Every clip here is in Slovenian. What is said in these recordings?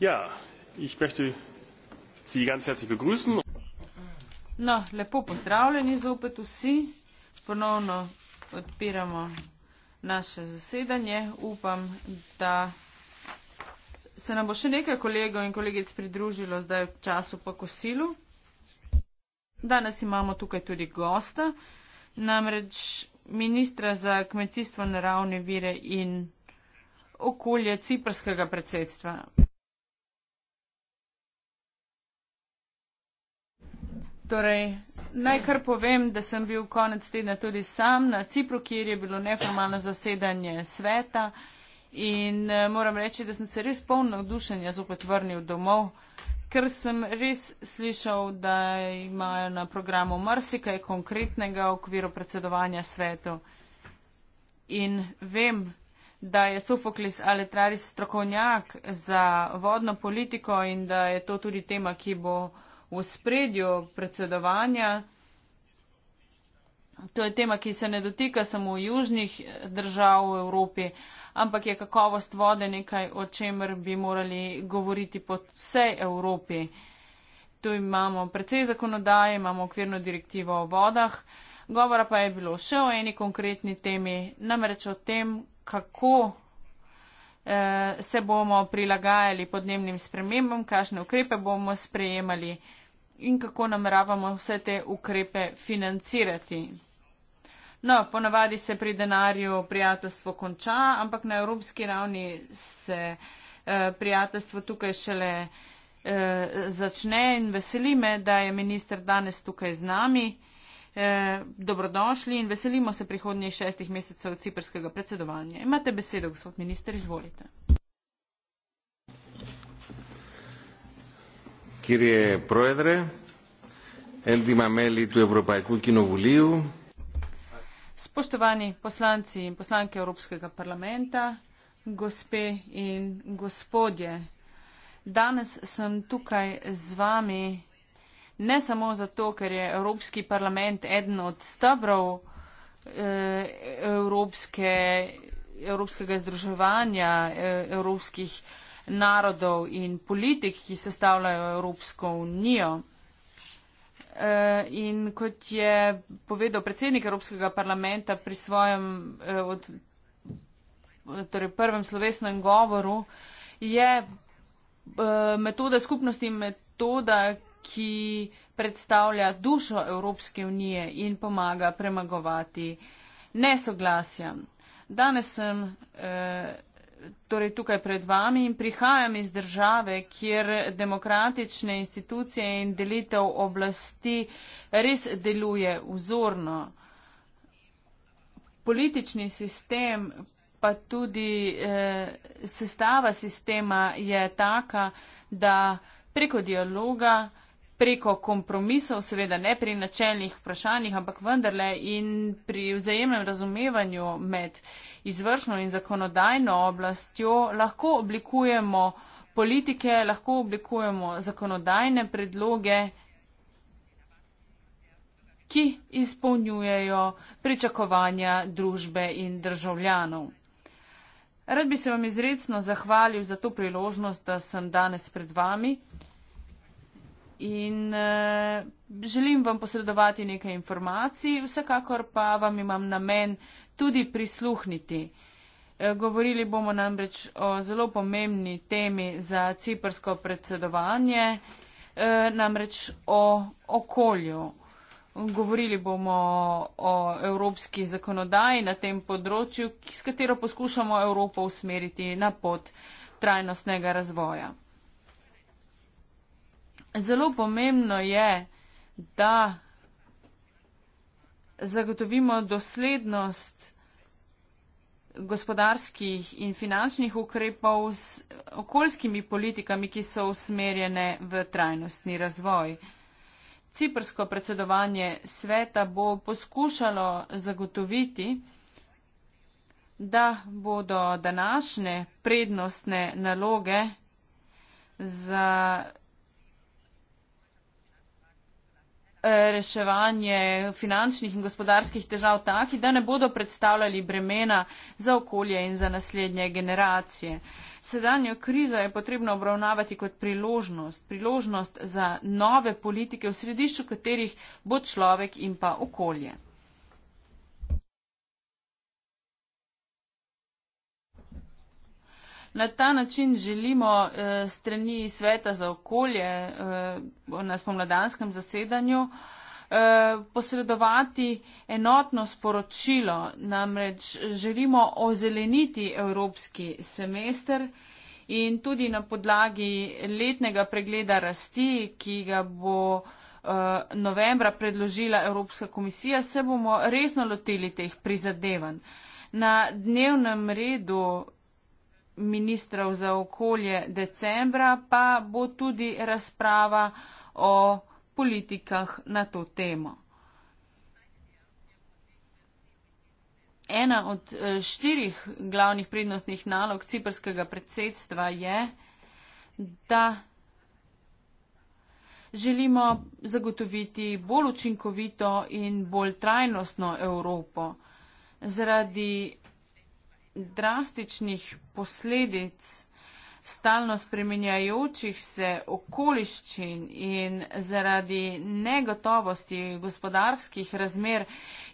Ja, ich möchte Sie ganz herzlich begrüßen. No, lepo pozdravljeni zopet vsi. Ponovno odpiramo naše zasedanje. Upam, da se nam bo še nekaj kolegov in kolegic pridružilo zdaj v času po kosilu. Danes imamo tukaj tudi gosta, namreč ministra za kmetijstvo, naravne vire in okolje ciprskega predsedstva. Torej, naj kar povem, da sem bil konec tedna tudi sam na Cipru, kjer je bilo neformalno zasedanje sveta in eh, moram reči, da sem se res poln navdušenja zopet vrnil domov, ker sem res slišal, da imajo na programu marsikaj konkretnega v okviru predsedovanja svetu. In vem, da je Sofoklis Aletraris strokovnjak za vodno politiko in da je to tudi tema, ki bo v spredju predsedovanja. To je tema, ki se ne dotika samo južnih držav v Evropi, ampak je kakovost vode nekaj, o čemer bi morali govoriti po vsej Evropi. Tu imamo precej zakonodaje, imamo okvirno direktivo o vodah, govora pa je bilo še o eni konkretni temi, namreč o tem, kako eh, se bomo prilagajali podnebnim spremembam, kakšne ukrepe bomo sprejemali in kako nameravamo vse te ukrepe financirati. No, ponavadi se pri denarju prijateljstvo konča, ampak na evropski ravni se eh, prijateljstvo tukaj šele eh, začne in veseli me, da je minister danes tukaj z nami. Eh, dobrodošli in veselimo se prihodnjih šestih mesecev ciprskega predsedovanja. Imate besedo, gospod minister, izvolite. Κύριε Πρόεδρε, έντιμα μέλη του Ευρωπαϊκού Κοινοβουλίου. Spoštovani poslanci in poslanke Evropskega parlamenta, gospe in gospodje, danes sem tukaj z vami ne samo zato, ker je Evropski parlament eden od stabrov eh, Evropske, Evropskega združevanja eh, evropskih eh, narodov in politik, ki sestavljajo Evropsko unijo. E, in kot je povedal predsednik Evropskega parlamenta pri svojem e, od, torej prvem slovesnem govoru, je e, metoda skupnosti metoda, ki predstavlja dušo Evropske unije in pomaga premagovati nesoglasja. Danes sem eh, torej tukaj pred vami in prihajam iz države, kjer demokratične institucije in delitev oblasti res deluje vzorno. Politični sistem pa tudi eh, sestava sistema je taka, da preko dialoga preko kompromisov, seveda ne pri načeljnih vprašanjih, ampak vendarle in pri vzajemnem razumevanju med izvršno in zakonodajno oblastjo lahko oblikujemo politike, lahko oblikujemo zakonodajne predloge, ki izpolnjujejo pričakovanja družbe in državljanov. Rad bi se vam izredno zahvalil za to priložnost, da sem danes pred vami in uh, želim vam posredovati nekaj informacij, vsekakor pa vam imam namen tudi prisluhniti. Eh, govorili bomo namreč o zelo pomembni temi za ciprsko predsedovanje, eh, namreč o okolju. Govorili bomo o evropski zakonodaji na tem področju, s katero poskušamo Evropo usmeriti na pot trajnostnega razvoja zelo pomembno je, da zagotovimo doslednost gospodarskih in finančnih ukrepov z okoljskimi politikami, ki so usmerjene v trajnostni razvoj. Ciprsko predsedovanje sveta bo poskušalo zagotoviti, da bodo današnje prednostne naloge za reševanje finančnih in gospodarskih težav taki, da ne bodo predstavljali bremena za okolje in za naslednje generacije. Sedanjo krizo je potrebno obravnavati kot priložnost, priložnost za nove politike, v središču katerih bo človek in pa okolje. na ta način želimo eh, strani sveta za okolje eh, na spomladanskem zasedanju eh, posredovati enotno sporočilo. Namreč želimo ozeleniti evropski semester in tudi na podlagi letnega pregleda rasti, ki ga bo eh, novembra predložila Evropska komisija, se bomo resno lotili teh prizadevanj. Na dnevnem redu ministrov za okolje decembra, pa bo tudi razprava o politikah na to temo. Ena od eh, štirih glavnih prednostnih nalog ciprskega predsedstva je, da želimo zagotoviti bolj učinkovito in bolj trajnostno Evropo. Zaradi drastičnih posledic stalno spreminjajočih se okoliščin in zaradi negotovosti gospodarskih razmer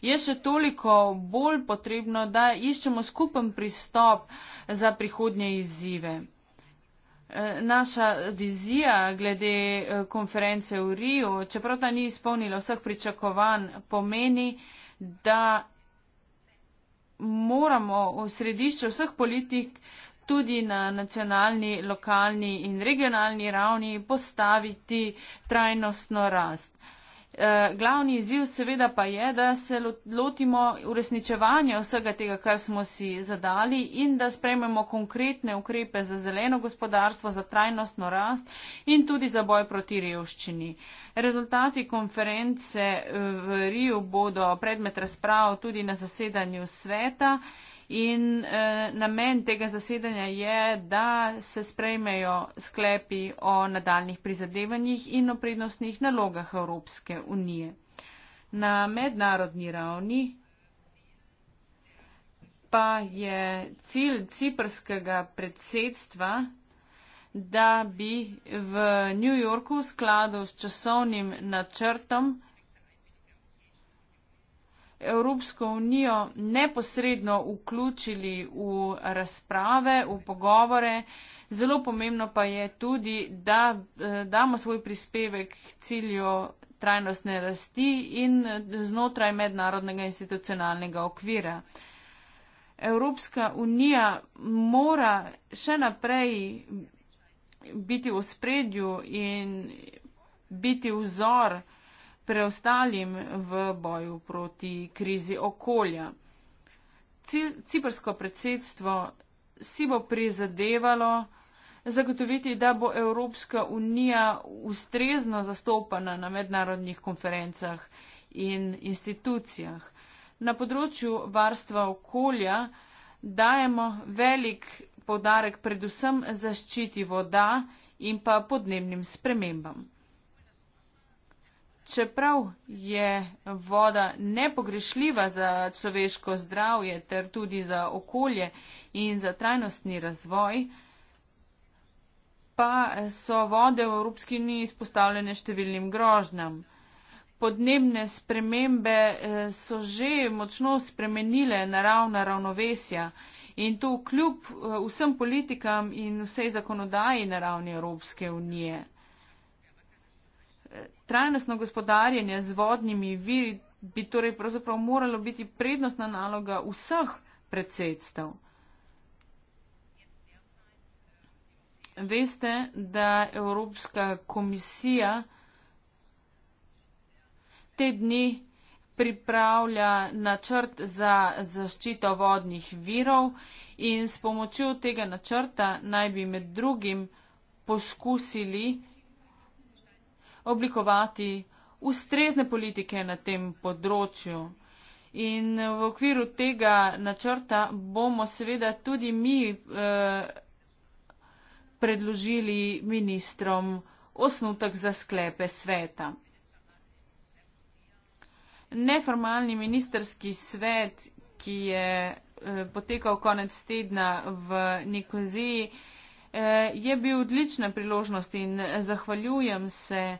je še toliko bolj potrebno, da iščemo skupen pristop za prihodnje izzive. E, naša vizija glede e, konference v Riju, čeprav ta ni izpolnila vseh pričakovanj, pomeni, da moramo v središču vseh politik tudi na nacionalni, lokalni in regionalni ravni postaviti trajnostno rast. Eh, glavni izziv seveda pa je, da se lotimo uresničevanja vsega tega, kar smo si zadali in da sprememo konkretne ukrepe za zeleno gospodarstvo, za trajnostno rast in tudi za boj proti revščini. Rezultati konference eh, v Riju bodo predmet razprav tudi na zasedanju sveta. In eh, namen tega zasedanja je, da se sprejmejo sklepi o nadaljnih prizadevanjih in o prednostnih nalogah Evropske unije. Na mednarodni ravni pa je cilj ciprskega predsedstva, da bi v New Yorku v skladu s časovnim načrtom Evropsko unijo neposredno vključili v razprave, v pogovore. Zelo pomembno pa je tudi, da eh, damo svoj prispevek k cilju trajnostne rasti in znotraj mednarodnega institucionalnega okvira. Evropska unija mora še naprej biti v spredju in biti vzor, preostalim v boju proti krizi okolja. Cipersko predsedstvo si bo prizadevalo zagotoviti, da bo Evropska unija ustrezno zastopana na mednarodnih konferencah in institucijah. Na področju varstva okolja dajemo velik podarek predvsem zaščiti voda in pa podnebnim spremembam. Čeprav je voda nepogrešljiva za človeško zdravje ter tudi za okolje in za trajnostni razvoj, pa so vode v Evropski uniji izpostavljene številnim grožnjam. Podnebne spremembe eh, so že močno spremenile naravna ravnovesja in to kljub eh, vsem politikam in vsej zakonodaji na ravni Evropske unije trajnostno gospodarjenje z vodnimi viri bi torej pravzaprav moralo biti prednostna naloga vseh predsedstev. Veste, da Evropska komisija te dni pripravlja načrt za zaščito vodnih virov in s pomočjo tega načrta naj bi med drugim poskusili oblikovati ustrezne politike na tem področju. In v okviru tega načrta bomo seveda tudi mi eh, predložili ministrom osnutek za sklepe sveta. Neformalni ministerski svet, ki je eh, potekal konec tedna v Nikoziji, eh, Eh, je bil odlična priložnost in zahvaljujem se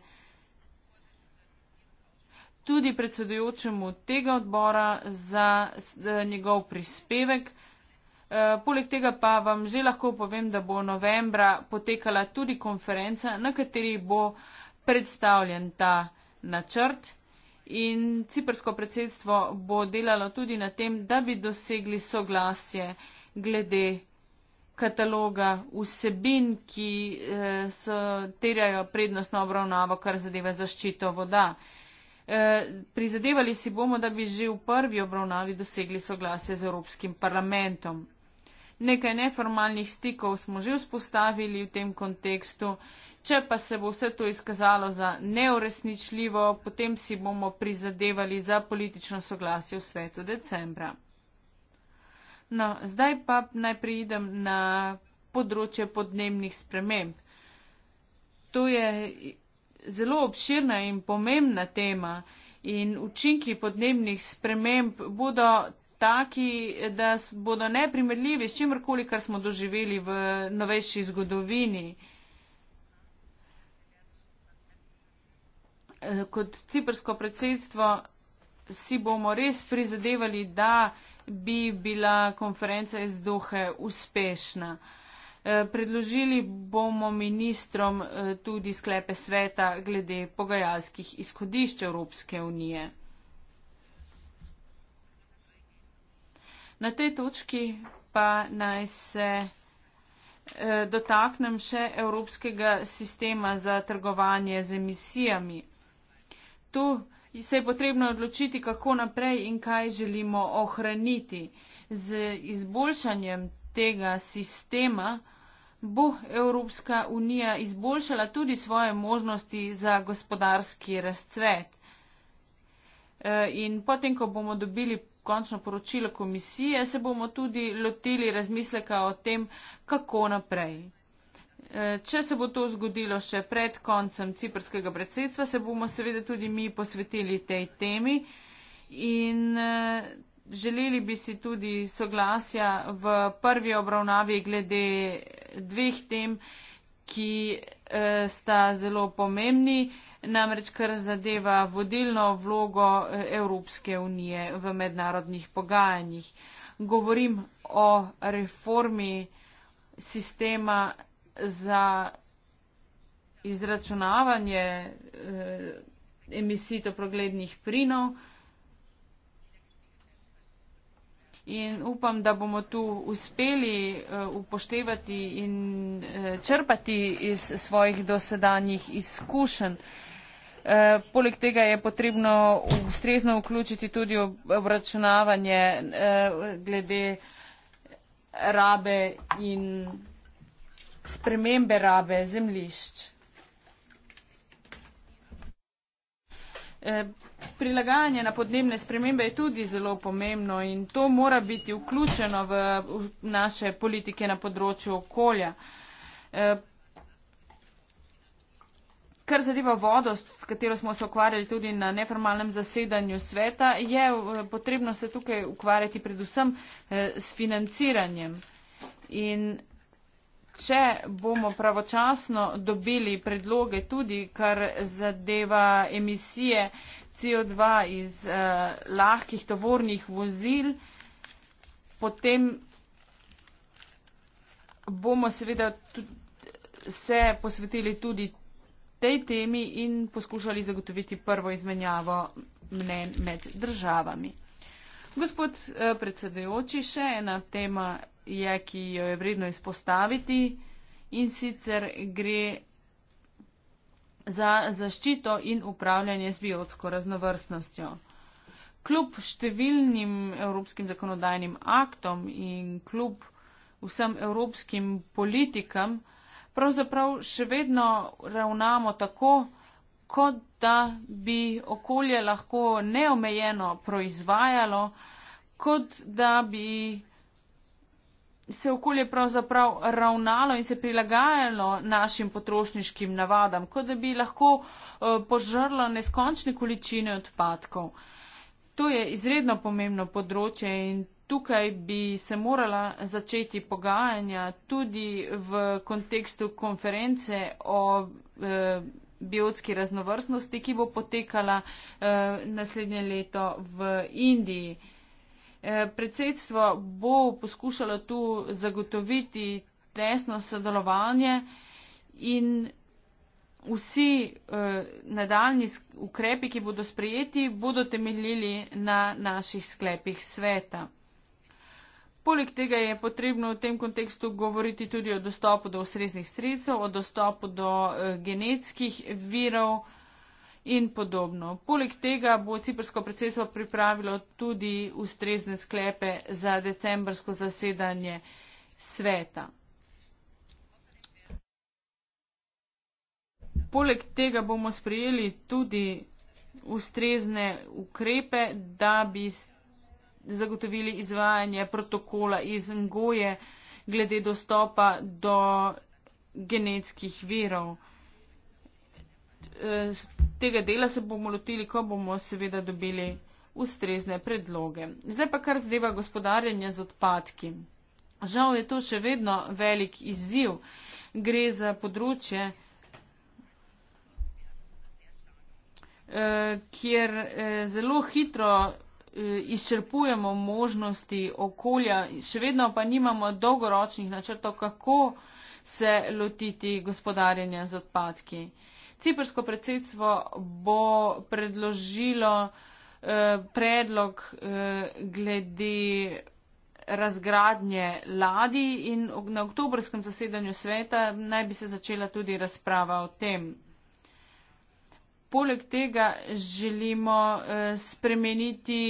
tudi predsedujočemu tega odbora za eh, njegov prispevek. Eh, poleg tega pa vam že lahko povem, da bo novembra potekala tudi konferenca, na kateri bo predstavljen ta načrt in ciprsko predsedstvo bo delalo tudi na tem, da bi dosegli soglasje glede kataloga vsebin, ki eh, so, terjajo prednostno obravnavo, kar zadeva zaščito voda. Eh, prizadevali si bomo, da bi že v prvi obravnavi dosegli soglase z Evropskim parlamentom. Nekaj neformalnih stikov smo že vzpostavili v tem kontekstu. Če pa se bo vse to izkazalo za neuresničljivo, potem si bomo prizadevali za politično soglasje v svetu decembra. No, zdaj pa naj preidem na področje podnebnih sprememb. To je zelo obširna in pomembna tema in učinki podnebnih sprememb bodo taki, da bodo neprimerljivi s čimrkoli, kar smo doživeli v novejši zgodovini. Eh, kot ciprsko predsedstvo si bomo res prizadevali, da bi bila konferenca iz Dohe uspešna. Eh, predložili bomo ministrom eh, tudi sklepe sveta glede pogajalskih izhodišč Evropske unije. Na tej točki pa naj se eh, dotaknem še Evropskega sistema za trgovanje z emisijami. Tu se je potrebno odločiti, kako naprej in kaj želimo ohraniti. Z izboljšanjem tega sistema bo Evropska unija izboljšala tudi svoje možnosti za gospodarski razcvet. E, in potem, ko bomo dobili končno poročilo komisije, se bomo tudi lotili razmisleka o tem, kako naprej. Eh, če se bo to zgodilo še pred koncem ciprskega predsedstva, se bomo seveda tudi mi posvetili tej temi in eh, želeli bi si tudi soglasja v prvi obravnavi glede dveh tem, ki eh, sta zelo pomembni, namreč kar zadeva vodilno vlogo Evropske unije v mednarodnih pogajanjih. Govorim o reformi sistema za izračunavanje eh, emisij toproglednih plinov. In upam, da bomo tu uspeli eh, upoštevati in eh, črpati iz svojih dosedanjih izkušenj. Eh, poleg tega je potrebno ustrezno vključiti tudi obračunavanje eh, glede rabe in spremembe rabe zemljišč. Eh, prilagajanje na podnebne spremembe je tudi zelo pomembno in to mora biti vključeno v naše politike na področju okolja. Eh, kar zadeva vodo, s katero smo se ukvarjali tudi na neformalnem zasedanju sveta, je eh, potrebno se tukaj ukvarjati predvsem s financiranjem. In če bomo pravočasno dobili predloge tudi, kar zadeva emisije CO2 iz eh, lahkih tovornih vozil, potem bomo seveda se posvetili tudi tej temi in poskušali zagotoviti prvo izmenjavo mnen med državami. Gospod eh, predsedujoči, še ena tema je, ki jo je vredno izpostaviti in sicer gre za zaščito in upravljanje z biotsko raznovrstnostjo. Kljub številnim evropskim zakonodajnim aktom in kljub vsem evropskim politikam, pravzaprav še vedno ravnamo tako, kot da bi okolje lahko neomejeno proizvajalo, kot da bi se okolje pravzaprav ravnalo in se prilagajalo našim potrošniškim navadam, kot da bi lahko eh, požrlo neskončne količine odpadkov. To je izredno pomembno področje in tukaj bi se morala začeti pogajanja tudi v kontekstu konference o eh, biotski raznovrstnosti, ki bo potekala eh, naslednje leto v Indiji. Eh, predsedstvo bo poskušalo tu zagotoviti tesno sodelovanje in vsi eh, nadaljni ukrepi, ki bodo sprejeti, bodo temeljili na naših sklepih sveta. Poleg tega je potrebno v tem kontekstu govoriti tudi o dostopu do osreznih sredstev, o dostopu do eh, genetskih virov in podobno. Poleg tega bo ciprsko predsedstvo pripravilo tudi ustrezne sklepe za decembrsko zasedanje sveta. Poleg tega bomo sprejeli tudi ustrezne ukrepe, da bi zagotovili izvajanje protokola iz Ngoje glede dostopa do genetskih verov. Eh, tega dela se bomo lotili, ko bomo seveda dobili ustrezne predloge. Zdaj pa kar zdeva gospodarjenje z odpadki. Žal je to še vedno velik izziv. Gre za področje, eh, kjer eh, zelo hitro izčrpujemo možnosti okolja, še vedno pa nimamo dolgoročnih načrtov, kako se lotiti gospodarjenja z odpadki. Ciprsko predsedstvo bo predložilo eh, predlog eh, glede razgradnje ladi in na oktobrskem zasedanju sveta naj bi se začela tudi razprava o tem. Poleg tega želimo eh, spremeniti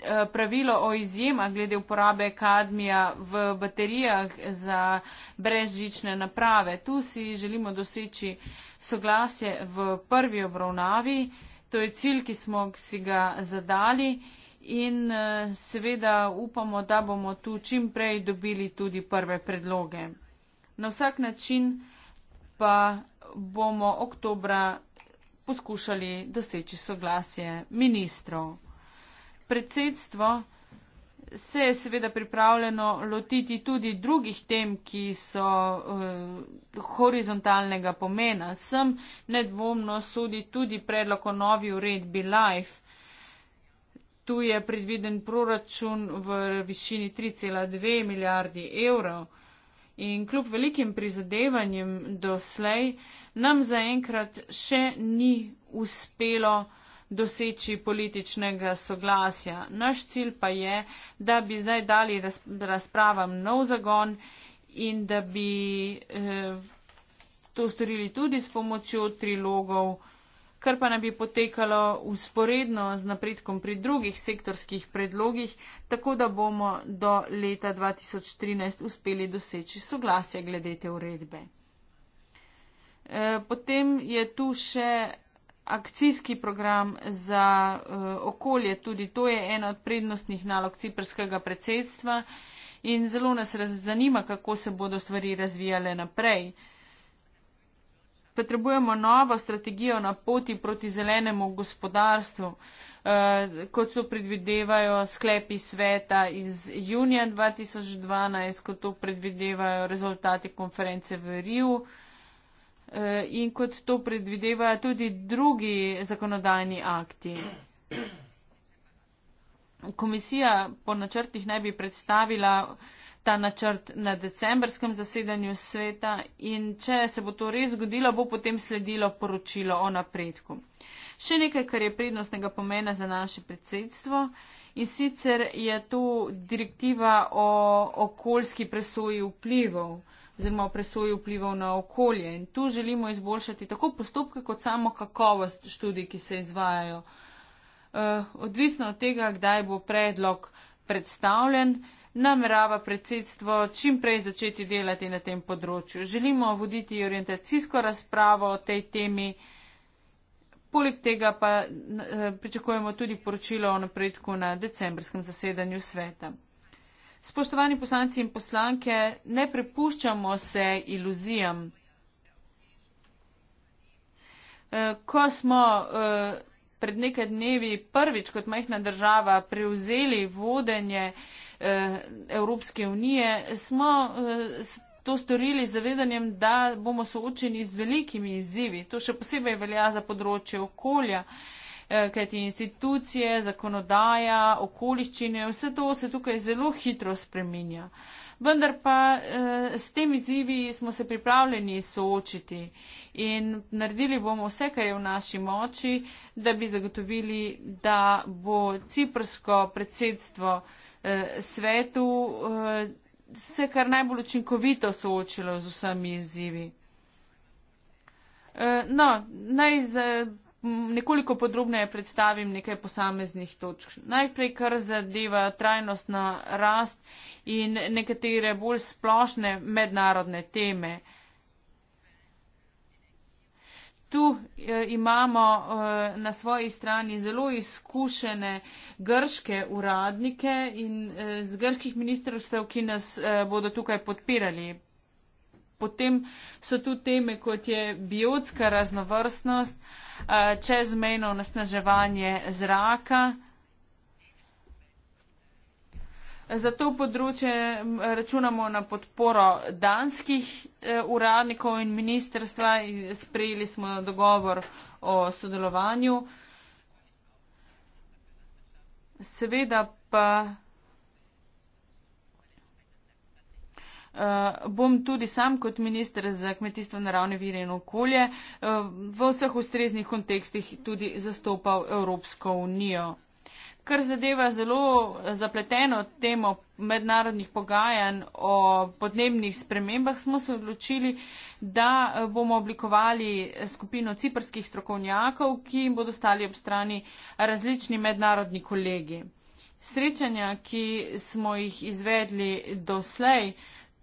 Eh, pravilo o izjema glede uporabe kadmija v baterijah za brezžične naprave. Tu si želimo doseči soglasje v prvi obravnavi. To je cilj, ki smo si ga zadali in eh, seveda upamo, da bomo tu čim prej dobili tudi prve predloge. Na vsak način pa bomo oktobra poskušali doseči soglasje ministrov predsedstvo se je seveda pripravljeno lotiti tudi drugih tem, ki so uh, horizontalnega pomena. Sem nedvomno sodi tudi predlog o novi uredbi LIFE. Tu je predviden proračun v višini 3,2 milijardi evrov in kljub velikim prizadevanjem doslej nam zaenkrat še ni uspelo doseči političnega soglasja. Naš cilj pa je, da bi zdaj dali razpravam nov zagon in da bi eh, to storili tudi s pomočjo trilogov, kar pa ne bi potekalo usporedno z napredkom pri drugih sektorskih predlogih, tako da bomo do leta 2013 uspeli doseči soglasje glede te uredbe. Eh, potem je tu še akcijski program za uh, okolje, tudi to je ena od prednostnih nalog ciperskega predsedstva in zelo nas zanima, kako se bodo stvari razvijale naprej. Potrebujemo novo strategijo na poti proti zelenemu gospodarstvu, eh, kot so predvidevajo sklepi sveta iz junija 2012, kot to predvidevajo rezultati konference v Riju. Eh, in kot to predvidevajo tudi drugi zakonodajni akti. Komisija po načrtih naj bi predstavila ta načrt na decembrskem zasedanju sveta in če se bo to res zgodilo, bo potem sledilo poročilo o napredku. Še nekaj, kar je prednostnega pomena za naše predsedstvo in sicer je to direktiva o okoljski presoji vplivov oziroma o presoji vplivov na okolje. In tu želimo izboljšati tako postopke, kot samo kakovost študij, ki se izvajajo. Eh, odvisno od tega, kdaj bo predlog predstavljen, namerava predsedstvo čim prej začeti delati na tem področju. Želimo voditi orientacijsko razpravo o tej temi, poleg tega pa eh, pričakujemo tudi poročilo o napredku na decembrskem zasedanju sveta. Spoštovani poslanci in poslanke, ne prepuščamo se iluzijam. E, ko smo e, pred nekaj dnevi prvič kot majhna država prevzeli vodenje e, Evropske unije, smo to storili z zavedanjem, da bomo soočeni z velikimi izzivi. To še posebej velja za področje okolja. Eh, kajti institucije, zakonodaja, okoliščine, vse to se tukaj zelo hitro spreminja. Vendar pa eh, s tem izzivi smo se pripravljeni soočiti in naredili bomo vse, kar je v naši moči, da bi zagotovili, da bo ciprsko predsedstvo eh, svetu se kar najbolj učinkovito soočilo z vsemi izzivi. No, naj nekoliko podrobneje predstavim nekaj posameznih točk. Najprej, kar zadeva trajnostna rast in nekatere bolj splošne mednarodne teme. Tu e, imamo e, na svoji strani zelo izkušene grške uradnike in e, z grških ministrstev, ki nas bodo tukaj podpirali. Potem so tu teme, kot je biotska raznovrstnost, Eh, čezmejno nasnaževanje zraka. Za to področje računamo na podporo danskih eh, uradnikov in ministrstva. Sprejeli smo dogovor o sodelovanju. Seveda pa. uh, bom tudi sam kot minister za kmetijstvo, naravne vire in okolje uh, v vseh ustreznih kontekstih tudi zastopal Evropsko unijo. Kar zadeva zelo zapleteno temo mednarodnih pogajanj o podnebnih spremembah, smo se odločili, da bomo oblikovali skupino ciprskih strokovnjakov, ki jim bodo stali ob strani različni mednarodni kolegi. Srečanja, ki smo jih izvedli doslej,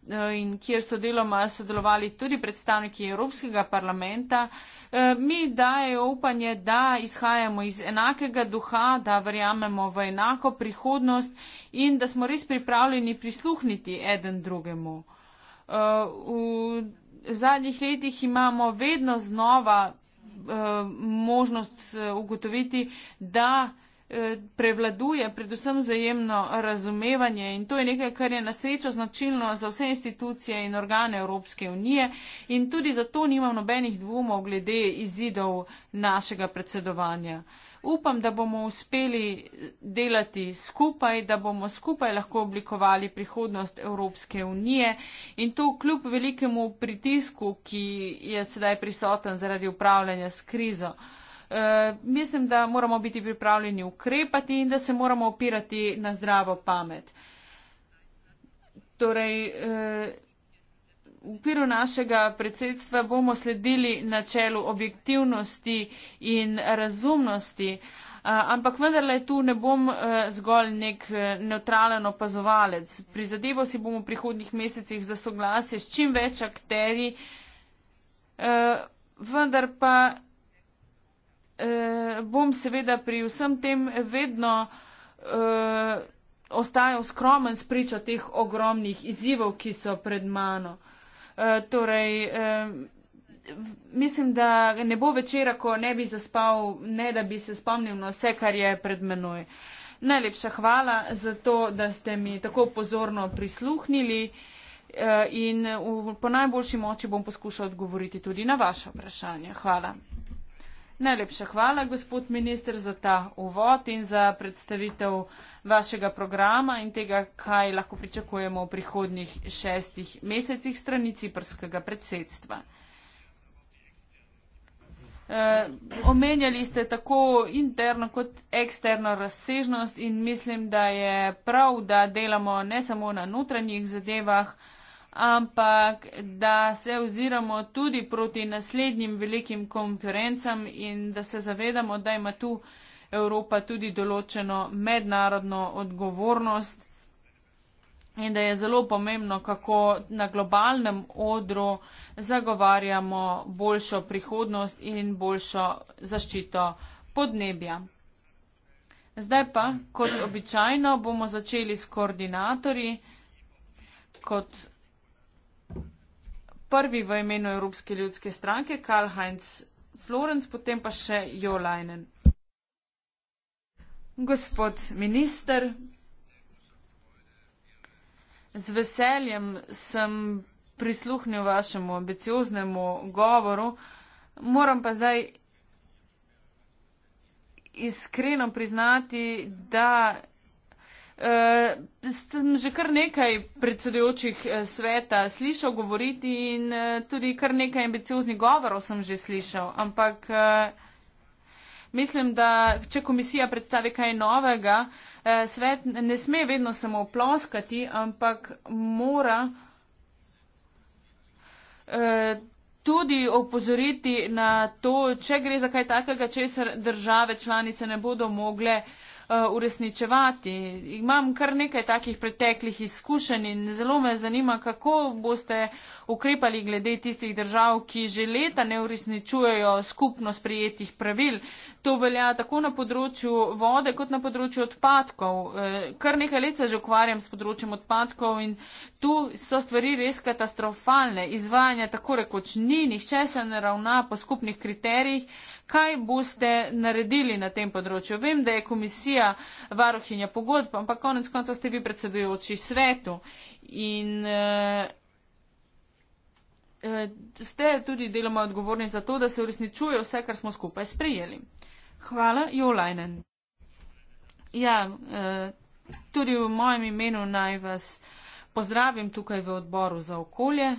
Eh, in kjer so deloma sodelovali tudi predstavniki Evropskega parlamenta, eh, mi dajejo upanje, da izhajamo iz enakega duha, da verjamemo v enako prihodnost in da smo res pripravljeni prisluhniti eden drugemu. Eh, v zadnjih letih imamo vedno znova možnost ugotoviti, da Eh, prevladuje predvsem vzajemno razumevanje in to je nekaj, kar je na srečo značilno za vse institucije in organe Evropske unije in tudi zato nimam nobenih dvomov glede izidov našega predsedovanja. Upam, da bomo uspeli delati skupaj, da bomo skupaj lahko oblikovali prihodnost Evropske unije in to kljub velikemu pritisku, ki je sedaj prisoten zaradi upravljanja s krizo. Eh, mislim, da moramo biti pripravljeni ukrepati in da se moramo opirati na zdravo pamet. Torej, eh, v okviru našega predsedstva bomo sledili načelu objektivnosti in razumnosti, eh, ampak vendarle tu ne bom zgolj nek neutralen opazovalec. Prizadeval si bom v prihodnjih mesecih za soglasje s čim več akteri, vendar pa eh, bom seveda pri vsem tem vedno eh, ostajal skromen spričo teh ogromnih izzivov, ki so pred mano. Eh, torej, eh, mislim, da ne bo večera, ko ne bi zaspal, ne da bi se spomnil na vse, kar je pred menoj. Najlepša hvala za to, da ste mi tako pozorno prisluhnili eh, in v, po najboljši moči bom poskušal odgovoriti tudi na vaše vprašanje. Hvala. Najlepša hvala, gospod minister, za ta uvod in za predstavitev vašega programa in tega, kaj lahko pričakujemo v prihodnih šestih mesecih strani ciprskega predsedstva. E, omenjali ste tako interno kot eksterno razsežnost in mislim, da je prav, da delamo ne samo na notranjih zadevah, ampak da se oziramo tudi proti naslednjim velikim konferencam in da se zavedamo, da ima tu Evropa tudi določeno mednarodno odgovornost in da je zelo pomembno, kako na globalnem odru zagovarjamo boljšo prihodnost in boljšo zaščito podnebja. Zdaj pa, kot običajno, bomo začeli s koordinatorji. Kot prvi v imenu Evropske ljudske stranke Karl Heinz Florenc, potem pa še Jo Leinen. Gospod minister, z veseljem sem prisluhnil vašemu ambicioznemu govoru, moram pa zdaj iskreno priznati, da Uh, sem že kar nekaj predsedujočih eh, sveta slišal govoriti in uh, tudi kar nekaj ambicioznih govorov sem že slišal, ampak uh, mislim, da če komisija predstavi kaj novega, uh, svet ne sme vedno samo ploskati, ampak mora. Uh, Tudi opozoriti na to, če gre za kaj takega, če se države članice ne bodo mogle uh, Eh, uresničevati. Imam kar nekaj takih preteklih izkušenj in zelo me zanima, kako boste ukrepali glede tistih držav, ki že leta ne uresničujejo skupno sprijetih pravil. To velja tako na področju vode kot na področju odpadkov. Eh, kar nekaj let se že ukvarjam s področjem odpadkov in tu so stvari res katastrofalne, izvajanja tako rekoč ni, nihče se ne ravna po skupnih kriterijih. Kaj boste naredili na tem področju? Vem, da je komisija varohinja pogodb, ampak konec konca ste vi predsedujoči svetu in eh, eh, ste tudi deloma odgovorni za to, da se uresničuje vse, kar smo skupaj sprijeli. Hvala, Jolajnen. Ja, eh, tudi v mojem imenu naj vas. Eh, pozdravim tukaj v odboru za okolje.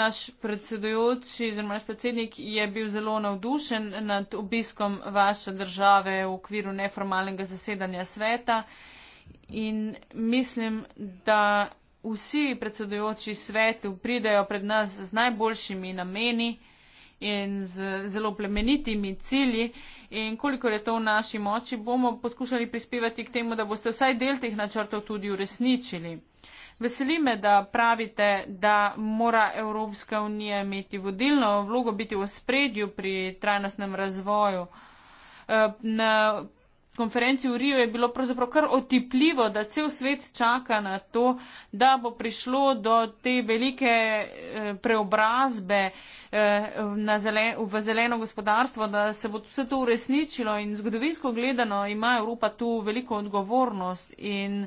Naš predsedujoči oziroma naš predsednik je bil zelo navdušen nad obiskom vaše države v okviru neformalnega zasedanja sveta in mislim, da vsi predsedujoči svetu pridejo pred nas z najboljšimi nameni in z zelo plemenitimi cilji. In koliko je to v naši moči, bomo poskušali prispevati k temu, da boste vsaj del teh načrtov tudi uresničili. Veseli me, da pravite, da mora Evropska unija imeti vodilno vlogo, biti v spredju pri trajnostnem razvoju. Eh, na konferenci v Riju je bilo pravzaprav kar otipljivo, da cel svet čaka na to, da bo prišlo do te velike eh, preobrazbe eh, v zeleno gospodarstvo, da se bo vse to uresničilo in zgodovinsko gledano ima Evropa tu veliko odgovornost in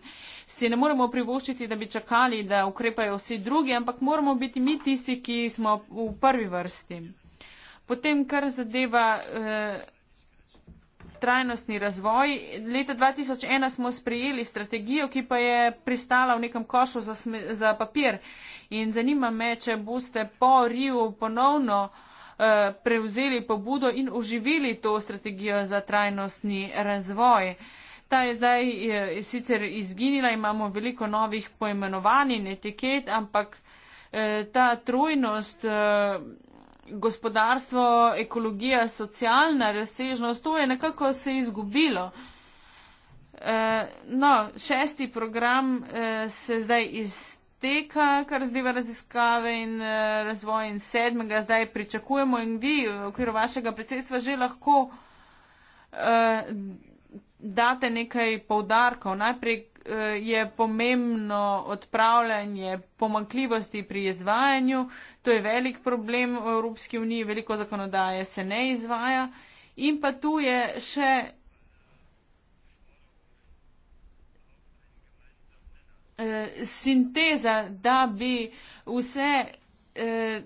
si ne moremo privoščiti, da bi čakali, da ukrepajo vsi drugi, ampak moramo biti mi tisti, ki smo v prvi vrsti. Potem, kar zadeva eh, trajnostni razvoj. Leta 2001 smo sprejeli strategijo, ki pa je pristala v nekem košu za, za papir. In zanima me, če boste po Riju ponovno eh, prevzeli pobudo in oživili to strategijo za trajnostni razvoj. Ta je zdaj eh, sicer izginila, imamo veliko novih poimenovanj in etiket, ampak eh, ta trojnost gospodarstvo, ekologija, socialna razsežnost, to je nekako se izgubilo. E, no, šesti program e, se zdaj izteka, kar zdiva raziskave in e, razvoj in sedmega zdaj pričakujemo in vi v okviru vašega predsedstva že lahko date nekaj povdarkov. Najprej, Eh, je pomembno odpravljanje pomankljivosti pri izvajanju. To je velik problem v Evropski uniji, veliko zakonodaje se ne izvaja. In pa tu je še eh, sinteza, da bi vse. Eh,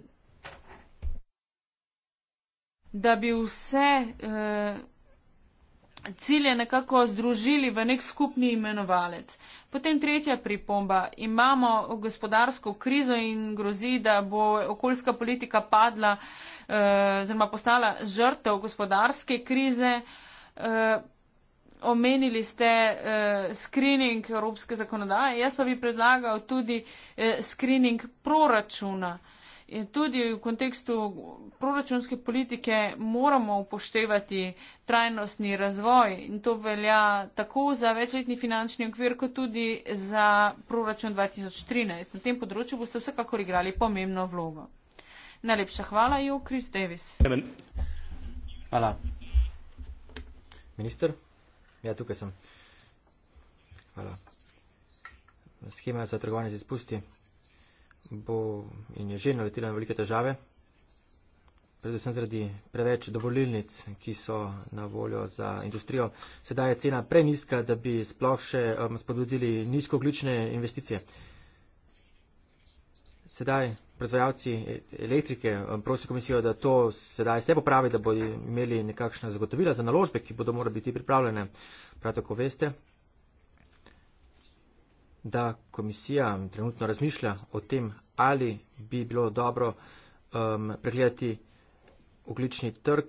da bi vse eh, cilje nekako združili v nek skupni imenovalec. Potem tretja pripomba. Imamo gospodarsko krizo in grozi, da bo okoljska politika padla eh, oziroma eh, postala žrtev gospodarske krize. Eh, omenili ste eh, screening evropske zakonodaje. Jaz pa bi predlagal tudi eh, screening proračuna. Eh, In tudi v kontekstu proračunske politike moramo upoštevati trajnostni razvoj in to velja tako za večletni finančni okvir, kot tudi za proračun 2013. Na tem področju boste vsekakor igrali pomembno vlogo. Najlepša hvala, Jo, Chris Davis. Hvala. Minister? Ja, tukaj sem. Hvala. Schema za trgovanje z izpusti bo in je že naletela na velike težave, predvsem zaradi preveč dovolilnic, ki so na voljo za industrijo. Sedaj je cena preniska, da bi sploh še um, spodbudili nizkoglične investicije. Sedaj proizvajalci e-, elektrike prosijo komisijo, da to sedaj se popravi, da bodo imeli nekakšna zagotovila za naložbe, ki bodo morali biti pripravljene. Prav tako veste, da komisija trenutno razmišlja o tem, ali bi bilo dobro um, pregledati oglični trg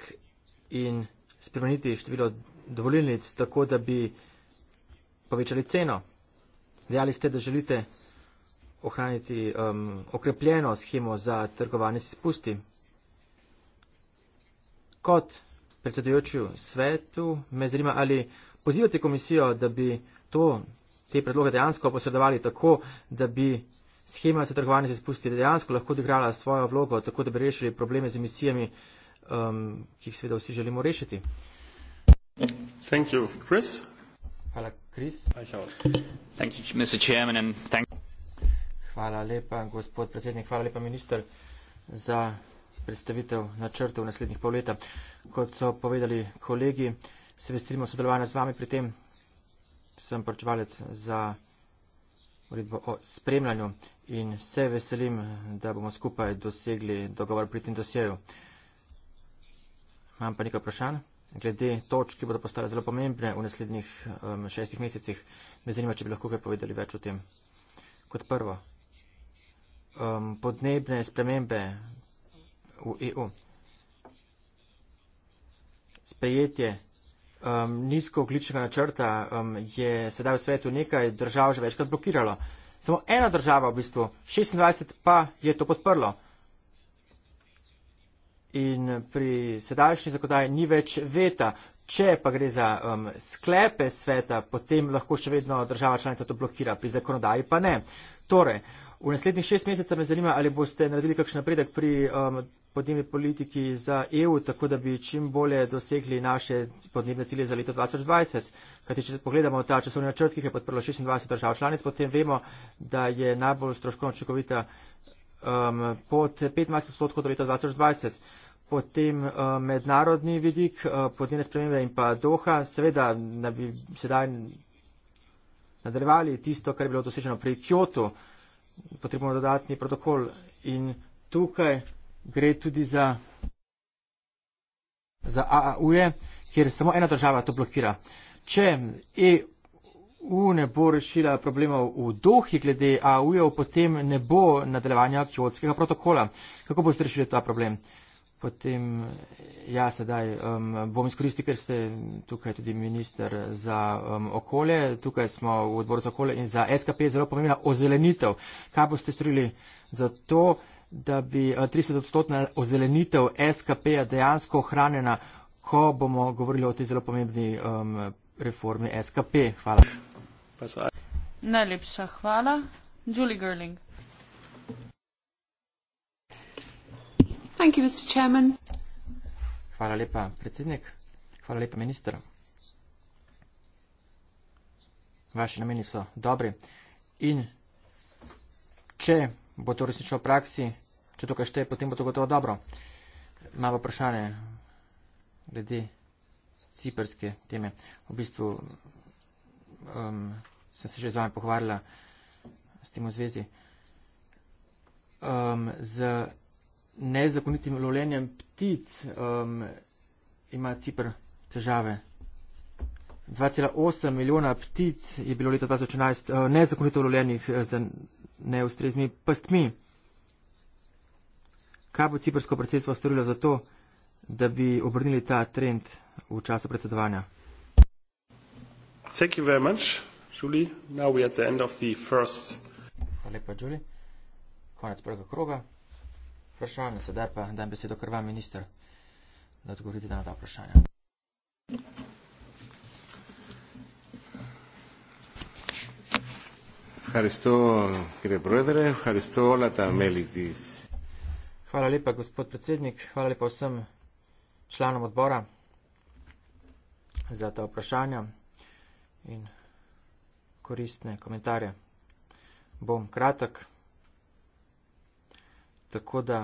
in spremeniti število dovoljenic tako, da bi povečali ceno. Dejali ste, da želite ohraniti um, okrepljeno schemo za trgovanje s izpusti. Kot predsedujoči svetu me zanima, ali pozivate komisijo, da bi to te predloge dejansko posredovali tako, da bi schema za trgovanje z izpusti dejansko lahko odigrala svojo vlogo, tako da bi rešili probleme z emisijami, um, ki jih seveda vsi želimo rešiti. You, Chris. Hvala, Chris. You, Chairman, thank... Hvala lepa, gospod predsednik. Hvala lepa, minister, za predstavitev načrtev v naslednjih pol leta. Kot so povedali kolegi, se veselimo sodelovanja z vami pri tem sem poročevalec za uredbo o spremljanju in se veselim, da bomo skupaj dosegli dogovor pri tem dosjeju. Imam pa nekaj vprašanj. Glede točk, ki bodo postale zelo pomembne v naslednjih um, šestih mesecih, me zanima, če bi lahko kaj povedali več o tem. Kot prvo, um, podnebne spremembe v EU. Sprejetje um, nizkoogličnega načrta um, je sedaj v svetu nekaj držav že večkrat blokiralo. Samo ena država v bistvu, 26 pa je to podprlo. In pri sedajšnji zakonodaji ni več veta. Če pa gre za um, sklepe sveta, potem lahko še vedno država članica to blokira, pri zakonodaji pa ne. Torej, v naslednjih šest mesecev me zanima, ali boste naredili kakšen napredek pri um, podnebni politiki za EU, tako da bi čim bolje dosegli naše podnebne cilje za leto 2020. Kajti, če pogledamo ta časovni načrt, ki je podprlo 26 držav članic, potem vemo, da je najbolj stroškovno učinkovita um, pod 25 odstotkov do leta 2020. Potem uh, mednarodni vidik, uh, podnebne spremembe in pa doha, seveda, da bi sedaj nadaljevali tisto, kar je bilo doseženo pri Kjotu, potrebno dodatni protokol in tukaj gre tudi za, za AAU-je, kjer samo ena država to blokira. Če EU ne bo rešila problemov v dohi glede AAU-jev, potem ne bo nadaljevanja kjotskega protokola. Kako boste rešili ta problem? Potem ja, sedaj um, bom izkoristil, ker ste tukaj tudi minister za um, okolje. Tukaj smo v odboru za okolje in za SKP je zelo pomembna ozelenitev. Kaj boste storili za to? da bi 30-odstotna eh, ozelenitev SKP-ja dejansko ohranjena, ko bomo govorili o tej zelo pomembni um, reformi SKP. Hvala. Najlepša hvala. Julie Gerling. Hvala lepa, predsednik. Hvala lepa, minister. Vaši nameni so dobri. In če bo to resnično v praksi, če to kaj šteje, potem bo to gotovo dobro. Malo vprašanje glede ciperske teme. V bistvu um, sem se že z vami pohvarjala s tem v zvezi. Um, z nezakonitim lovljenjem ptic um, ima Cipr težave. 2,8 milijona ptic je bilo leta 2011 uh, nezakonito lovljenih uh, za neustreznimi pastmi. Kaj bo ciprsko predsedstvo storilo za to, da bi obrnili ta trend v času predsedovanja? Thank you very much, Julie. Now we are at the end of the first. Hvala lepa, Julie. Konec prvega kroga. Vprašanje, sedaj pa dam besedo, ker vam minister, da odgovorite na ta vprašanja. Ευχαριστώ κύριε Πρόεδρε, ευχαριστώ όλα τα μέλη της. Χαρά λίπα, κύριε Πρεσίδνικ, χαρά λίπα σαν членом отбора за это вопрошание и користные комментарии. Бом краток, так да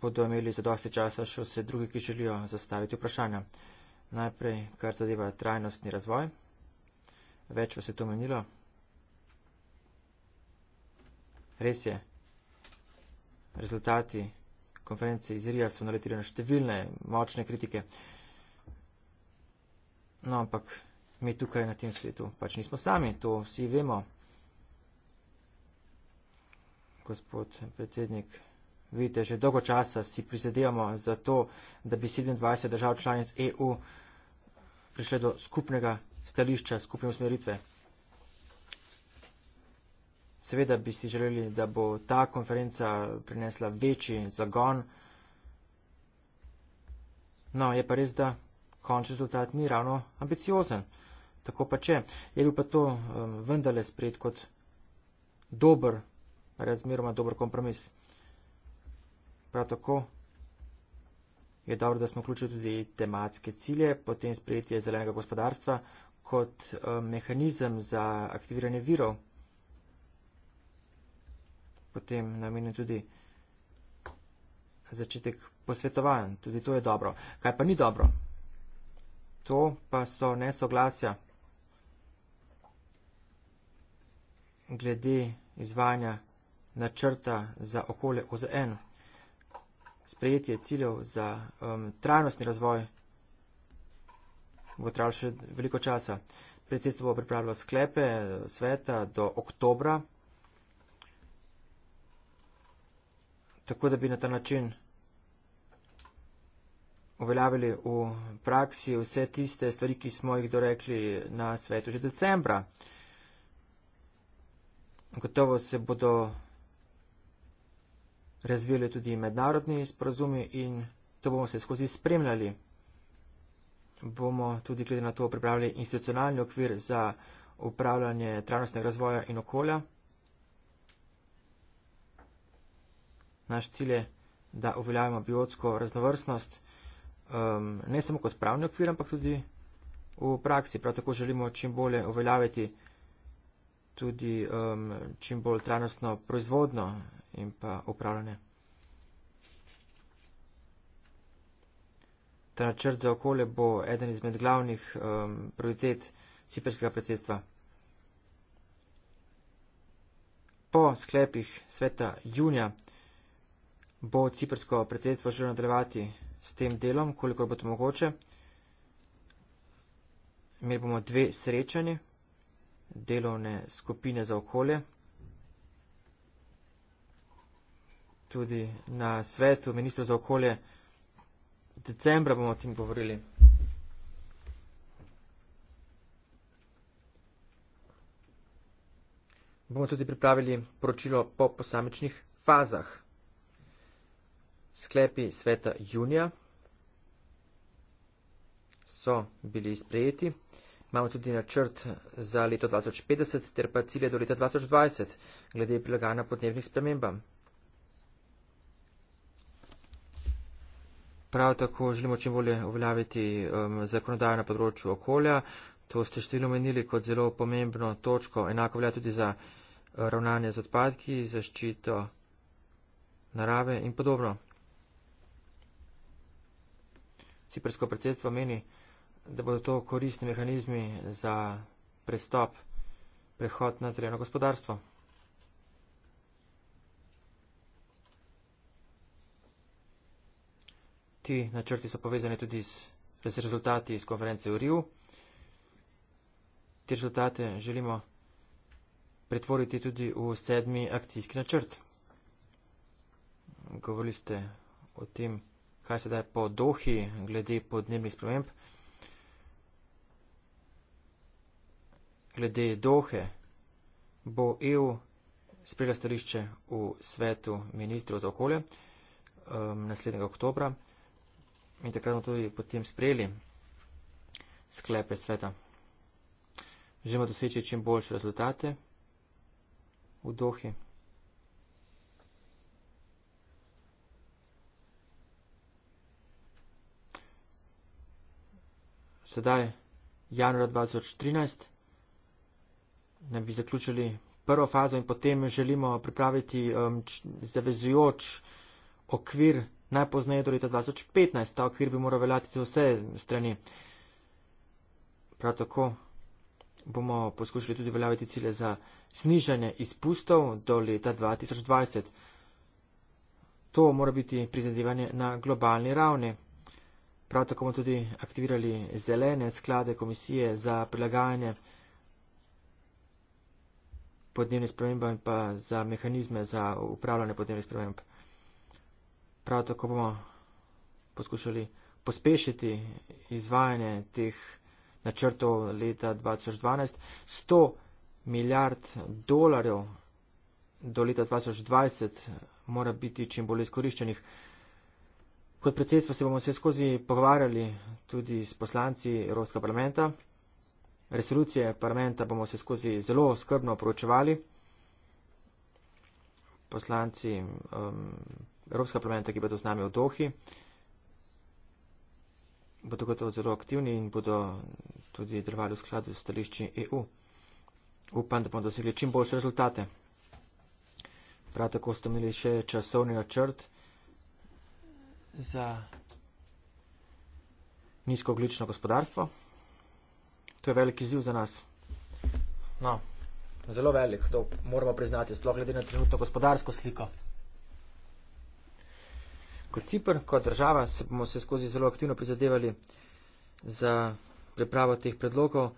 буду имели за достаточно часа, что все другие, которые желают заставить вопрошение. Найпрей, как задевает трайностный развой, вечно все это менило. Res je. Rezultati konference iz Rija so naletili na številne močne kritike. No, ampak mi tukaj na tem svetu pač nismo sami, to vsi vemo. Gospod predsednik, vidite, že dolgo časa si prizadevamo za to, da bi 27 držav članic EU prišle do skupnega stališča, skupne usmeritve. Seveda bi si želeli, da bo ta konferenca prinesla večji zagon. No, je pa res, da končni rezultat ni ravno ambiciozen. Tako pa če. Je bil pa to um, vendarle spred kot dober, razmeroma dober kompromis. Prav tako je dobro, da smo vključili tudi tematske cilje, potem sprejetje zelenega gospodarstva kot um, mehanizem za aktiviranje virov potem namenjen tudi začetek posvetovanj. Tudi to je dobro. Kaj pa ni dobro? To pa so nesoglasja glede izvanja načrta za okolje OZN, sprejetje ciljev za um, trajnostni razvoj. Bo trajalo še veliko časa. Predsedstvo bo pripravilo sklepe uh, sveta do oktobra tako da bi na ta način uveljavili v praksi vse tiste stvari, ki smo jih dorekli na svetu že decembra. Gotovo se bodo razvijali tudi mednarodni sporazumi in to bomo se skozi spremljali. Bomo tudi glede na to pripravili institucionalni okvir za upravljanje trajnostnega razvoja in okolja. naš cilj je, da uveljavimo biotsko raznovrstnost um, ne samo kot pravni okvir, ampak tudi v praksi. Prav tako želimo čim bolje uveljaviti tudi um, čim bolj trajnostno proizvodno in pa upravljanje. Ta načrt za okolje bo eden izmed glavnih um, prioritet ciperskega predsedstva. Po sklepih sveta junija bo ciprsko predsedstvo želelo nadaljevati s tem delom, koliko bo to mogoče. Imeli bomo dve srečanje delovne skupine za okolje. Tudi na svetu ministrov za okolje decembra bomo o tem govorili. Bomo tudi pripravili poročilo po posamičnih fazah. Sklepi sveta junija so bili sprejeti. Imamo tudi načrt za leto 2050 ter pa cilje do leta 2020 glede prilagajanja podnebnih spremembam. Prav tako želimo čim bolje uveljaviti um, zakonodajo na področju okolja. To ste številno omenili kot zelo pomembno točko. Enako velja tudi za uh, ravnanje z odpadki, zaščito narave in podobno ciprsko predsedstvo meni, da bodo to koristni mehanizmi za prestop, prehod na zeleno gospodarstvo. Ti načrti so povezani tudi z rezultati iz konference v Riu. Te rezultate želimo pretvoriti tudi v sedmi akcijski načrt. Govorili ste o tem, kaj se daje po dohi glede podnebnih sprememb. Glede dohe bo EU sprejela stališče v svetu ministrov za okolje um, naslednjega oktobra in takrat smo tudi potem sprejeli sklepe sveta. Želimo doseči čim boljše rezultate v dohi. sedaj januar 2013, da bi zaključili prvo fazo in potem želimo pripraviti um, zavezujoč okvir najpozneje do leta 2015. Ta okvir bi moral veljati za vse strani. Prav tako bomo poskušali tudi veljaviti cilje za znižanje izpustov do leta 2020. To mora biti prizadevanje na globalni ravni. Prav tako bomo tudi aktivirali zelene sklade komisije za prilagajanje podnebnim spremembam in pa za mehanizme za upravljanje podnebnih sprememb. Prav tako bomo poskušali pospešiti izvajanje teh načrtov leta 2012. 100 milijard dolarjev do leta 2020 mora biti čim bolj izkoriščenih. Kot predsedstvo se bomo vse skozi pogovarjali tudi s poslanci Evropskega parlamenta. Resolucije parlamenta bomo vse skozi zelo skrbno proučevali. Poslanci um, Evropskega parlamenta, ki bodo z nami v Dohi, bodo gotovo zelo aktivni in bodo tudi delovali v skladu s stališči EU. Upam, da bomo dosegli čim boljše rezultate. Prav tako ste imeli še časovni načrt za nizkooglično gospodarstvo. To je velik izziv za nas. No, zelo velik, to moramo priznati, sploh glede na trenutno gospodarsko sliko. Kot Cipr, kot država, se bomo se skozi zelo aktivno prizadevali za pripravo teh predlogov.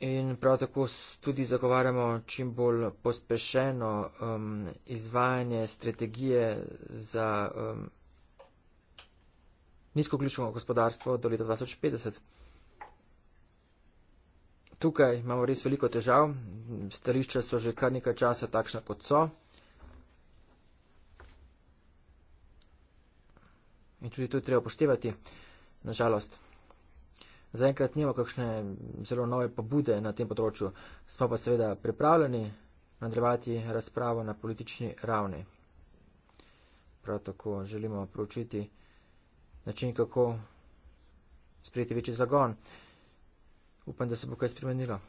in prav tako tudi zagovarjamo čim bolj pospešeno um, izvajanje strategije za um, nizkoključno gospodarstvo do leta 2050. Tukaj imamo res veliko težav, stališča so že kar nekaj časa takšna, kot so. In tudi to je treba upoštevati, nažalost zaenkrat nima kakšne zelo nove pobude na tem področju, smo pa seveda pripravljeni nadrevati razpravo na politični ravni. Prav tako želimo proučiti način, kako sprejeti večji zagon. Upam, da se bo kaj spremenilo.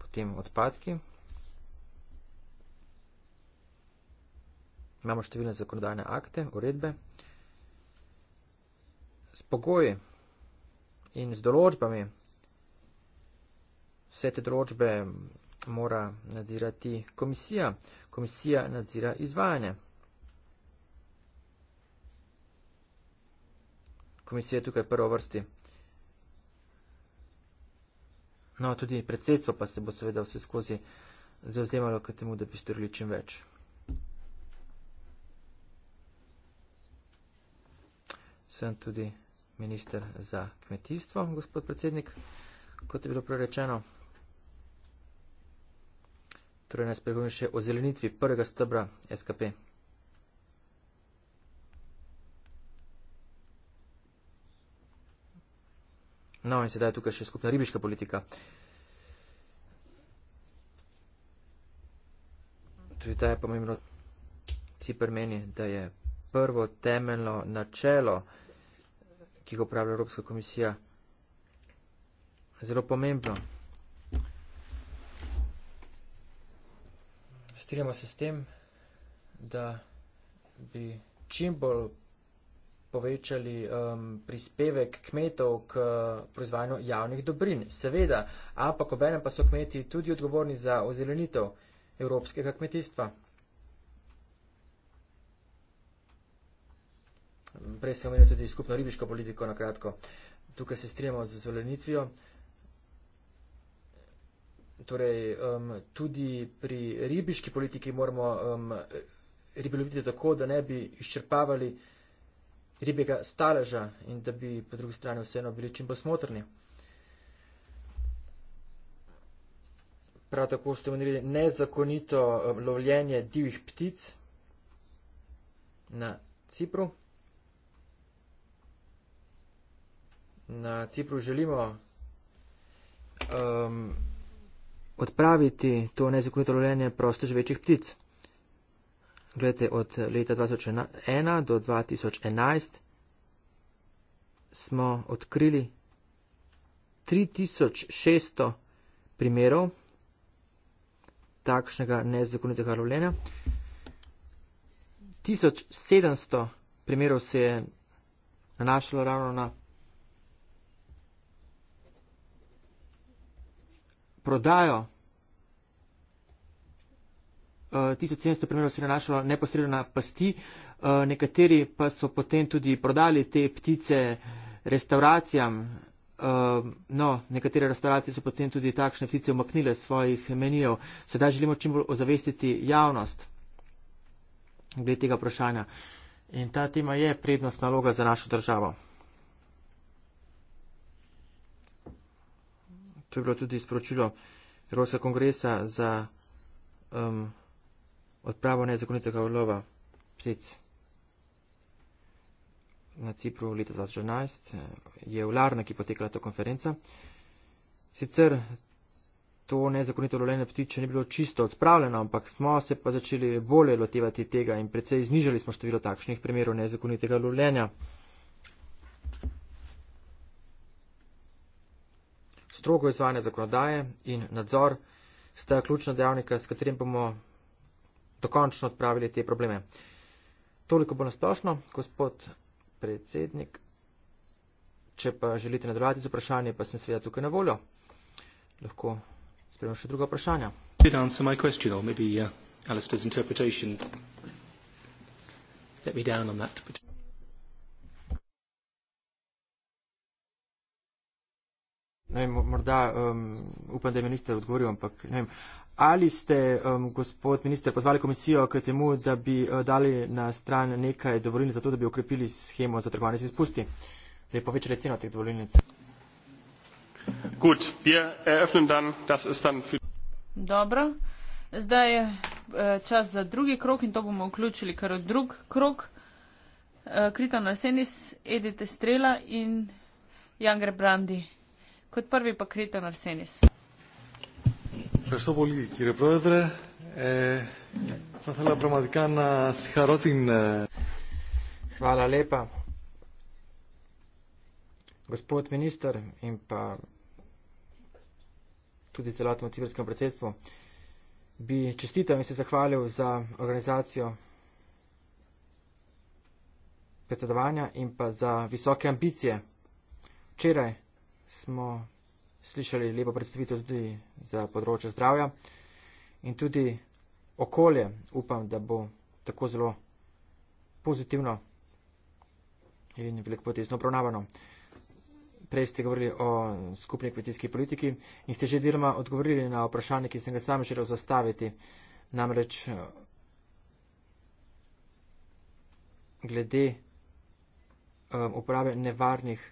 Potem odpadki. imamo številne zakonodajne akte, uredbe, s pogoji in z določbami. Vse te določbe mora nadzirati komisija. Komisija nadzira izvajanje. Komisija je tukaj prvo vrsti. No, tudi predsedstvo pa se bo seveda vse skozi zauzemalo k temu, da bi storili čim več. sem tudi minister za kmetijstvo, gospod predsednik, kot je bilo prerečeno. Torej, naj spregovorim še o zelenitvi prvega stebra SKP. No, in sedaj je tukaj še skupna ribiška politika. Tudi ta je pomembno. Ciper meni, da je prvo temeljno načelo, ki ga upravlja Evropska komisija. Zelo pomembno. Strijemo se s tem, da bi čim bolj povečali um, prispevek kmetov k uh, proizvajanju javnih dobrin. Seveda, ampak obenem pa so kmeti tudi odgovorni za ozelenitev evropskega kmetijstva. Prej sem omenil tudi skupno ribiško politiko na kratko. Tukaj se strinjamo z zelenitvijo. Torej, um, tudi pri ribiški politiki moramo um, ribeloviti tako, da ne bi izčrpavali ribjega staleža in da bi po drugi strani vseeno bili čim bolj smotrni. Prav tako ste omenili nezakonito lovljenje divjih ptic na Cipru. na Cipru želimo um, odpraviti to nezakonito lovljenje prosto živečih ptic. Glede od leta 2001 do 2011 smo odkrili 3600 primerov takšnega nezakonitega lovljenja. 1700 primerov se je nanašalo ravno na prodajo. Uh, eh, 1700 primerov se je nanašalo neposredno na pasti, uh, nekateri pa so potem tudi prodali te ptice restauracijam. Uh, eh, no, nekatere restauracije so potem tudi takšne ptice umaknile svojih menijev. Sedaj želimo čim bolj ozavestiti javnost glede tega vprašanja. In ta tema je prednost naloga za našo državo. To je bilo tudi sporočilo Evropskega kongresa za um, odpravo nezakonitega ulova ptic. Na Cipru leta 2011 je v Larnaki potekala ta konferenca. Sicer to nezakonito lovljenje ptiče ni bilo čisto odpravljeno, ampak smo se pa začeli bolje lotevati tega in precej znižali smo število takšnih primerov nezakonitega lovljenja. strogo izvajanje zakonodaje in nadzor sta ključna dejavnika, s katerim bomo dokončno odpravili te probleme. Toliko bo nasplošno, gospod predsednik. Če pa želite nadaljati z vprašanjem, pa sem seveda tukaj na voljo. Lahko spremljamo še druga vprašanja. Maybe, uh, Let me down on that. vem, morda um, upam, da mi niste odgovorili, ampak ne vem. Ali ste, um, gospod minister, pozvali komisijo k temu, da bi uh, dali na stran nekaj dovoljenj za to, da bi ukrepili schemo za trgovanje z izpusti, da bi povečali ceno teh dovoljenic? Dobro. Zdaj je eh, čas za drugi krok in to bomo vključili kar v drug krok. Eh, Kriton Arsenis, Edith Estrela in Jan Grebrandi. Kot prvi pa Kriton Arsenis. Ευχαριστώ πολύ κύριε Πρόεδρε. Ε, θα ήθελα πραγματικά να συγχαρώ την... Χαλά λέπα. Господ министр и па туди целатно циверско председство би честитам и се захвалил за организацио председавања и па за високе амбиције. Вчера е smo slišali lepo predstavitev tudi za področje zdravja in tudi okolje. Upam, da bo tako zelo pozitivno in veliko potezno obravnavano. Prej ste govorili o skupni kmetijski politiki in ste že deloma odgovorili na vprašanje, ki sem ga sam želel zastaviti. Namreč glede eh, uporabe nevarnih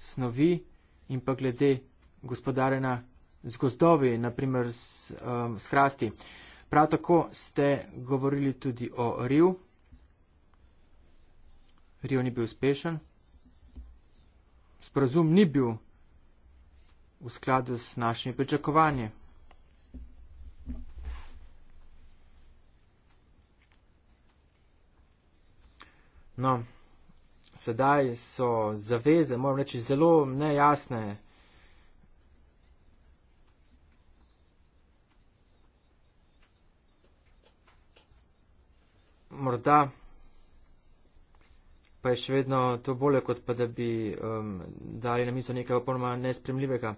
snovi in pa glede gospodarjena z gozdovi, naprimer s, um, s hrasti. Prav tako ste govorili tudi o riv. Riv ni bil uspešen. Sporazum ni bil v skladu s našimi pričakovanji. No sedaj so zaveze, moram reči, zelo nejasne. Morda pa je še vedno to bolje, kot pa da bi um, dali na mizo nekaj popolnoma nespremljivega.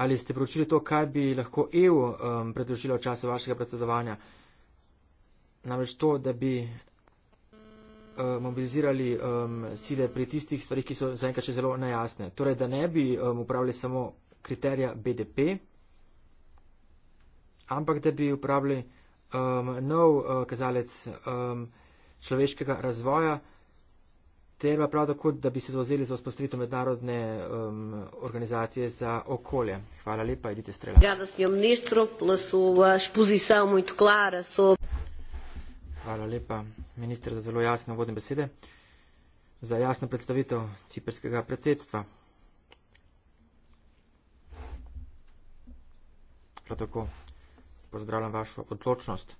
Ali ste pročili to, kaj bi lahko EU um, predložila v času vašega predsedovanja? Namreč to, da bi Eh, mobilizirali um, sile pri tistih stvarih, ki so zaenkrat še zelo nejasne. Torej, da ne bi um, upravljali samo kriterija BDP, ampak da bi upravljali um, nov uh, kazalec um, človeškega razvoja, ter pa prav tako, da bi se zauzeli za vzpostavitev mednarodne um, organizacije za okolje. Hvala lepa, idite strela. Ja, Hvala lepa, minister, za zelo jasno vodne besede, za jasno predstavitev ciperskega predsedstva. Prav tako pozdravljam vašo odločnost.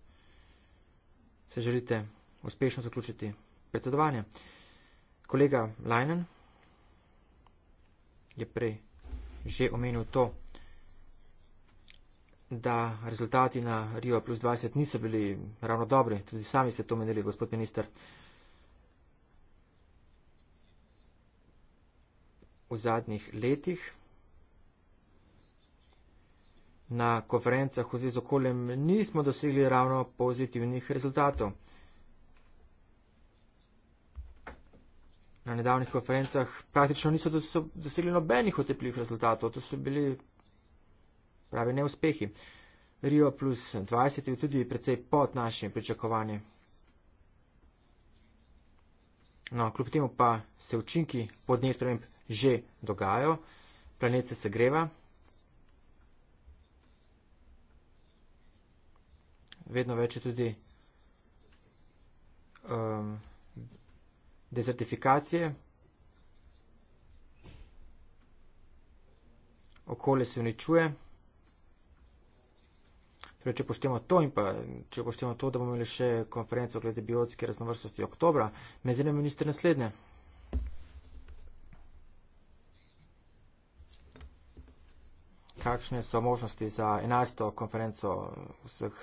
Se želite uspešno zaključiti predsedovanje. Kolega Leinen je prej že omenil to, da rezultati na Rio plus 20 niso bili ravno dobri. Tudi sami ste to menili, gospod minister. V zadnjih letih na konferencah v zvezi z okoljem nismo dosegli ravno pozitivnih rezultatov. Na nedavnih konferencah praktično niso dosegli nobenih oteplih rezultatov. To so bili pravi neuspehi. Rio plus 20 je tudi precej pod našimi pričakovanji. No, kljub temu pa se učinki podnebnih sprememb že dogajajo, planet se segreva, vedno več je tudi um, dezertifikacije, okolje se uničuje. Torej, če poštemo to in pa če poštemo to, da bomo imeli še konferenco glede biotske raznovrstnosti oktobra, me zanima minister naslednje. Kakšne so možnosti za enajsto konferenco vseh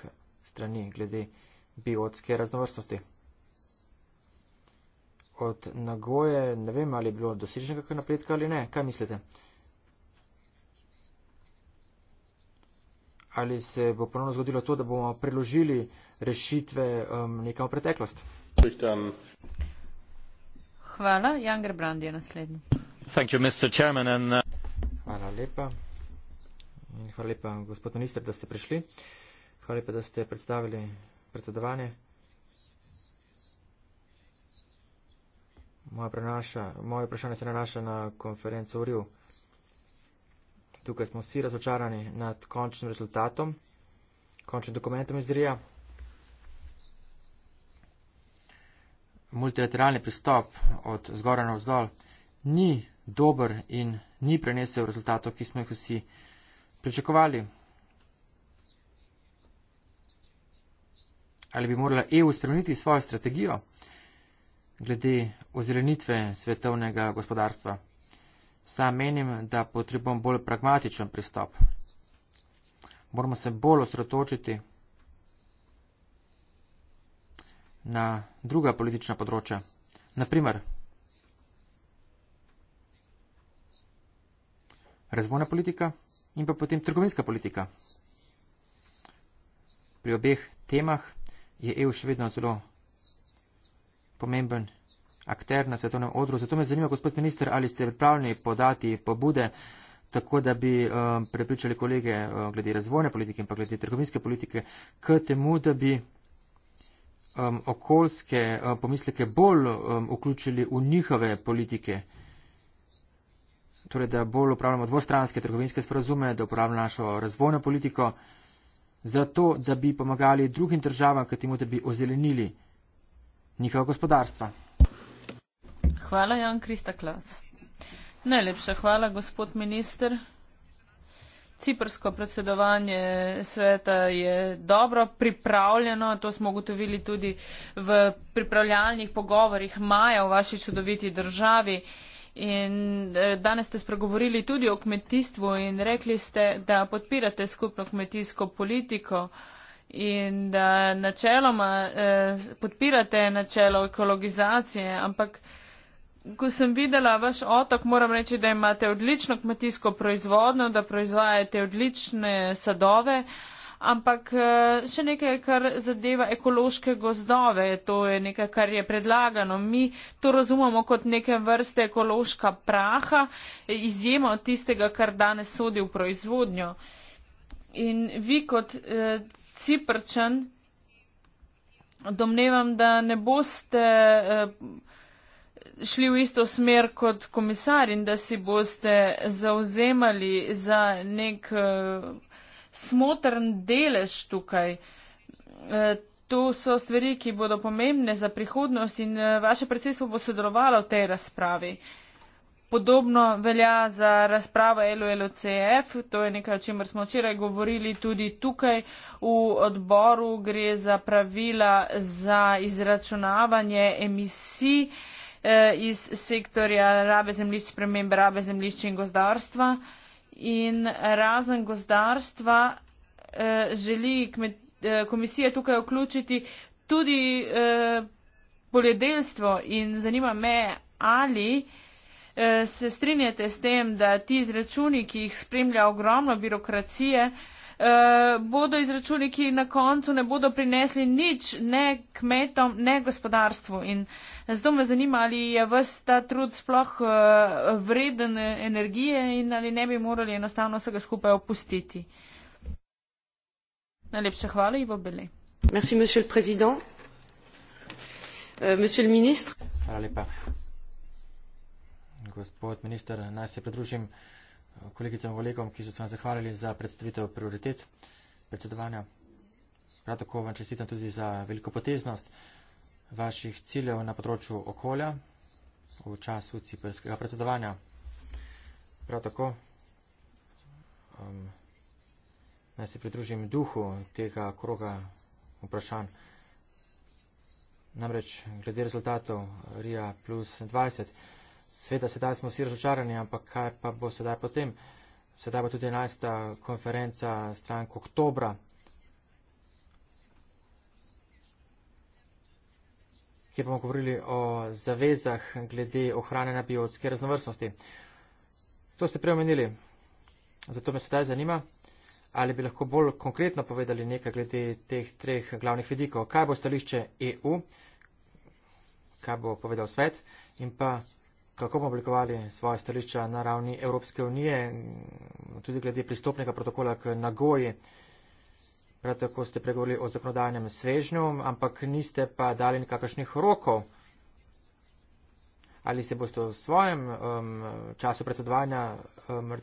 strani glede biotske raznovrstnosti? Od Nagoje ne vem, ali je bilo dosežen kakšen napredek ali ne. Kaj mislite? ali se bo ponovno zgodilo to, da bomo preložili rešitve um, nekam v preteklost. Hvala. Jan Grebrand je naslednji. Thank you, Mr. Chairman, and, uh... Hvala lepa. In hvala lepa, gospod minister, da ste prišli. Hvala lepa, da ste predstavili predsedovanje. Moje, prenaša, moje vprašanje se nanaša na konferenco v Riu tukaj smo vsi razočarani nad končnim rezultatom, končnim dokumentom iz Rija. Multilateralni pristop od zgora na vzdolj ni dober in ni prenesel rezultatov, ki smo jih vsi pričakovali. Ali bi morala EU spremeniti svojo strategijo glede ozelenitve svetovnega gospodarstva? Sam menim, da potrebujemo bolj pragmatičen pristop. Moramo se bolj osredotočiti na druga politična področja. Naprimer, razvojna politika in pa potem trgovinska politika. Pri obeh temah je EU še vedno zelo pomemben akter na svetovnem odru. Zato me zanima, gospod minister, ali ste pripravljeni podati pobude, tako da bi uh, prepričali kolege uh, glede razvojne politike in pa glede trgovinske politike k temu, da bi um, okoljske uh, pomisleke bolj um, vključili v njihove politike. Torej, da bolj upravljamo dvostranske trgovinske sporazume, da upravljamo našo razvojno politiko, zato da bi pomagali drugim državam, k temu, da bi ozelenili njihova gospodarstva. Hvala, Jan Krista Klas. Najlepša hvala, gospod minister. Ciprsko predsedovanje sveta je dobro pripravljeno, to smo ugotovili tudi v pripravljalnih pogovorih maja v vaši čudoviti državi. In eh, danes ste spregovorili tudi o kmetijstvu in rekli ste, da podpirate skupno kmetijsko politiko in da načeloma eh, podpirate načelo ekologizacije, ampak eh, ko sem videla vaš otok, moram reči, da imate odlično kmetijsko proizvodno, da proizvajate odlične sadove. Ampak eh, še nekaj, kar zadeva ekološke gozdove, to je nekaj, kar je predlagano. Mi to razumemo kot neke vrste ekološka praha, izjema od tistega, kar danes sodi v proizvodnjo. In vi kot eh, ciprčan domnevam, da ne boste. Eh, šli v isto smer kot komisar in da si boste zauzemali za nek uh, smotrn delež tukaj. Uh, to so stvari, ki bodo pomembne za prihodnost in uh, vaše predsedstvo bo sodelovalo v tej razpravi. Podobno velja za razpravo LOLCF, to je nekaj, o čemer smo včeraj govorili tudi tukaj v odboru, gre za pravila za izračunavanje emisij. Eh, iz sektorja rabe zemljišč, spremembe rabe zemljišč in gozdarstva. In razen gozdarstva eh, želi eh, komisija tukaj vključiti tudi poljedelstvo in zanima me, ali se strinjate s tem, da ti izračuni, ki jih spremlja ogromno birokracije, Eh, bodo izračuni, ki na koncu ne bodo prinesli nič ne kmetom, ne gospodarstvu. In zato me zanima, ali je vas ta trud sploh uh, vreden energije in ali ne bi morali enostavno vsega skupaj opustiti. Najlepša hvala, Ivo Bele. Merci, monsieur le président. Uh, monsieur le ministre. Hvala lepa. Gospod minister, naj se pridružim kolegicam in kolegom, ki so se vam zahvalili za predstavitev prioritet predsedovanja. Prav tako vam čestitam tudi za veliko poteznost vaših ciljev na področju okolja v času ciprskega predsedovanja. Prav tako um, naj se pridružim duhu tega kroga vprašanj. Namreč glede rezultatov RIA plus 20. Sveda, sedaj smo vsi razočarani, ampak kaj pa bo sedaj potem? Sedaj bo tudi 11. konferenca strank oktobra. kjer bomo govorili o zavezah glede ohranjena biotske raznovrstnosti. To ste preomenili, zato me sedaj zanima, ali bi lahko bolj konkretno povedali nekaj glede teh treh glavnih vidikov. Kaj bo stališče EU, kaj bo povedal svet in pa kako bomo oblikovali svoje stališča na ravni Evropske unije, tudi glede pristopnega protokola k Nagoji. Prav tako ste pregovorili o zakonodajnem svežnju, ampak niste pa dali nekakšnih rokov ali se boste v svojem um, času predsedovanja um,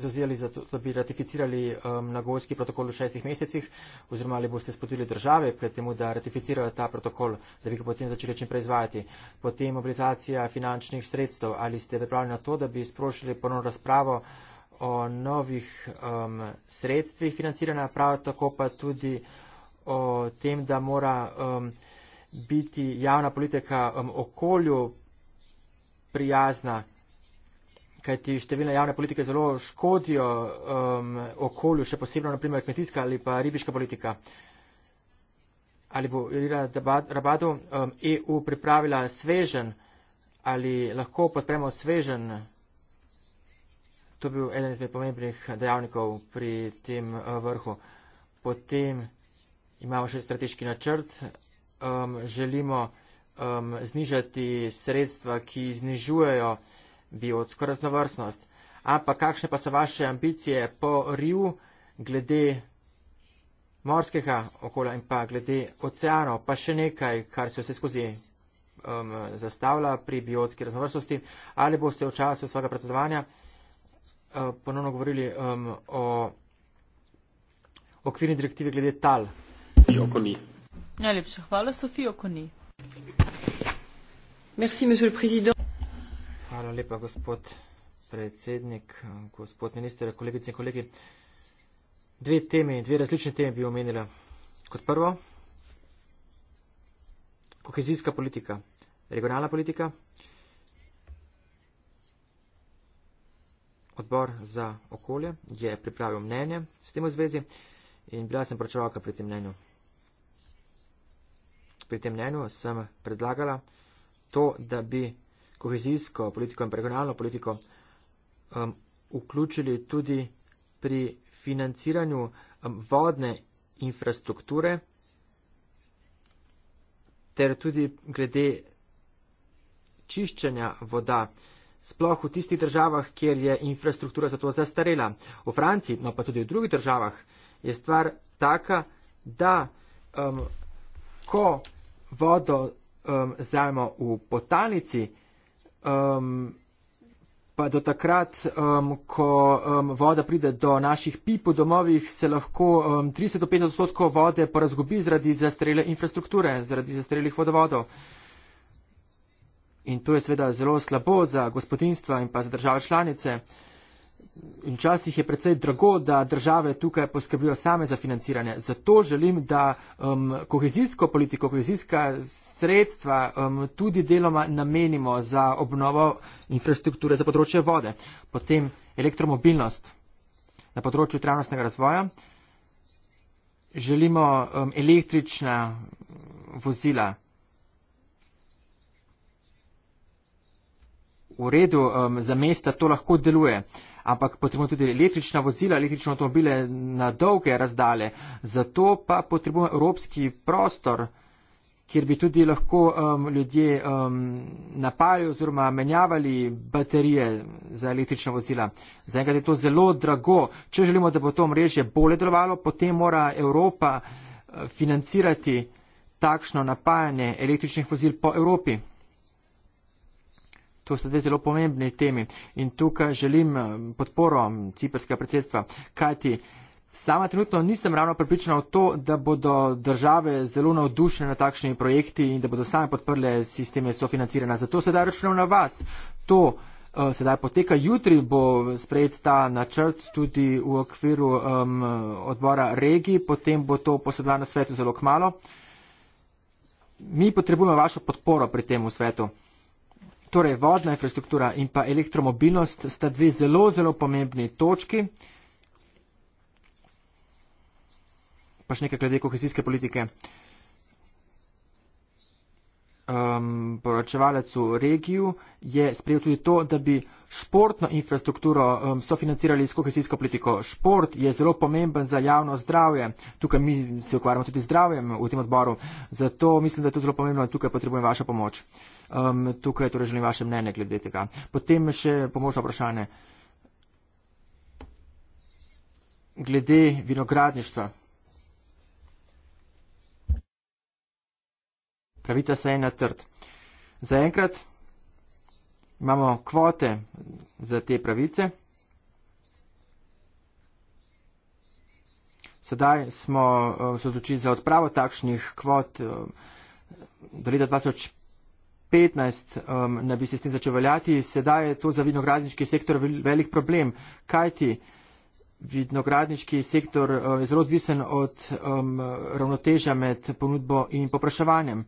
zazirali za to, da bi ratificirali um, nagolski protokol v šestih mesecih, oziroma ali boste spodili države k temu, da ratificirajo ta protokol, da bi ga potem začeli čim preizvajati. Potem mobilizacija finančnih sredstev, ali ste pripravljeni na to, da bi sprošili ponovno razpravo o novih um, sredstvih financiranja, prav tako pa tudi o tem, da mora. Um, biti javna politika um, okolju prijazna, kajti številne javne politike zelo škodijo um, okolju, še posebno naprimer kmetijska ali pa ribiška politika. Ali bo Irina Rabadu um, EU pripravila svežen ali lahko podpremo svežen? To je bil eden izmed pomembnih dejavnikov pri tem uh, vrhu. Potem imamo še strateški načrt um, želimo um, znižati sredstva, ki znižujejo biotsko raznovrstnost. Ampak kakšne pa so vaše ambicije po Riu glede morskega okolja in pa glede oceanov, pa še nekaj, kar se vse skozi um, zastavlja pri biotski raznovrstnosti, ali boste v času svojega predsedovanja uh, ponovno govorili um, o okvirni direktivi glede tal? Joko ni. Najlepša hvala, Sofijo Koni. Merci, monsieur le président. Hvala lepa, gospod predsednik, gospod minister, kolegice in kolegi. Dve teme, dve različne teme bi omenila. Kot prvo, kohezijska politika, regionalna politika, odbor za okolje je pripravil mnenje s tem v zvezi in bila sem pročevalka pri tem mnenju pri tem mnenju sem predlagala to, da bi kohezijsko politiko in regionalno politiko um, vključili tudi pri financiranju um, vodne infrastrukture ter tudi glede čiščenja voda, sploh v tistih državah, kjer je infrastruktura za to zastarela. V Franciji, no pa tudi v drugih državah, je stvar taka, da um, ko vodo um, zajmo v potalnici, um, pa do takrat, um, ko um, voda pride do naših pip v domovih, se lahko um, 30 do 50 odstotkov vode porazgubi zaradi zastrele infrastrukture, zaradi zastrelih vodovodov. In to je seveda zelo slabo za gospodinstva in pa za države članice. Včasih je predvsej drago, da države tukaj poskrbijo same za financiranje. Zato želim, da um, kohezijsko politiko, kohezijska sredstva um, tudi deloma namenimo za obnovo infrastrukture za področje vode. Potem elektromobilnost na področju trajnostnega razvoja. Želimo um, električna vozila. V redu, um, za mesta to lahko deluje ampak potrebujemo tudi električna vozila, električne avtomobile na dolge razdalje. Zato pa potrebujemo evropski prostor, kjer bi tudi lahko um, ljudje um, napali oziroma menjavali baterije za električna vozila. Zaenkrat je to zelo drago. Če želimo, da bo to mreže bolje delovalo, potem mora Evropa uh, financirati takšno napajanje električnih vozil po Evropi. To so dve zelo pomembni temi in tukaj želim eh, podporo ciperskega predsedstva, kajti sama trenutno nisem ravno pripričana v to, da bodo države zelo navdušene na takšni projekti in da bodo same podprle sisteme sofinancirana. Zato sedaj računam na vas. To eh, sedaj poteka. Jutri bo sprejet ta načrt tudi v okviru um, odbora regij, potem bo to posredovano svetu zelo kmalo. Mi potrebujemo vašo podporo pri tem svetu. Torej, vodna infrastruktura in pa elektromobilnost sta dve zelo, zelo pomembni točki. Pa še nekaj glede kohezijske politike. Um, poročevalec v regiju je sprejel tudi to, da bi športno infrastrukturo um, sofinancirali s kohezijsko politiko. Šport je zelo pomemben za javno zdravje. Tukaj mi se ukvarjamo tudi zdravjem v tem odboru. Zato mislim, da je to zelo pomembno in tukaj potrebujem vašo pomoč. Um, tukaj torej želim vaše mnenje glede tega. Potem še pomožno vprašanje. Glede vinogradništva. Pravica se je na trd. Zaenkrat imamo kvote za te pravice. Sedaj smo eh, se odločili za odpravo takšnih kvot eh, do leta 2015. 2015 um, ne bi se s tem začel veljati, sedaj je to za vinogradniški sektor velik problem. Kaj ti? Vinogradniški sektor uh, je zelo odvisen od um, ravnoteža med ponudbo in popraševanjem.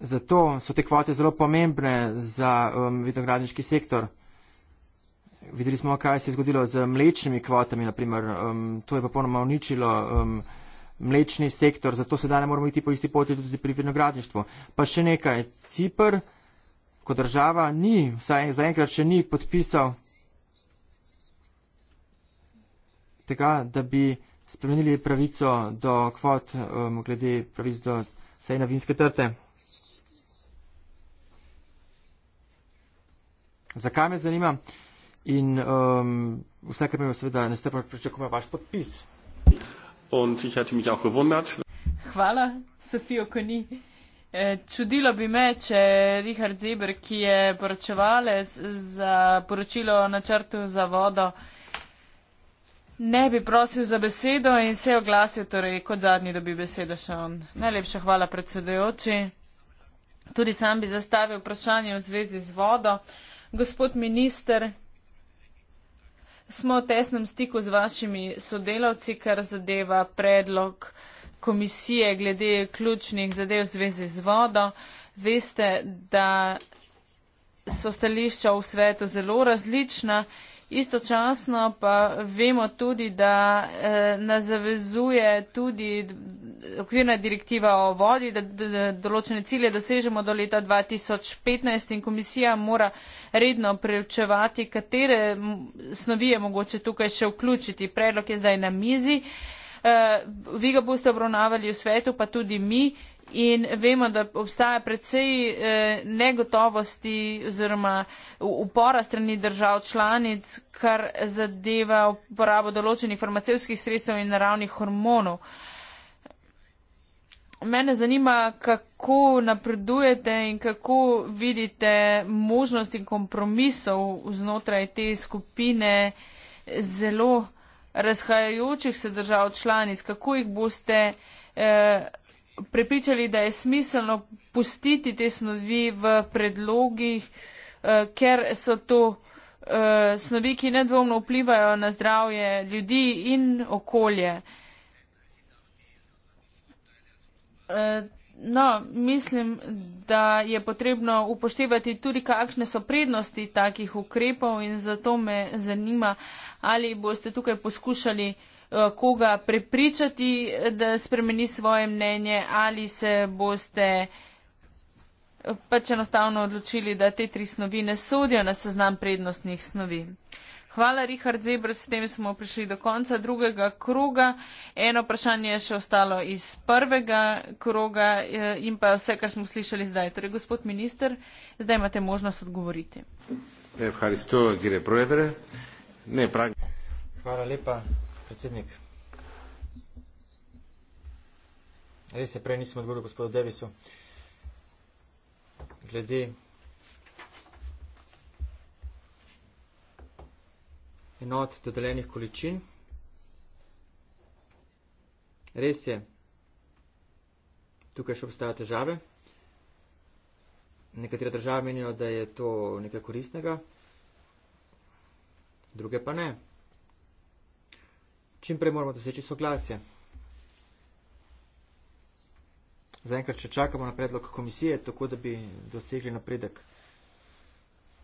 Zato so te kvote zelo pomembne za um, vinogradniški sektor. Videli smo, kaj se je zgodilo z mlečnimi kvotami, naprimer. Um, to je popolnoma uničilo. Um, mlečni sektor, zato sedaj ne moramo iti po isti poti tudi pri vinogradništvu. Pa še nekaj, Cipr kot država ni, vsaj zaenkrat še ni podpisal tega, da bi spremenili pravico do kvot um, glede pravic do sejna vinske trte. Zakaj me zanima in um, vse, kar me seveda nestrpno pričakujem, vaš podpis. Und ich hätte mich auch gewundert. Hvala, Sofijo Koni. E, čudilo bi me, če Richard Zeber, ki je poročevalec za poročilo na črtu za vodo, ne bi prosil za besedo in se je oglasil, torej kot zadnji dobi besedo še on. Najlepša hvala, predsedujoči. Tudi sam bi zastavil vprašanje v zvezi z vodo. Gospod minister, smo v tesnem stiku z vašimi sodelavci, kar zadeva predlog komisije glede ključnih zadev v zvezi z vodo. Veste, da so stališča v svetu zelo različna istočasno pa vemo tudi, da eh, nas zavezuje tudi okvirna direktiva o vodi, da določene cilje dosežemo do leta 2015 in komisija mora redno preučevati, katere snovi je mogoče tukaj še vključiti. Predlog je zdaj na mizi. Eh, vi ga boste obravnavali v svetu, pa tudi mi. In vemo, da obstaja predvsej eh, negotovosti oziroma upora strani držav članic, kar zadeva uporabo določenih farmacevskih sredstev in naravnih hormonov. Mene zanima, kako napredujete in kako vidite možnosti kompromisov znotraj te skupine zelo razhajajočih se držav članic, kako jih boste. Eh, prepričali, da je smiselno pustiti te snovi v predlogih, eh, ker so to eh, snovi, ki nedvomno vplivajo na zdravje ljudi in okolje. Eh, no, mislim, da je potrebno upoštevati tudi, kakšne so prednosti takih ukrepov in zato me zanima, ali boste tukaj poskušali uh, Eh, koga prepričati, da spremeni svoje mnenje ali se boste eh, pač enostavno odločili, da te tri snovi ne sodijo na seznam prednostnih snovi. Hvala, Richard Zebr, s tem smo prišli do konca drugega kroga. Eno vprašanje je še ostalo iz prvega kroga eh, in pa vse, kar smo slišali zdaj. Torej, gospod minister, zdaj imate možnost odgovoriti. Hvala lepa, predsednik. Res je, prej nisem odgovoril gospodu Devisu. Glede enot dodeljenih količin. Res je, tukaj še obstajajo težave. Nekatere države menijo, da je to nekaj koristnega, druge pa ne čim prej moramo doseči soglasje. Zaenkrat še čakamo na predlog komisije, tako da bi dosegli napredek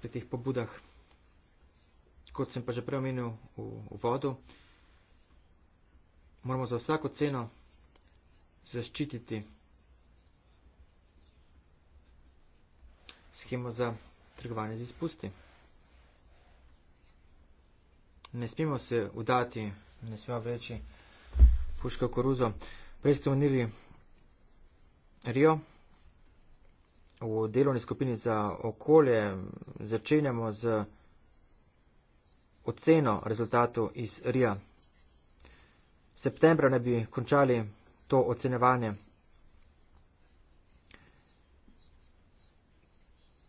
pri teh pobudah. Kot sem pa že prej omenil v vodu, moramo za vsako ceno zaščititi schemo za trgovanje z izpusti. Ne smemo se udati ne sva vreči puško koruzo. Prej ste omenili Rio. V delovni skupini za okolje začenjamo z oceno rezultatov iz Rija. Septembra ne bi končali to ocenevanje.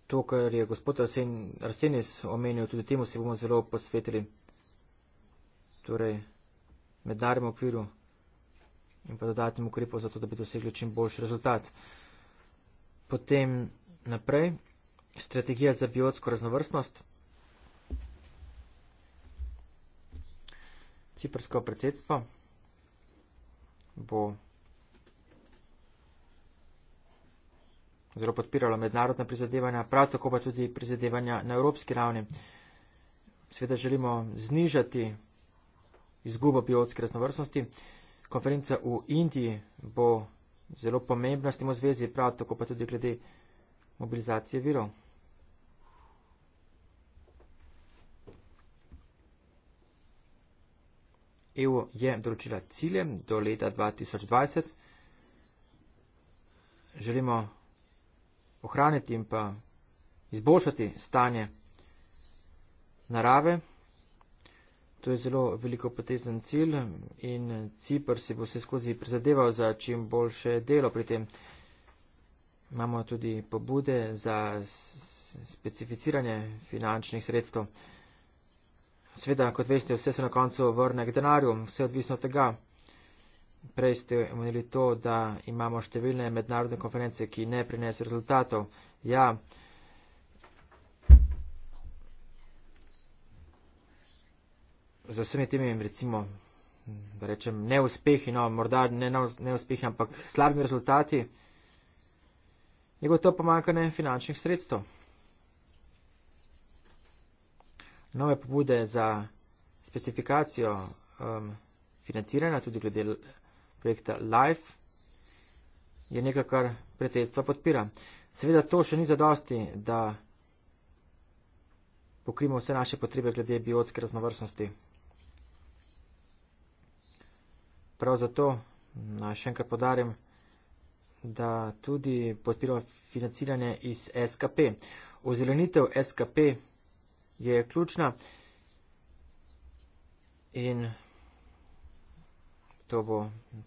To, kar je gospod Arsenis omenil, tudi temu se bomo zelo posvetili. Torej, mednarodnem okviru in pa dodatnim ukrepom za to, da bi dosegli čim boljši rezultat. Potem naprej, strategija za biotsko raznovrstnost. Ciprsko predsedstvo bo zelo podpiralo mednarodna prizadevanja, prav tako pa tudi prizadevanja na evropski ravni. Sveda želimo znižati izgubo biotske raznovrstnosti. Konferenca v Indiji bo zelo pomembna s tem v zvezi, prav tako pa tudi glede mobilizacije virov. EU je določila cilje do leta 2020. Želimo ohraniti in pa izboljšati stanje narave. To je zelo veliko potezen cilj in Cipr si bo vse skozi prizadeval za čim boljše delo pri tem. Imamo tudi pobude za specificiranje finančnih sredstev. Sveda, kot veste, vse se na koncu vrne k denarju, vse odvisno od tega. Prej ste omenili to, da imamo številne mednarodne konference, ki ne prinesejo rezultatov. Ja, za vsemi temi, recimo, da rečem, neuspehi, no, morda ne neuspehi, ampak slabimi rezultati, je gotovo pomankanje finančnih sredstev. Nove pobude za specifikacijo um, financiranja, tudi glede projekta LIFE, je nekaj, kar predsedstvo podpira. Seveda to še ni zadosti, da pokrimo vse naše potrebe glede biotske raznovrstnosti. Prav zato naj še enkrat podarim, da tudi podpiramo financiranje iz SKP. Ozelenitev SKP je ključna in to bo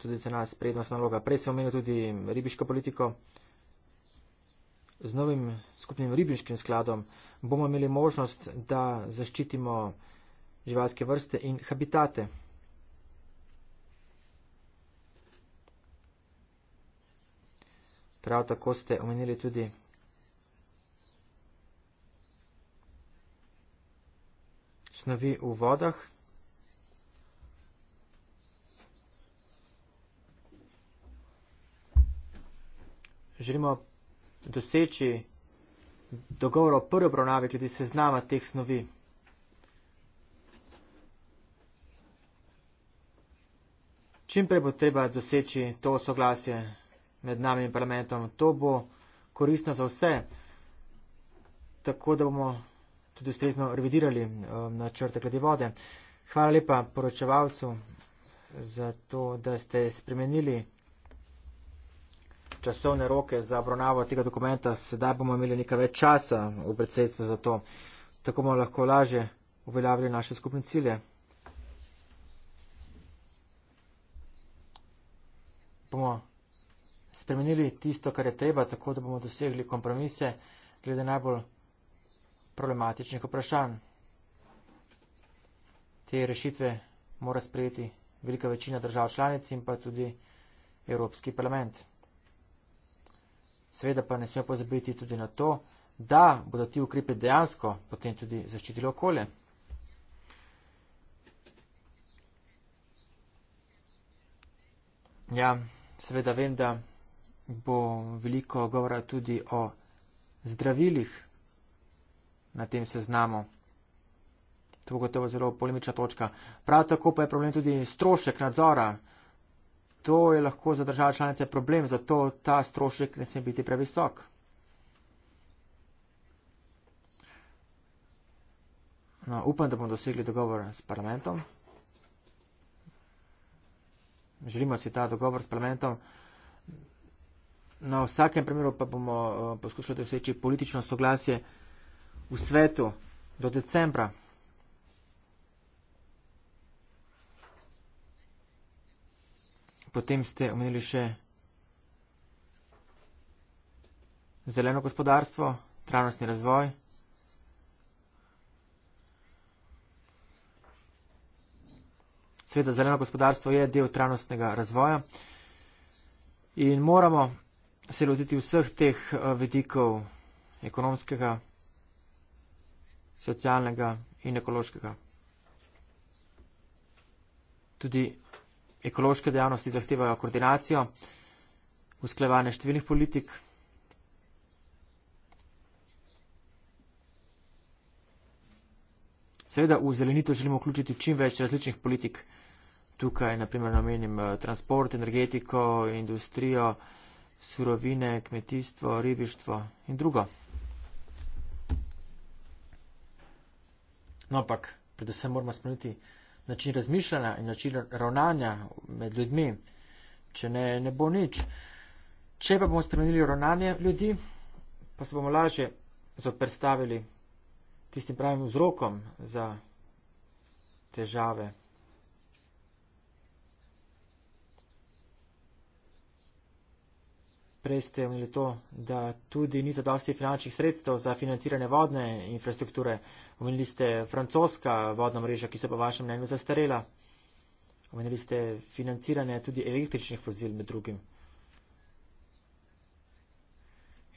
tudi za nas prednost naloga. Prej sem omenil tudi ribiško politiko. Z novim skupnim ribiškim skladom bomo imeli možnost, da zaščitimo živalske vrste in habitate. Prav tako ste omenili tudi snovi v vodah. Želimo doseči dogovor o prvi obravnavi, glede seznama teh snovi. Čim prej bo treba doseči to soglasje med nami in parlamentom. To bo koristno za vse, tako da bomo tudi ustrezno revidirali um, načrte glede vode. Hvala lepa poročevalcu za to, da ste spremenili časovne roke za obravnavo tega dokumenta. Sedaj bomo imeli nekaj več časa v predsedstvu za to. Tako bomo lahko lažje uveljavili naše skupne cilje. Bomo spremenili tisto, kar je treba, tako da bomo dosegli kompromise glede najbolj problematičnih vprašanj. Te rešitve mora sprejeti velika večina držav članic in pa tudi Evropski parlament. Sveda pa ne smemo pozabiti tudi na to, da bodo ti ukrepe dejansko potem tudi zaščitili okolje. Ja, seveda vem, da bo veliko govora tudi o zdravilih na tem seznamu. To bo gotovo zelo polemična točka. Prav tako pa je problem tudi strošek nadzora. To je lahko za države članice problem, zato ta strošek ne sme biti previsok. No, upam, da bomo dosegli dogovor s parlamentom. Želimo si ta dogovor s parlamentom. Na vsakem primeru pa bomo eh, poskušali doseči politično soglasje v svetu do decembra. Potem ste omenili še zeleno gospodarstvo, trajnostni razvoj. Sveda zeleno gospodarstvo je del trajnostnega razvoja in moramo se lotiti vseh teh eh, vedikov ekonomskega, socialnega in ekološkega. Tudi ekološke dejavnosti zahtevajo koordinacijo, usklevanje številnih politik. Seveda v zelenito želimo vključiti čim več različnih politik. Tukaj, naprimer, namenim eh, transport, energetiko, industrijo surovine, kmetijstvo, ribištvo in drugo. No, ampak predvsem moramo spremeniti način razmišljanja in način ravnanja med ljudmi, če ne, ne bo nič. Če pa bomo spremenili ravnanje ljudi, pa se bomo lažje zoprstavili tistim pravim vzrokom za težave. prej ste omenili to, da tudi ni zadosti finančnih sredstev za financiranje vodne infrastrukture. Omenili ste francoska vodna mreža, ki se po vašem mnenju zastarela. Omenili ste financiranje tudi električnih vozil med drugim.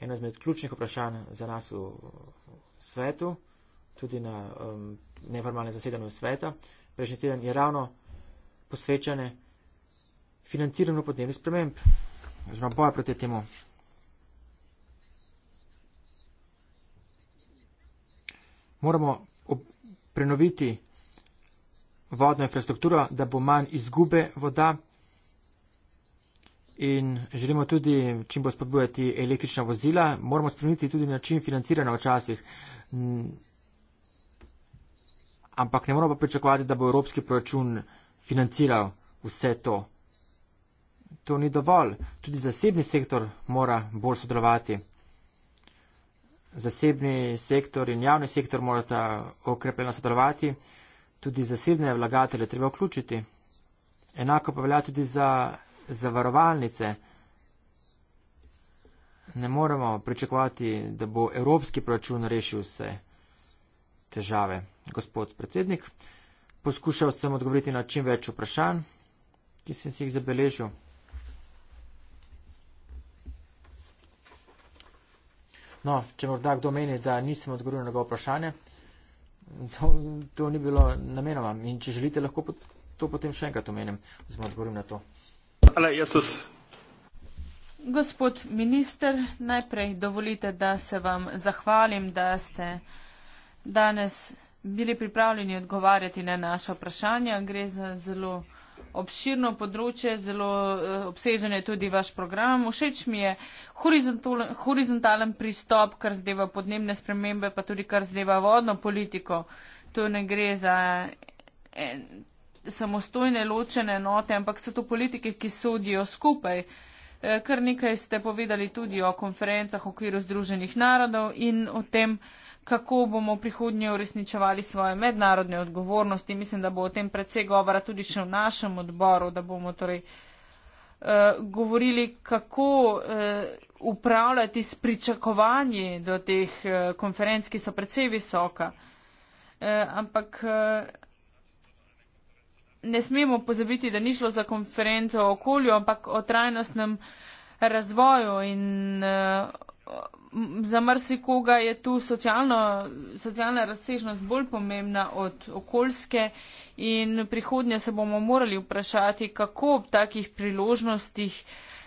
Eno izmed ključnih vprašanj za nas v svetu, tudi na um, neformalnem zasedanju sveta, prejšnji teden je ravno posvečane financiranju podnebnih sprememb. Je vais pas apprêter tes mots. Moramo prenoviti vodno infrastrukturo, da bo manj izgube voda in želimo tudi čim bolj spodbujati električna vozila. Moramo spremeniti tudi način financiranja včasih. Ampak ne moramo pa pričakovati, da bo evropski proračun financiral vse to to ni dovolj. Tudi zasebni sektor mora bolj sodelovati. Zasebni sektor in javni sektor morata okrepljeno sodelovati. Tudi zasebne vlagatelje treba vključiti. Enako pa velja tudi za zavarovalnice. Ne moremo pričakovati, da bo evropski proračun rešil vse težave. Gospod predsednik, poskušal sem odgovoriti na čim več vprašanj, ki sem si jih zabeležil. No, če morda kdo meni, da nisem odgovoril na ga vprašanje, to, to ni bilo namenoma. In če želite, lahko pot, to potem še enkrat omenim, oziroma odgovorim na to. Ale, Gospod minister, najprej dovolite, da se vam zahvalim, da ste danes bili pripravljeni odgovarjati na naša vprašanja. Gre za zelo obširno področje, zelo eh, obsežen je tudi vaš program. Všeč mi je horizontalen pristop, kar zdeva podnebne spremembe, pa tudi kar zdeva vodno politiko. To ne gre za en, eh, samostojne ločene enote, ampak so to politike, ki sodijo skupaj. Eh, kar nekaj ste povedali tudi o konferencah v okviru Združenih narodov in o tem, kako bomo v prihodnje uresničevali svoje mednarodne odgovornosti. Mislim, da bo o tem predvsej govora tudi še v našem odboru, da bomo torej eh, govorili, kako eh, upravljati s pričakovanji do teh konferenc, ki so predvsej visoka. Ampak ne smemo pozabiti, da ni šlo za konferenco o okolju, ampak o trajnostnem razvoju in uh, za marsikoga je tu socialno, socialna razsežnost bolj pomembna od okoljske in prihodnje se bomo morali vprašati, kako ob takih priložnostih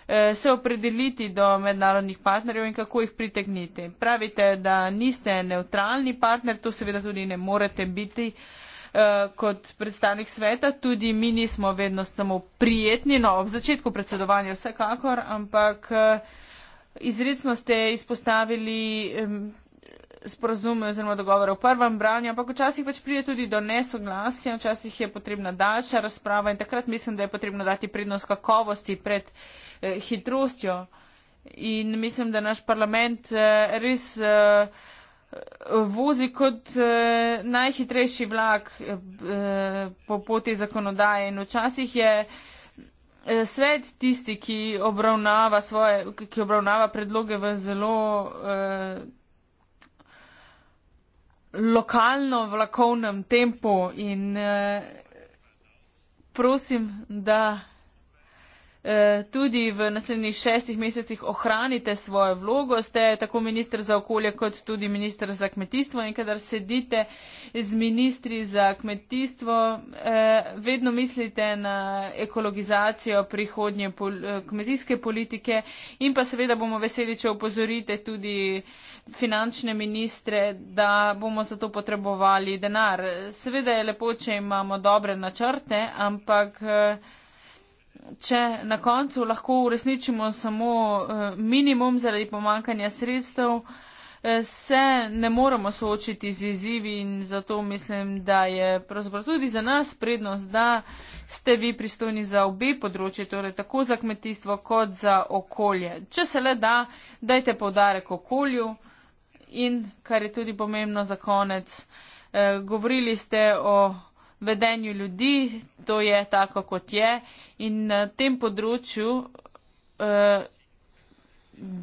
eh, se opredeliti do mednarodnih partnerjev in kako jih pritegniti. Pravite, da niste neutralni partner, to seveda tudi ne morete biti, Eh, kot predstavnik sveta, tudi mi nismo vedno samo prijetni, no, ob začetku predsedovanja vsekakor, ampak eh, izredno ste izpostavili sporozume oziroma dogovore v prvem branju, ampak včasih pač pride tudi do nesoglasja, včasih je potrebna daljša razprava in takrat mislim, da je potrebno dati prednost kakovosti pred eh, hitrostjo. In mislim, da naš parlament res vozi kot eh, najhitrejši vlak eh, po poti zakonodaje in včasih je eh, svet tisti, ki obravnava, svoje, ki obravnava predloge v zelo eh, lokalno vlakovnem tempu in eh, prosim, da Eh, tudi v naslednjih šestih mesecih ohranite svojo vlogo. Ste tako ministr za okolje kot tudi ministr za kmetijstvo in kadar sedite z ministri za kmetijstvo, eh, vedno mislite na ekologizacijo prihodnje pol eh, kmetijske politike in pa seveda bomo veseli, če opozorite tudi finančne ministre, da bomo za to potrebovali denar. Seveda je lepo, če imamo dobre načrte, ampak če na koncu lahko uresničimo samo eh, minimum zaradi pomankanja sredstev, eh, se ne moremo soočiti z izzivi in zato mislim, da je pravzaprav tudi za nas prednost, da ste vi pristojni za obe področje, torej tako za kmetijstvo kot za okolje. Če se le da, dajte povdarek okolju in, kar je tudi pomembno za konec, eh, govorili ste o vedenju ljudi, to je tako, kot je. In na eh, tem področju eh,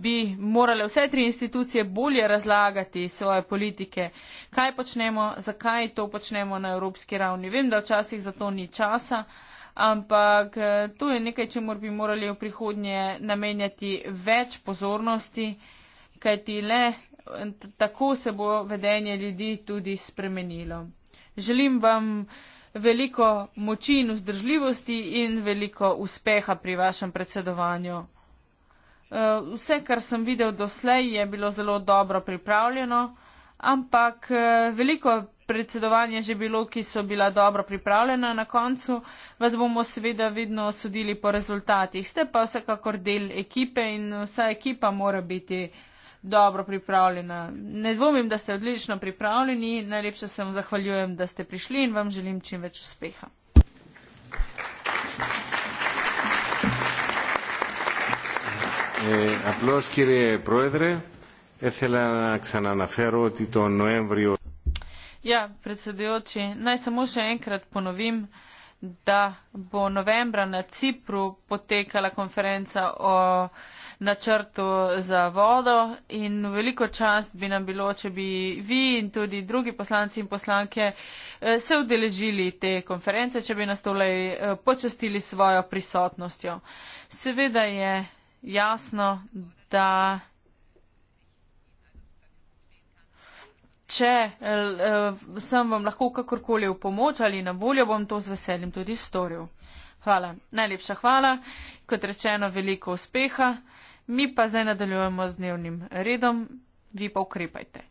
bi morale vse tri institucije bolje razlagati svoje politike, kaj počnemo, zakaj to počnemo na evropski ravni. Vem, da včasih za to ni časa, ampak eh, to je nekaj, če mor bi morali v prihodnje namenjati več pozornosti, kajti le tako se bo vedenje ljudi tudi spremenilo. Želim vam veliko moči in vzdržljivosti in veliko uspeha pri vašem predsedovanju. Eh, vse, kar sem videl doslej, je bilo zelo dobro pripravljeno, ampak eh, veliko predsedovanje že bilo, ki so bila dobro pripravljena na koncu, vas bomo seveda vidno sodili po rezultatih. Ste pa vsekakor del ekipe in vsa ekipa mora biti dobro pripravljena. Ne dvomim, da ste odlično pripravljeni. Najlepše se vam zahvaljujem, da ste prišli in vam želim čim več uspeha. Eh, ja, predsedujoči, naj samo še enkrat ponovim da bo novembra na Cipru potekala konferenca o načrtu za vodo in veliko čast bi nam bilo, če bi vi in tudi drugi poslanci in poslanke eh, se udeležili te konference, če bi nas tole eh, počastili svojo prisotnostjo. Seveda je jasno, da če uh, sem vam lahko kakorkoli v pomoč ali na voljo, bom to z veseljem tudi storil. Hvala, najlepša hvala, kot rečeno, veliko uspeha. Mi pa zdaj nadaljujemo z dnevnim redom, vi pa ukrepajte.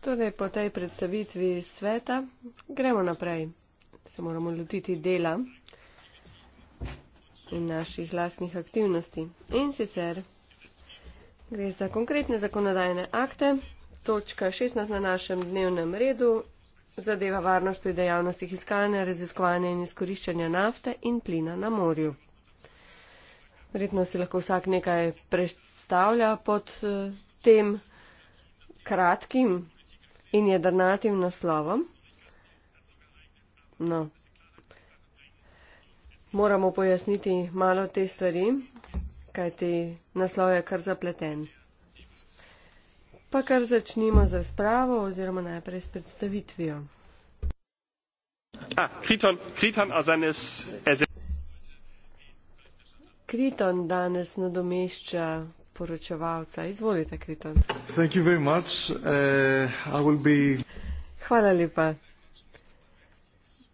Torej, po tej predstavitvi sveta gremo naprej. Se moramo lotiti dela in naših lastnih aktivnosti. In sicer gre za konkretne zakonodajne akte. Točka 16 na našem dnevnem redu zadeva varnost pri dejavnostih iskanja, raziskovanja in izkoriščanja nafte in plina na morju. Verjetno si lahko vsak nekaj predstavlja pod eh, tem kratkim in jedrnatim naslovom. No. Moramo pojasniti malo te stvari, kajti naslov je kar zapleten. Pa kar začnimo z razpravo oziroma najprej s predstavitvijo. Ah, Kriton, Kriton Azanis, Ezen. Kriton danes nadomešča poročevalca. Izvolite, Kriton. Uh, be... Hvala lepa.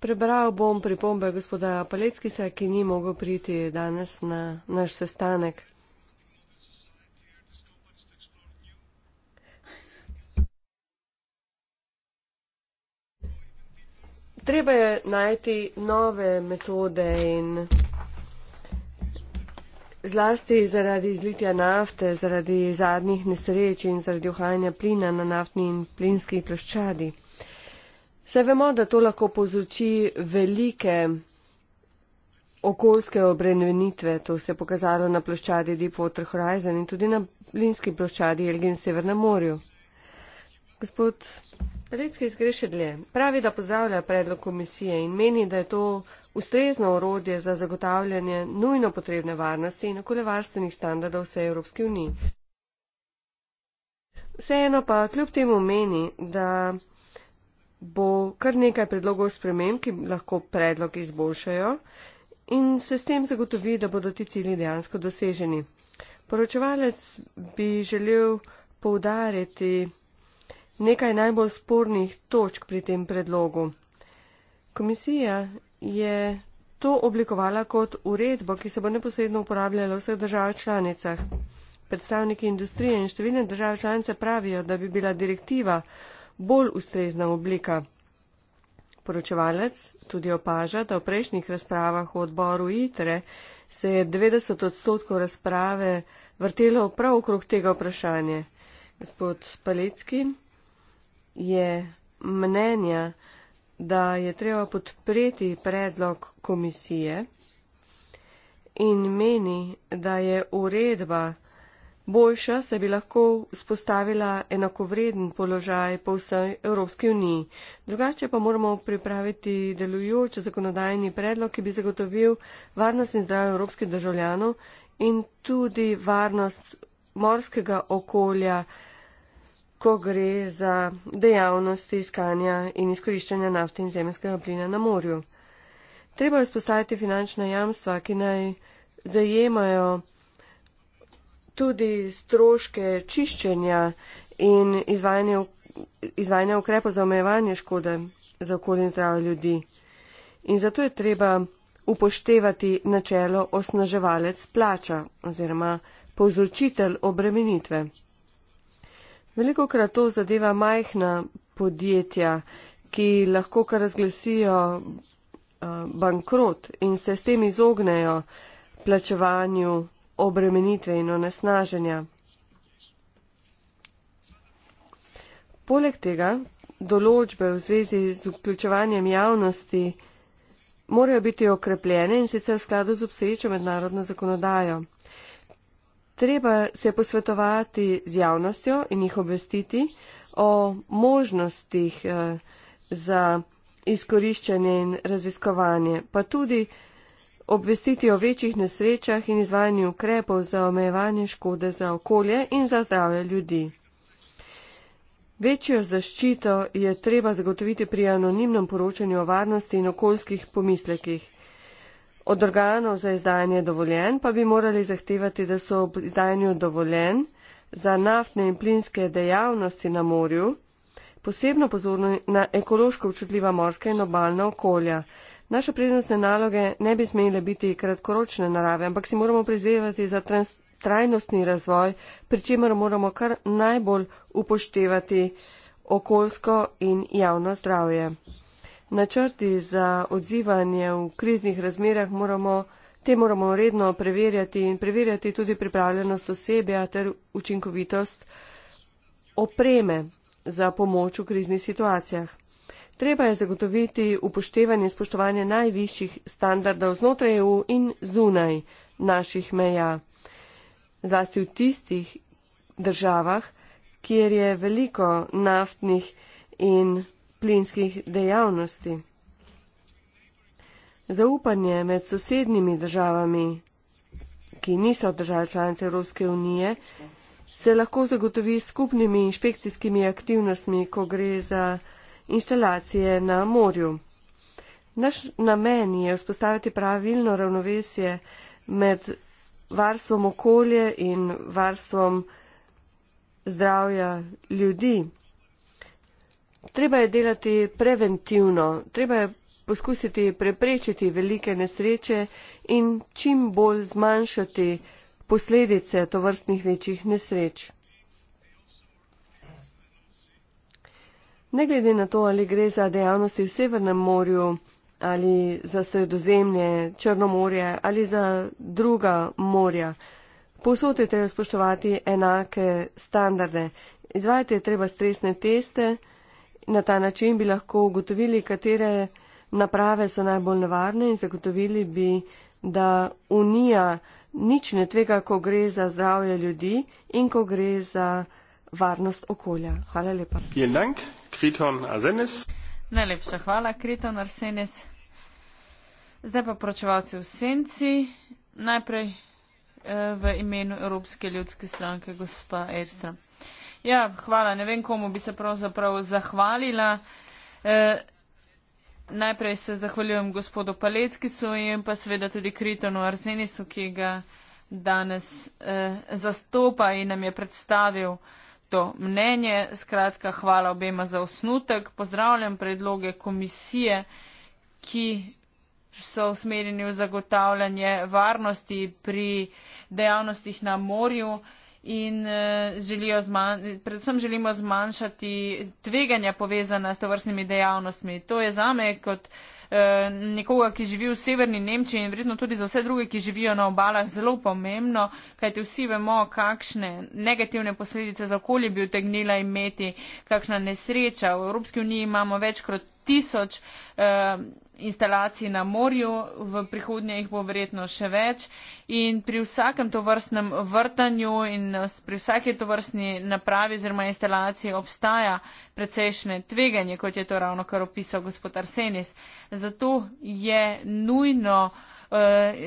Prebral bom pripombe gospoda Paleckisa, ki ni mogel priti danes na naš sestanek. Treba je najti nove metode in zlasti zaradi izlitja nafte, zaradi zadnjih nesreč in zaradi ohranja plina na naftni in plinski ploščadi. Se vemo, da to lahko povzroči velike okoljske obrenenitve, to se je pokazalo na ploščadi Deepwater Horizon in tudi na plinski ploščadi Elgin Severnem morju. Gospod Redski iz Grešedlje pravi, da pozdravlja predlog komisije in meni, da je to Ustrezno orodje za zagotavljanje nujno potrebne varnosti in okoljevarstvenih standardov vse Evropske unije. Vseeno pa kljub temu meni, da bo kar nekaj predlogov sprememb, ki lahko predlog izboljšajo in se s tem zagotovi, da bodo ti cilji dejansko doseženi. Poročevalec bi želel poudariti nekaj najbolj spornih točk pri tem predlogu. Komisija je to oblikovala kot uredbo, ki se bo neposredno uporabljala v vseh državah članicah. Predstavniki industrije in številne države članice pravijo, da bi bila direktiva bolj ustrezna oblika. Poročevalec tudi opaža, da v prejšnjih razpravah v odboru ITRE se je 90 odstotkov razprave vrtelo prav okrog tega vprašanja. Gospod Palecki je mnenja, da je treba podpreti predlog komisije in meni, da je uredba boljša, se bi lahko spostavila enakovreden položaj po vsej Evropski uniji. Drugače pa moramo pripraviti delujoč zakonodajni predlog, ki bi zagotovil varnost in zdravje evropskih državljanov in tudi varnost morskega okolja ko gre za dejavnosti iskanja in izkoriščanja nafte in zemljskega plina na morju. Treba je spostaviti finančna jamstva, ki naj zajemajo tudi stroške čiščenja in izvajanje, izvajanje ukrepa za omejevanje škode za okolje in zdravje ljudi. In zato je treba upoštevati načelo osnaževalec plača oziroma povzročitelj obremenitve. Veliko krat to zadeva majhna podjetja, ki lahko kar razglasijo eh, bankrot in se s tem izognejo plačevanju obremenitve in onesnaženja. Poleg tega določbe v zvezi z vključevanjem javnosti morajo biti okrepljene in sicer v skladu z obsežjo mednarodno zakonodajo. Treba se posvetovati z javnostjo in jih obvestiti o možnostih eh, za izkoriščanje in raziskovanje, pa tudi obvestiti o večjih nesrečah in izvajanju ukrepov za omejevanje škode za okolje in za zdravje ljudi. Večjo zaščito je treba zagotoviti pri anonimnem poročanju o varnosti in okoljskih pomislekih. Od organov za izdajanje dovoljen pa bi morali zahtevati, da so ob izdajanju dovoljen za naftne in plinske dejavnosti na morju posebno pozorni na ekološko občutljiva morska in obalna okolja. Naše prednostne naloge ne bi smele biti kratkoročne narave, ampak si moramo prizadevati za trans trajnostni razvoj, pri čemer moramo kar najbolj upoštevati okoljsko in javno zdravje načrti za odzivanje v kriznih razmerah moramo, te moramo redno preverjati in preverjati tudi pripravljenost osebja ter učinkovitost opreme za pomoč v kriznih situacijah. Treba je zagotoviti upoštevanje spoštovanja najvišjih standardov znotraj EU in zunaj naših meja, zlasti v tistih državah, kjer je veliko naftnih in plinskih dejavnosti. Zaupanje med sosednjimi državami, ki niso države članice Evropske unije, se lahko zagotovi s skupnimi inšpekcijskimi aktivnostmi, ko gre za inštalacije na morju. Naš namen je vzpostaviti pravilno ravnovesje med varstvom okolje in varstvom zdravja ljudi treba je delati preventivno, treba je poskusiti preprečiti velike nesreče in čim bolj zmanjšati posledice tovrstnih večjih nesreč. Ne glede na to, ali gre za dejavnosti v Severnem morju, ali za Sredozemlje, Črnomorje ali za druga morja, posod je treba spoštovati enake standarde. Izvajati je treba stresne teste. Na ta način bi lahko ugotovili, katere naprave so najbolj nevarne in zagotovili bi, da Unija nič ne tvega, ko gre za zdravje ljudi in ko gre za varnost okolja. Hvala lepa. Najlepša hvala, Kriton Arsenes. Zdaj pa pročevalci v senci. Najprej eh, v imenu Evropske ljudske stranke gospa Erstram. Ja, hvala. Ne vem, komu bi se pravzaprav zahvalila. E, najprej se zahvaljujem gospodu Paleckisu in pa seveda tudi Kritonu Arzenisu, ki ga danes e, zastopa in nam je predstavil to mnenje. Skratka, hvala obema za osnutek. Pozdravljam predloge komisije, ki so usmerjeni v zagotavljanje varnosti pri dejavnostih na morju in eh, želijo zmanjšati, predvsem želimo zmanjšati tveganja povezana s tovrstnimi dejavnostmi. To je zame kot eh, nekoga, ki živi v severni Nemčiji in vredno tudi za vse druge, ki živijo na obalah, zelo pomembno, kajte vsi vemo, kakšne negativne posledice za okolje bi utegnila imeti, kakšna nesreča. V Evropski uniji imamo več kot tisoč. Eh, instalacij na morju, v prihodnje jih bo verjetno še več. In pri vsakem tovrstnem vrtanju in eh, pri vsaki tovrstni napravi oziroma instalaciji obstaja precejšnje tveganje, kot je to ravno kar opisal gospod Arsenis. Zato je nujno uh,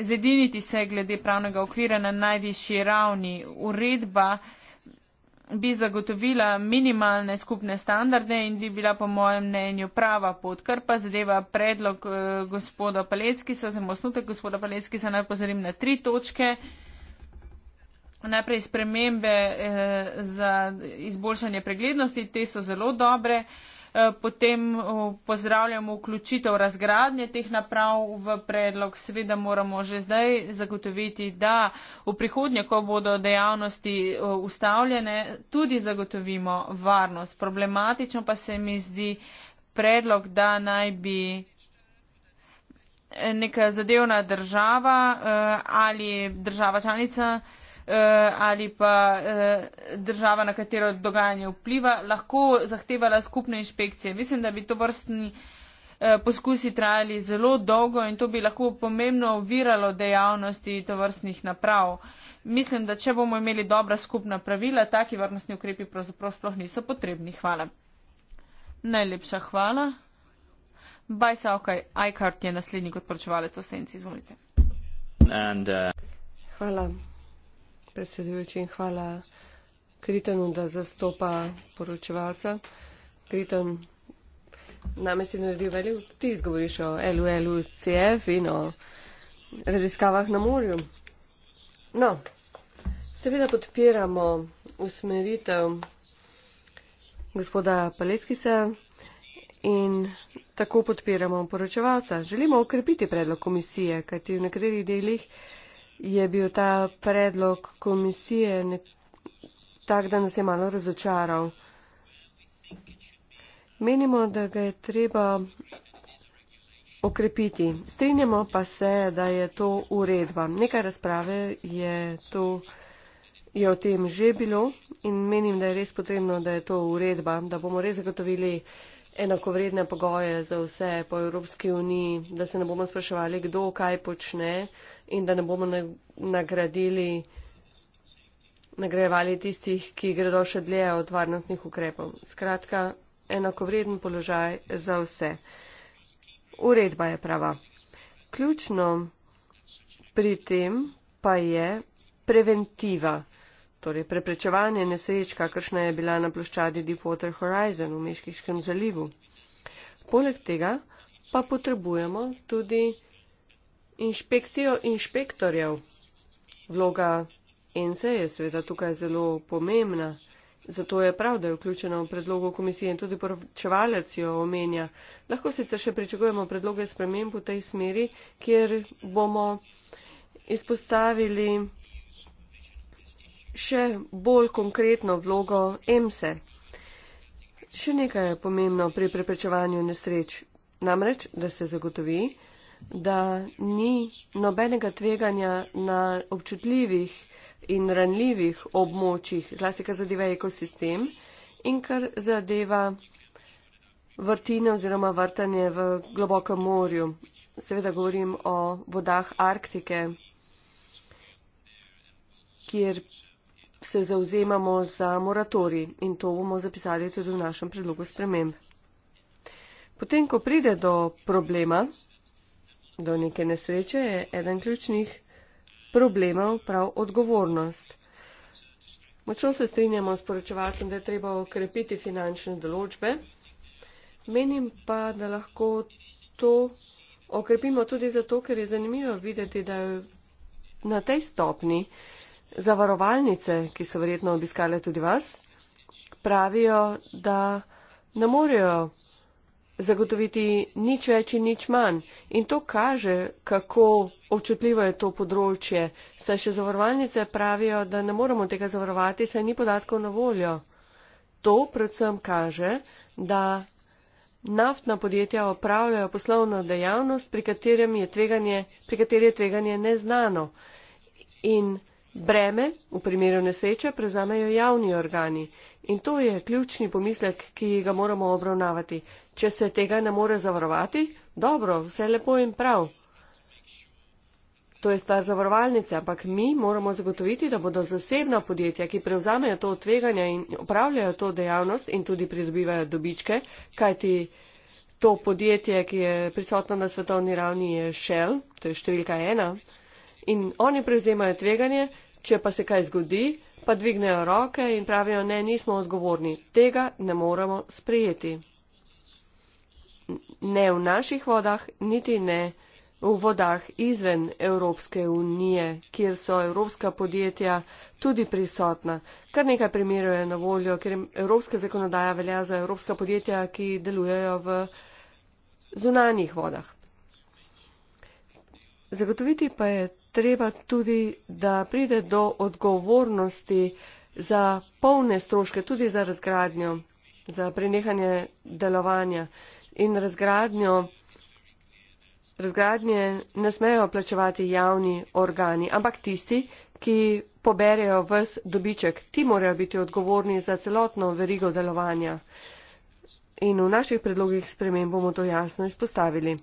zediniti se glede pravnega okvira na najvišji ravni uredba, bi zagotovila minimalne skupne standarde in bi bila po mojem mnenju prava pot. Kar pa zadeva predlog eh, gospoda Palecki, se vzem osnutek gospoda Palecki, se naj pozorim na tri točke. Najprej spremembe eh, za izboljšanje preglednosti, te so zelo dobre. Eh, potem eh, pozdravljamo vključitev razgradnje teh naprav v predlog. Seveda moramo že zdaj zagotoviti, da v prihodnje, ko bodo dejavnosti eh, ustavljene, tudi zagotovimo varnost. Problematično pa se mi zdi predlog, da naj bi neka zadevna država ali država članica Eh, ali pa eh, država, na katero dogajanje vpliva, lahko zahtevala skupne inšpekcije. Mislim, da bi to vrstni eh, poskusi trajali zelo dolgo in to bi lahko pomembno oviralo dejavnosti to vrstnih naprav. Mislim, da če bomo imeli dobra skupna pravila, taki varnostni ukrepi pravzaprav sploh niso potrebni. Hvala. Najlepša hvala. Bajsa, ok, iCard je naslednji kot poročevalec o senci, izvolite. And, uh... Hvala predsedujoči in hvala Kritenu, da zastopa poročevalca. Kriten, name si naredil veliko, ti izgovoriš o LULCF in o raziskavah na morju. No, seveda podpiramo usmeritev gospoda Paleckisa in tako podpiramo poročevalca. Želimo okrepiti predlog komisije, kajti v nekaterih delih je bil ta predlog komisije tak, da nas je malo razočaral. Menimo, da ga je treba okrepiti. Strinjamo pa se, da je to uredba. Nekaj razprave je, to, je o tem že bilo in menim, da je res potrebno, da je to uredba, da bomo res zagotovili enakovredne pogoje za vse po Evropski uniji, da se ne bomo spraševali, kdo kaj počne in da ne bomo nagradili, nagrajevali tistih, ki gredo še dlje od varnostnih ukrepov. Skratka, enakovreden položaj za vse. Uredba je prava. Ključno pri tem pa je preventiva torej preprečevanje nesreč, kakršna je bila na ploščadi Deepwater Horizon v Meškiškem zalivu. Poleg tega pa potrebujemo tudi inšpekcijo inšpektorjev. Vloga ENSE je seveda tukaj zelo pomembna, zato je prav, da je vključena v predlogo komisije in tudi poročevalec jo omenja. Lahko sicer še pričakujemo predloge sprememb v tej smeri, kjer bomo izpostavili še bolj konkretno vlogo EMSE. Še nekaj je pomembno pri preprečevanju nesreč, namreč, da se zagotovi, da ni nobenega tveganja na občutljivih in ranljivih območjih, zlasti kar zadeva ekosistem in kar zadeva vrtine oziroma vrtanje v globokem morju. Seveda govorim o vodah Arktike, kjer se zauzemamo za moratori in to bomo zapisali tudi v našem predlogu sprememb. Potem, ko pride do problema, do neke nesreče, je eden ključnih problemov prav odgovornost. Močno se strinjamo s poročevalcem, da je treba okrepiti finančne določbe. Menim pa, da lahko to okrepimo tudi zato, ker je zanimivo videti, da na tej stopni Zavarovalnice, ki so verjetno obiskale tudi vas, pravijo, da ne morejo zagotoviti nič več in nič manj. In to kaže, kako občutljivo je to področje. Saj še zavarovalnice pravijo, da ne moremo tega zavarovati, saj ni podatkov na voljo. To predvsem kaže, da naftna podjetja opravljajo poslovno dejavnost, pri katerem je tveganje, pri katerem je tveganje neznano. In Breme v primeru nesreče prevzamejo javni organi in to je ključni pomislek, ki ga moramo obravnavati. Če se tega ne more zavarovati, dobro, vse lepo in prav. To je stvar zavarovalnice, ampak mi moramo zagotoviti, da bodo zasebna podjetja, ki prevzamejo to tveganje in upravljajo to dejavnost in tudi pridobivajo dobičke, kajti to podjetje, ki je prisotno na svetovni ravni, je Shell, to je številka ena. In oni prevzemajo tveganje, Če pa se kaj zgodi, pa dvignejo roke in pravijo, ne, nismo odgovorni, tega ne moremo sprejeti. Ne v naših vodah, niti ne v vodah izven Evropske unije, kjer so evropska podjetja tudi prisotna. Kar nekaj primerov je na voljo, ker evropska zakonodaja velja za evropska podjetja, ki delujejo v zunanjih vodah. Zagotoviti pa je treba tudi, da pride do odgovornosti za polne stroške, tudi za razgradnjo, za prenehanje delovanja in razgradnjo. Razgradnje ne smejo plačevati javni organi, ampak tisti, ki poberejo vs dobiček. Ti morajo biti odgovorni za celotno verigo delovanja. In v naših predlogih sprememb bomo to jasno izpostavili.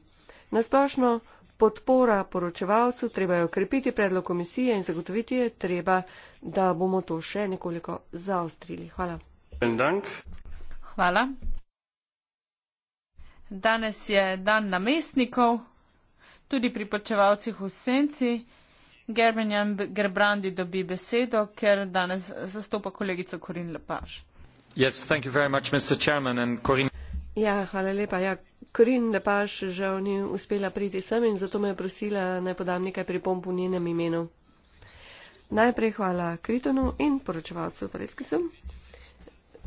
Nasplošno podpora poročevalcu, treba je okrepiti predlog komisije in zagotoviti je treba, da bomo to še nekoliko zaostrili. Hvala. Hvala. Danes je dan namestnikov, tudi pri poročevalcih v senci. Germenjan Gerbrandi dobi besedo, ker danes zastopa kolegico Korin Lepaš. Yes, much, ja, hvala lepa. Ja, Korin Lepaš žal ni uspela priti sem in zato me je prosila, naj podam nekaj pripomp v njenem imenu. Najprej hvala Kritonu in poročevalcu Paleskisu.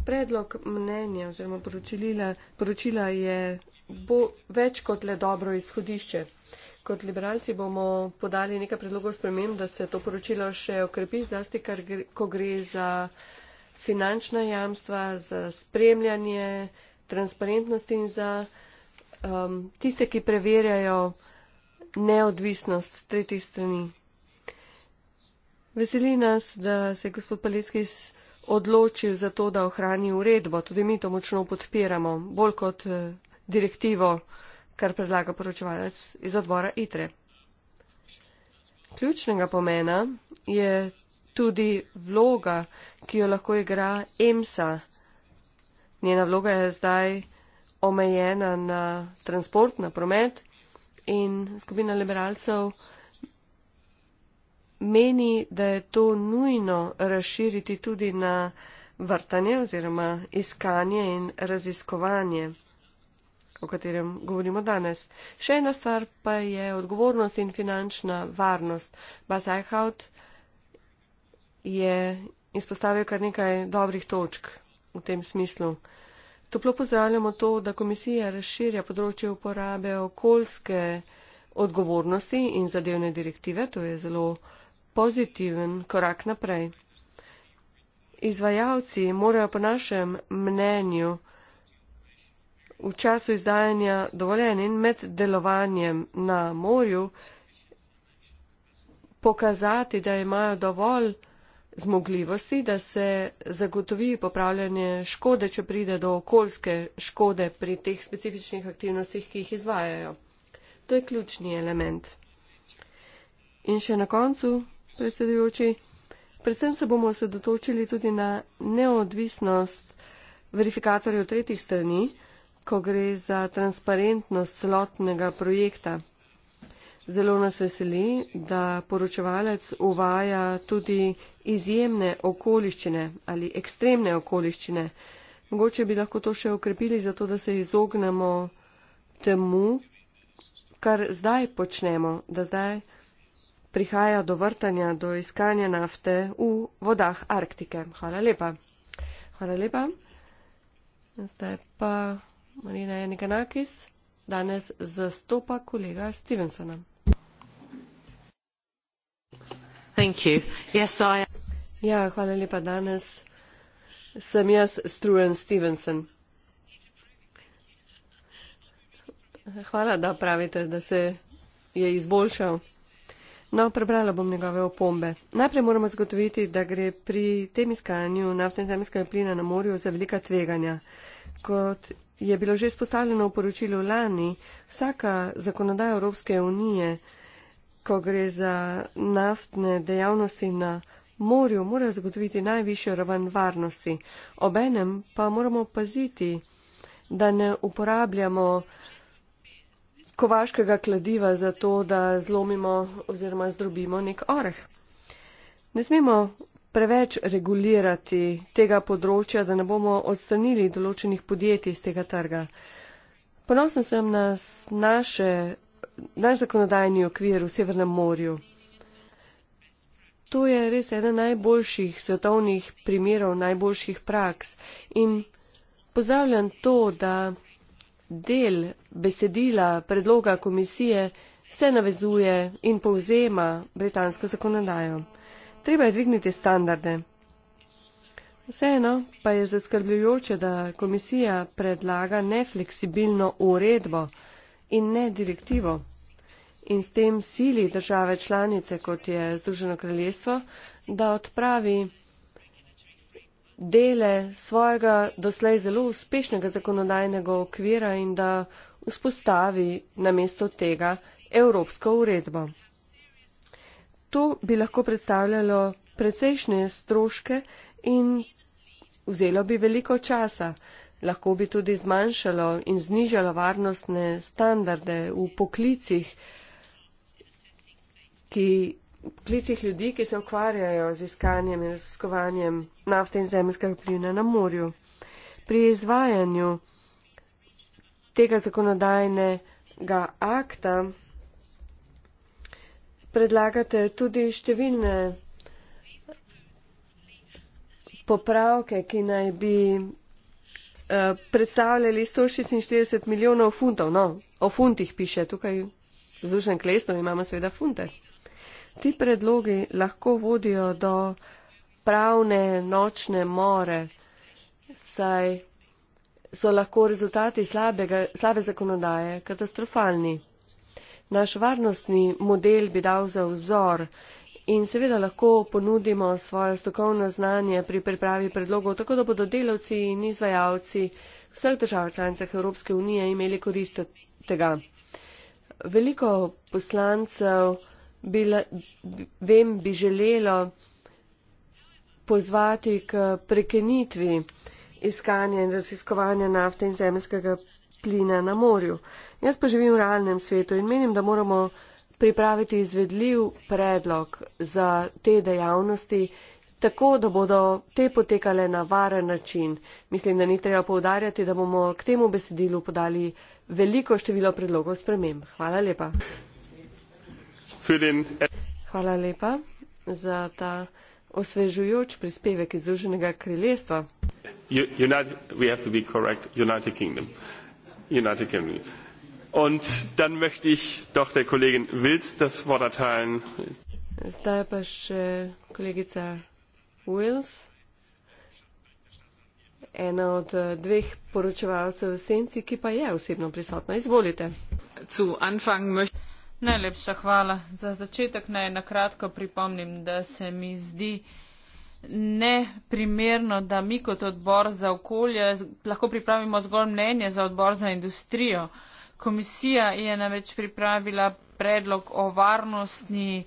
Predlog mnenja oziroma poročila je bo več kot le dobro izhodišče. Kot liberalci bomo podali nekaj predlogov spremem, da se to poročilo še okrepi, zlasti kar, ko gre za finančna jamstva, za spremljanje, transparentnost in za um, tiste, ki preverjajo neodvisnost tretjih strani. Veseli nas, da se je gospod Palecki odločil za to, da ohrani uredbo. Tudi mi to močno podpiramo, bolj kot uh, direktivo, kar predlaga poročevalec iz odbora ITRE. Ključnega pomena je tudi vloga, ki jo lahko igra EMSA. Njena vloga je zdaj omejena na transport, na promet in skupina liberalcev meni, da je to nujno razširiti tudi na vrtanje oziroma iskanje in raziskovanje, o katerem govorimo danes. Še ena stvar pa je odgovornost in finančna varnost. Bas Eichhout je izpostavil kar nekaj dobrih točk v tem smislu. Toplo pozdravljamo to, da komisija razširja področje uporabe okoljske odgovornosti in zadevne direktive. To je zelo pozitiven korak naprej. Izvajalci morajo po našem mnenju v času izdajanja dovoljen in med delovanjem na morju pokazati, da imajo dovolj zmogljivosti, da se zagotovi popravljanje škode, če pride do okoljske škode pri teh specifičnih aktivnostih, ki jih izvajajo. To je ključni element. In še na koncu, predsedujoči, predvsem se bomo osredotočili tudi na neodvisnost verifikatorjev tretjih strani, ko gre za transparentnost celotnega projekta. Zelo nas veseli, da poročevalec uvaja tudi izjemne okoliščine ali ekstremne okoliščine. Mogoče bi lahko to še okrepili, zato da se izognemo temu, kar zdaj počnemo, da zdaj prihaja do vrtanja, do iskanja nafte v vodah Arktike. Hvala lepa. Hvala lepa. Zdaj pa Marina Janikanakis. Danes zastopa kolega Stevensona. Ja, danes sem jaz struan stevenson hvala da pravite da se je izboljšal No, prebrala bom njegove opombe. Najprej moramo zagotoviti, da gre pri tem iskanju nafte in zemljskega plina na morju za velika tveganja. Kot je bilo že izpostavljeno v poročilu lani, vsaka zakonodaja Evropske unije ko gre za naftne dejavnosti na morju, mora zagotoviti najvišjo raven varnosti. Obenem pa moramo paziti, da ne uporabljamo kovaškega kladiva za to, da zlomimo oziroma zdrobimo nek oreh. Ne smemo preveč regulirati tega področja, da ne bomo odstranili določenih podjetij iz tega trga. Ponosen sem na naše naš zakonodajni okvir v Severnem morju. To je res eden najboljših svetovnih primerov, najboljših praks in pozdravljam to, da del besedila predloga komisije se navezuje in povzema britansko zakonodajo. Treba je dvigniti standarde. Vseeno pa je zaskrbljujoče, da komisija predlaga nefleksibilno uredbo in ne direktivo. In s tem sili države članice, kot je Združeno kraljestvo, da odpravi dele svojega doslej zelo uspešnega zakonodajnega okvira in da vzpostavi namesto tega evropsko uredbo. To bi lahko predstavljalo precejšnje stroške in vzelo bi veliko časa lahko bi tudi zmanjšalo in znižalo varnostne standarde v poklicih, ki, poklicih ljudi, ki se ukvarjajo z iskanjem in raziskovanjem nafte in zemljskega plina na morju. Pri izvajanju tega zakonodajnega akta predlagate tudi številne popravke, ki naj bi Eh, predstavljali 146 milijonov funtov. No, o funtih piše tukaj v Združenem kraljestvu, imamo seveda funte. Ti predlogi lahko vodijo do pravne nočne more, saj so lahko rezultati slabega, slabe zakonodaje katastrofalni. Naš varnostni model bi dal za vzor in seveda lahko ponudimo svoje strokovno znanje pri pripravi predlogov, tako da bodo delavci in izvajalci vseh držav članicah Evropske unije imeli korist od tega. Veliko poslancev bi, vem, bi želelo pozvati k prekenitvi iskanja in raziskovanja nafte in zemljskega plina na morju. Jaz pa živim v realnem svetu in menim, da moramo pripraviti izvedljiv predlog za te dejavnosti, tako da bodo te potekale na varen način. Mislim, da ni treba povdarjati, da bomo k temu besedilu podali veliko število predlogov sprememb. Hvala lepa. Hvala lepa za ta osvežujoč prispevek iz Združenega kraljestva. United, we have to be correct, United Kingdom. United Kingdom. Und dann möchte ich doch der Kollegin Wills das Wort erteilen. Ena od eh, dveh poročevalcev v senci, ki pa je osebno prisotna. Izvolite. Najlepša hvala. Za začetek naj na kratko pripomnim, da se mi zdi neprimerno, da mi kot odbor za okolje lahko pripravimo zgolj mnenje za odbor za industrijo. Uh, komisija je namreč pripravila predlog o varnostni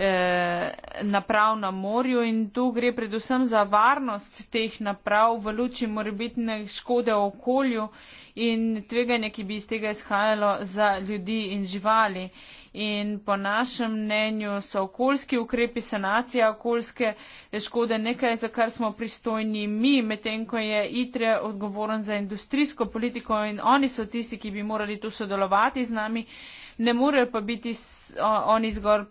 eh, naprav na morju in tu gre predvsem za varnost teh naprav v luči morbitne škode v okolju in tveganja, ki bi iz tega izhajalo za ljudi in živali. In po našem mnenju so okoljski ukrepi, sanacija okoljske škode nekaj, za kar smo pristojni mi, medtem ko je ITRE odgovoren za industrijsko politiko in oni so tisti, ki bi morali tu sodelovati z nami ne morejo pa biti oni zgor,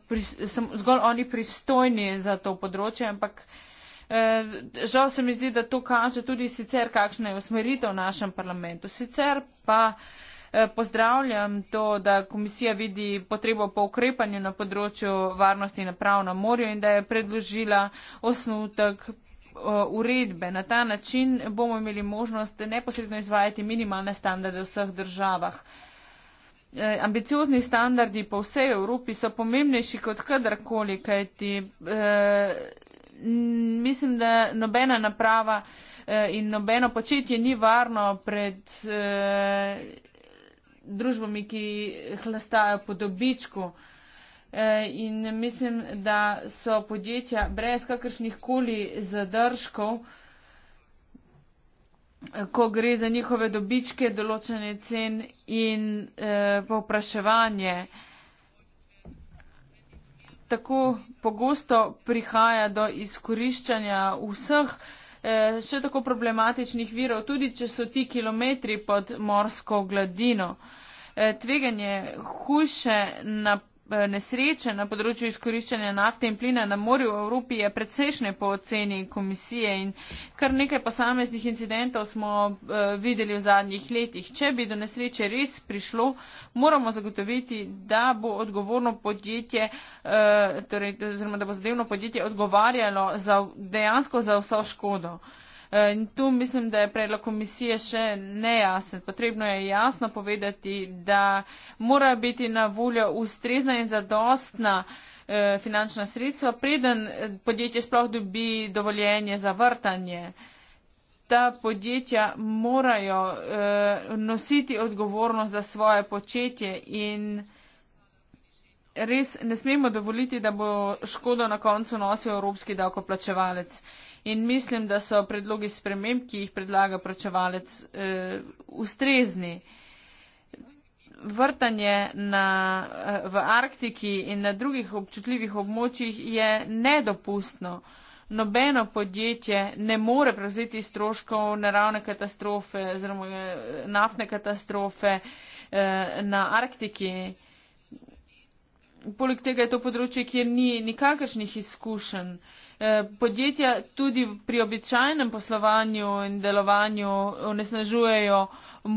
sem, zgolj oni pristojni za to področje, ampak e, žal se mi zdi, da to kaže tudi sicer, kakšna je usmeritev v našem parlamentu. Sicer pa e, pozdravljam to, da komisija vidi potrebo po ukrepanju na področju varnosti na pravno morju in da je predložila osnutek e, uredbe. Na ta način bomo imeli možnost neposredno izvajati minimalne standarde v vseh državah. Eh, ambiciozni standardi po vsej Evropi so pomembnejši kot kadarkoli, kajti eh, mislim, da nobena naprava eh, in nobeno početje ni varno pred eh, družbami, ki hlastajo po dobičku. Eh, in mislim, da so podjetja brez kakršnih koli zadržkov eh, ko gre za njihove dobičke, določene cen in eh, povpraševanje. Tako pogosto prihaja do izkoriščanja vseh eh, še tako problematičnih virov, tudi če so ti kilometri pod morsko gladino. Eh, tveganje hujše napravljanje Eh, nesreče na področju izkoriščanja nafte in plina na morju v Evropi je precejšnje po oceni komisije in kar nekaj posameznih incidentov smo eh, videli v zadnjih letih. Če bi do nesreče res prišlo, moramo zagotoviti, da bo odgovorno podjetje, eh, torej, oziroma da bo zadevno podjetje odgovarjalo za, dejansko za vso škodo. E, tu mislim, da je predlog komisije še nejasen. Potrebno je jasno povedati, da mora biti na voljo ustrezna in zadostna e, finančna sredstva, preden podjetje sploh dobi dovoljenje za vrtanje. Ta podjetja morajo e, nositi odgovornost za svoje početje in res ne smemo dovoliti, da bo škodo na koncu nosil evropski davkoplačevalec in mislim, da so predlogi sprememb, ki jih predlaga pročevalec, eh, ustrezni. Vrtanje na, eh, v Arktiki in na drugih občutljivih območjih je nedopustno. Nobeno podjetje ne more prevzeti stroškov naravne katastrofe oziroma eh, naftne katastrofe eh, na Arktiki. Poleg tega je to področje, kjer ni nikakršnih izkušenj. Eh, podjetja tudi pri običajnem poslovanju in delovanju onesnažujejo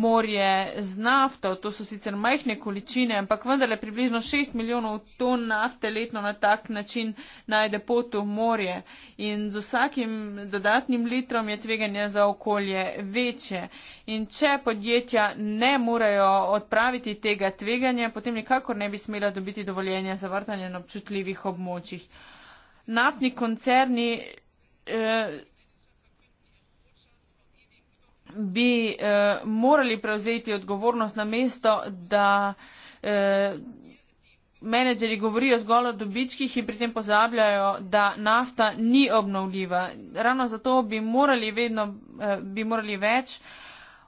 morje z nafto. To so sicer majhne količine, ampak vendarle približno 6 milijonov ton nafte letno na tak način najde pot v morje. In z vsakim dodatnim litrom je tveganje za okolje večje. In če podjetja ne morejo odpraviti tega tveganja, potem nikakor ne bi smela dobiti dovoljenja za vrtanje na občutljivih območjih naftni koncerni eh, bi eh, morali prevzeti odgovornost na mesto, da eh, menedžeri govorijo zgolj o dobičkih in pri tem pozabljajo, da nafta ni obnovljiva. Ravno zato bi morali, vedno, bi morali več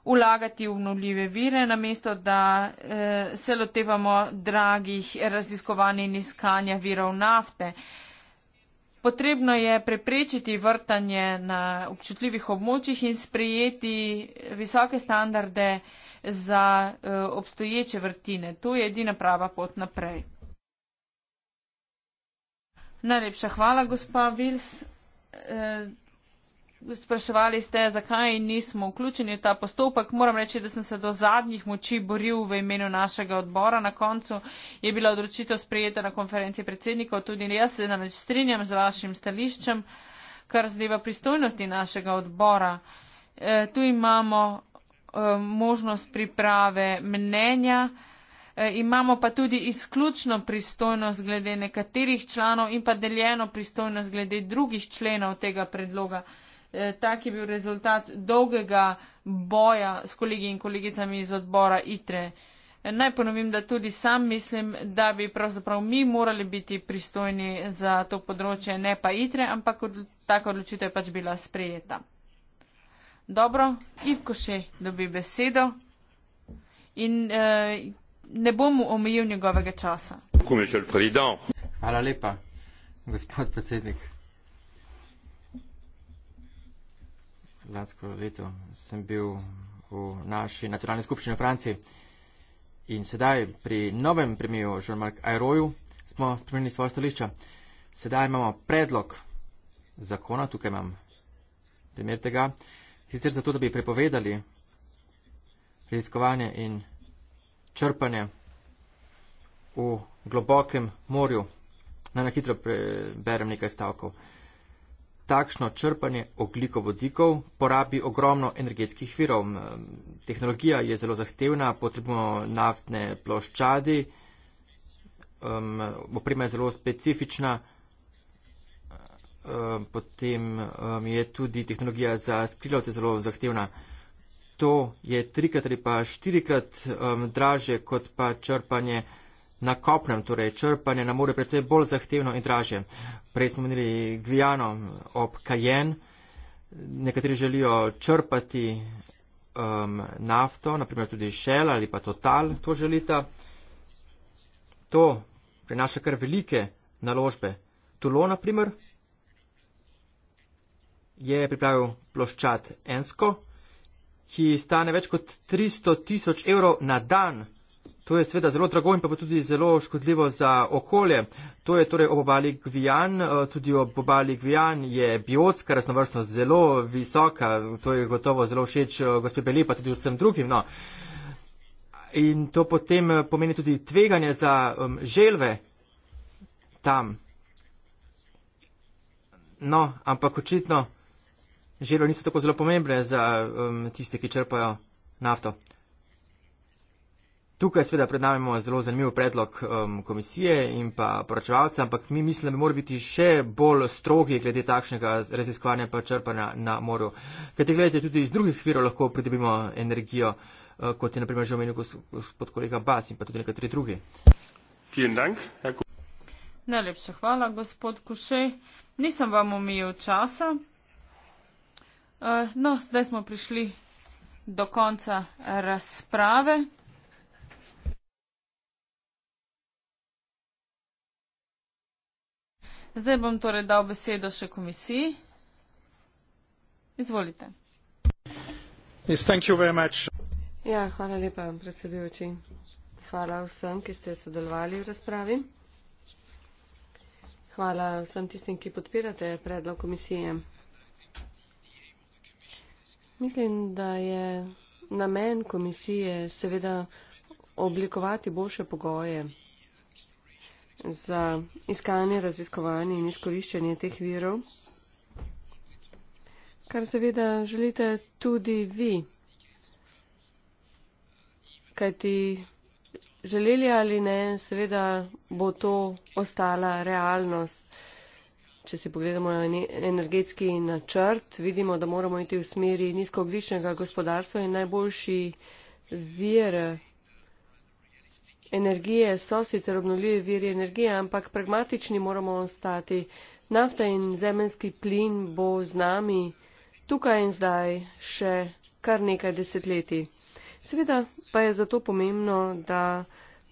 ulagati v obnovljive vire, namesto da se lotevamo dragih raziskovanj in iskanja virov nafte. Potrebno je preprečiti vrtanje na občutljivih območjih in sprejeti visoke standarde za eh, obstoječe vrtine. To je edina prava pot naprej. Najlepša hvala, gospa Vils. Eh, spraševali ste, zakaj nismo vključeni v ta postopek. Moram reči, da sem se do zadnjih moči boril v imenu našega odbora. Na koncu je bila odločitev sprejeta na konferenci predsednikov. Tudi jaz se namreč strinjam z vašim stališčem, kar zdeva pristojnosti našega odbora. E, tu imamo e, možnost priprave mnenja. E, imamo pa tudi izključno pristojnost glede nekaterih članov in pa deljeno pristojnost glede drugih členov tega predloga. Eh, tak je bil rezultat dolgega boja s kolegi in kolegicami iz odbora ITRE. Eh, naj ponovim, da tudi sam mislim, da bi pravzaprav mi morali biti pristojni za to področje, ne pa ITRE, ampak tako odločitev je pač bila sprejeta. Dobro, Ivko še dobi besedo in eh, ne bom omejil njegovega časa. Hvala lepa, gospod predsednik. lansko leto sem bil v naši nacionalni skupščini v Franciji in sedaj pri novem premiju Jean-Marc Aeroju smo spremenili svoje stališča. Sedaj imamo predlog zakona, tukaj imam primer tega, sicer zato, da bi prepovedali raziskovanje in črpanje v globokem morju. Naj no, na hitro preberem nekaj stavkov takšno črpanje oglikovodikov porabi ogromno energetskih virov. Tehnologija je zelo zahtevna, potrebujemo naftne ploščadi, oprema je zelo specifična, e, potem je tudi tehnologija za skrilovce zelo zahtevna. To je trikrat ali pa štirikrat dražje kot pa črpanje na kopnem, torej črpanje na morju predvsej bolj zahtevno in draže. Prej smo menili Gvijano ob Kajen, nekateri želijo črpati um, nafto, naprimer tudi Shell ali pa Total, to želita. To prenaša kar velike naložbe. Tulo, naprimer, je pripravil ploščat Ensko, ki stane več kot 300 tisoč evrov na dan. To je sveda zelo drago in pa tudi zelo škodljivo za okolje. To je torej ob obali Gvijan. Eh, tudi ob obali Gvijan je biotska raznovrstnost zelo visoka. To je gotovo zelo všeč eh, gospe Beli, pa tudi vsem drugim. No. In to potem eh, pomeni tudi tveganje za um, želve tam. No, ampak očitno želve niso tako zelo pomembne za um, tiste, ki črpajo nafto. Tukaj sveda pred nami imamo zelo zanimiv predlog um, komisije in pa poročevalca, ampak mi mislim, da bi morali biti še bolj strogi glede takšnega raziskovanja pa črpanja na morju. Kaj te gledate, tudi iz drugih virov lahko pridobimo energijo, uh, kot je naprimer že omenil gospod kolega Bas in pa tudi nekateri drugi. Najlepša hvala, gospod Kušej. Nisem vam omijel časa. Uh, no, zdaj smo prišli do konca razprave. Zdaj bom torej dal besedo še komisiji. Izvolite. Yes, thank you very much. Ja, hvala lepa, predsedujoči. Hvala vsem, ki ste sodelovali v razpravi. Hvala vsem tistim, ki podpirate predlog komisije. Mislim, da je namen komisije seveda oblikovati boljše pogoje za iskanje, raziskovanje in izkoriščanje teh virov, kar seveda želite tudi vi. Kaj ti želeli ali ne, seveda bo to ostala realnost. Če si pogledamo energetski načrt, vidimo, da moramo iti v smeri nizkoogličnega gospodarstva in najboljši vir energije so sicer obnovljive viri energije, ampak pragmatični moramo ostati. Nafta in zemljski plin bo z nami tukaj in zdaj še kar nekaj desetletij. Seveda pa je zato pomembno, da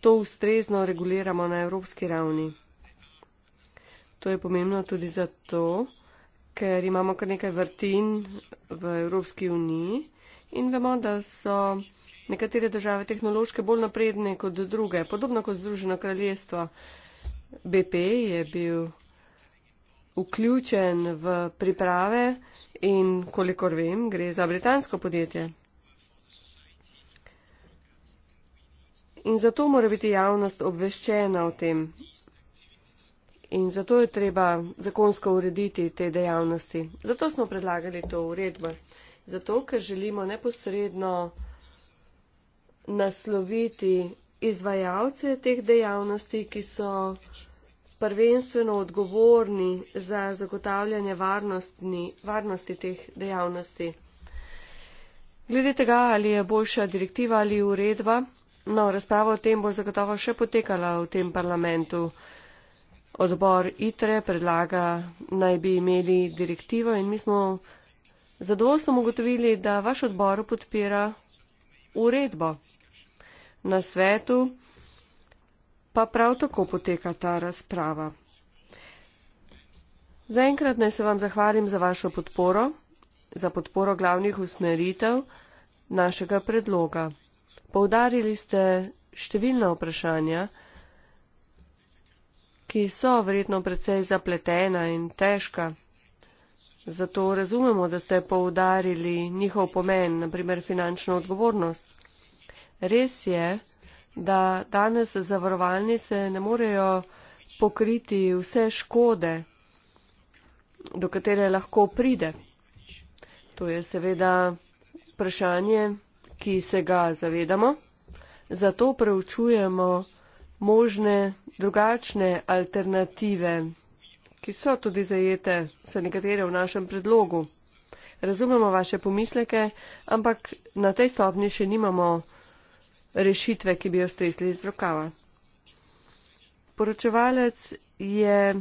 to ustrezno reguliramo na evropski ravni. To je pomembno tudi zato, ker imamo kar nekaj vrtin v Evropski uniji in vemo, da so. Nekatere države tehnološke bolj napredne kot druge, podobno kot Združeno kraljestvo. BP je bil vključen v priprave in, kolikor vem, gre za britansko podjetje. In zato mora biti javnost obveščena o tem. In zato je treba zakonsko urediti te dejavnosti. Zato smo predlagali to uredbo. Zato, ker želimo neposredno nasloviti izvajalce teh dejavnosti, ki so prvenstveno odgovorni za zagotavljanje varnosti teh dejavnosti. Glede tega, ali je boljša direktiva ali uredba, no, razprava o tem bo zagotovo še potekala v tem parlamentu. Odbor ITRE predlaga, naj bi imeli direktivo in mi smo zadovoljstvo ugotovili, da vaš odbor podpira uredbo na svetu pa prav tako poteka ta razprava. Zaenkrat naj se vam zahvalim za vašo podporo, za podporo glavnih usmeritev našega predloga. Poudarili ste številna vprašanja, ki so verjetno precej zapletena in težka. Zato razumemo, da ste poudarili njihov pomen, naprimer finančno odgovornost. Res je, da danes zavarovalnice ne morejo pokriti vse škode, do katere lahko pride. To je seveda vprašanje, ki se ga zavedamo. Zato preučujemo možne drugačne alternative, ki so tudi zajete, so nekatere v našem predlogu. Razumemo vaše pomisleke, ampak na tej stopni še nimamo rešitve, ki bi jo stresli iz rokava. Poročevalec je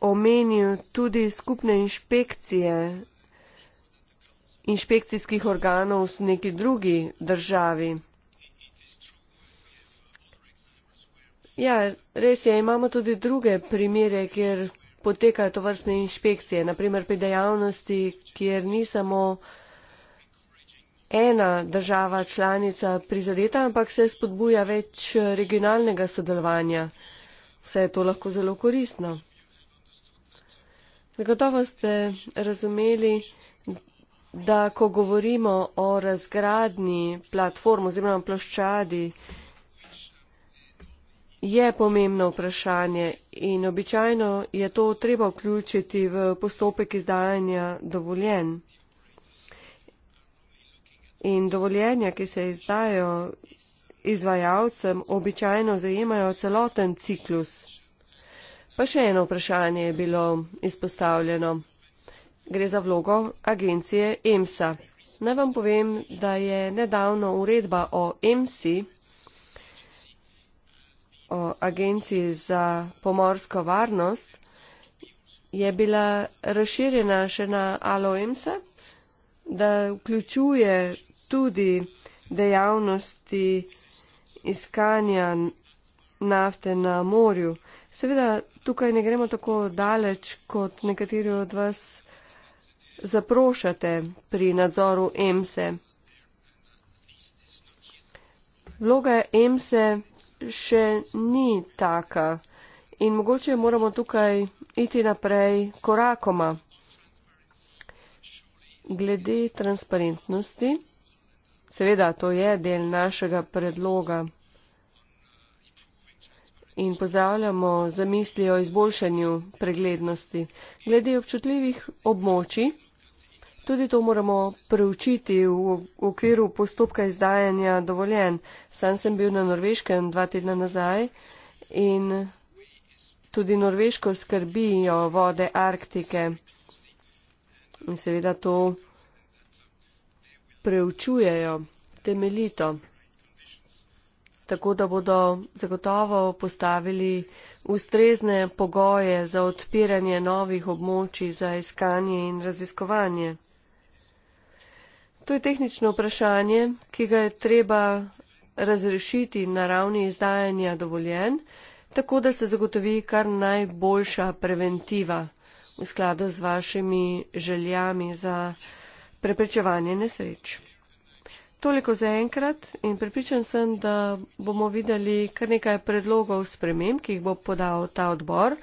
omenil tudi skupne inšpekcije inšpekcijskih organov v neki drugi državi. Ja, res je, imamo tudi druge primere, kjer potekajo to vrstne inšpekcije, naprimer pri dejavnosti, kjer ni samo uh, ena država članica prizadeta, ampak se spodbuja več regionalnega sodelovanja. Vse je to lahko zelo koristno. Zagotovo ste razumeli, da ko govorimo o razgradni platformi oziroma ploščadi, je pomembno vprašanje in običajno je to treba vključiti v postopek izdajanja dovoljen in dovoljenja, ki se izdajo izvajalcem, običajno zajemajo celoten ciklus. Pa še eno vprašanje je bilo izpostavljeno. Gre za vlogo agencije EMSA. Naj vam povem, da je nedavno uredba o EMSI, o agenciji za pomorsko varnost, je bila razširjena še na ALO EMSA, da vključuje tudi dejavnosti iskanja nafte na morju. Seveda tukaj ne gremo tako daleč, kot nekateri od vas zaprošate pri nadzoru EMSE. Vloga EMSE še ni taka in mogoče moramo tukaj iti naprej korakoma. Glede transparentnosti. Seveda, to je del našega predloga. In pozdravljamo za mislijo o izboljšanju preglednosti. Glede občutljivih območij, tudi to moramo preučiti v okviru postopka izdajanja dovoljen. Sam sem bil na Norveškem dva tedna nazaj in tudi Norveško skrbijo vode Arktike. In seveda to preučujejo temeljito, tako da bodo zagotovo postavili ustrezne pogoje za odpiranje novih območij za iskanje in raziskovanje. To je tehnično vprašanje, ki ga je treba razrešiti na ravni izdajanja dovoljen, tako da se zagotovi kar najboljša preventiva v skladu z vašimi željami za preprečevanje nesreč. Toliko za enkrat in pripričan sem, da bomo videli kar nekaj predlogov sprememb, ki jih bo podal ta odbor.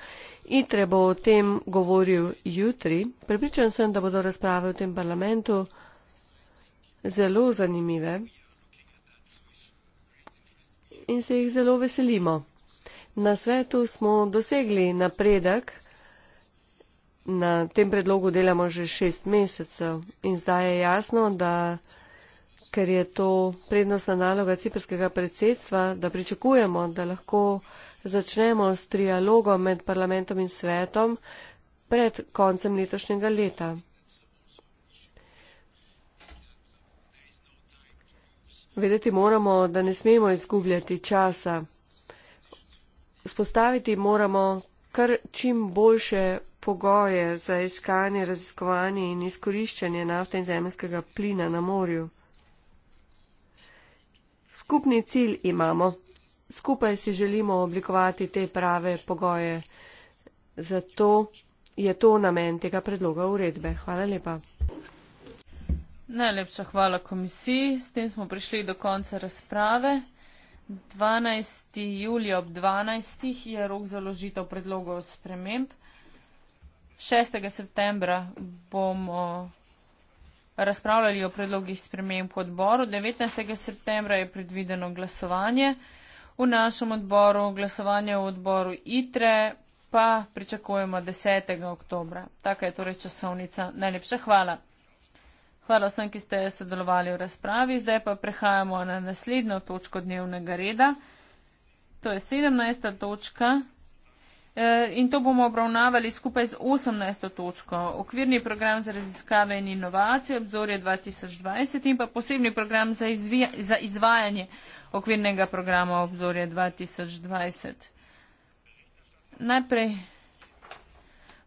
ITRE bo o tem govoril jutri. Pripričan sem, da bodo razprave v tem parlamentu zelo zanimive in se jih zelo veselimo. Na svetu smo dosegli napredek na tem predlogu delamo že šest mesecev in zdaj je jasno, da ker je to prednostna naloga ciprskega predsedstva, da pričakujemo, da lahko začnemo s trialogom med parlamentom in svetom pred koncem letošnjega leta. Vedeti moramo, da ne smemo izgubljati časa. Spostaviti moramo kar čim boljše pogoje za iskanje, raziskovanje in izkoriščanje nafte in zemljskega plina na morju. Skupni cilj imamo. Skupaj si želimo oblikovati te prave pogoje. Zato je to namen tega predloga uredbe. Hvala lepa. Najlepša hvala komisiji. S tem smo prišli do konca razprave. 12. julija ob 12. je rok za ložitev predlogov sprememb. 6. septembra bomo razpravljali o predlogih sprememb v odboru. 19. septembra je predvideno glasovanje v našem odboru, glasovanje v odboru ITRE pa pričakujemo 10. oktobra. Taka je torej časovnica. Najlepša hvala. Hvala vsem, ki ste sodelovali v razpravi. Zdaj pa prehajamo na naslednjo točko dnevnega reda. To je 17. točka. Eh, in to bomo obravnavali skupaj z 18. točko. Okvirni program za raziskave in inovacije obzorje 2020 in pa posebni program za, izvija, za izvajanje okvirnega programa obzorje 2020. Najprej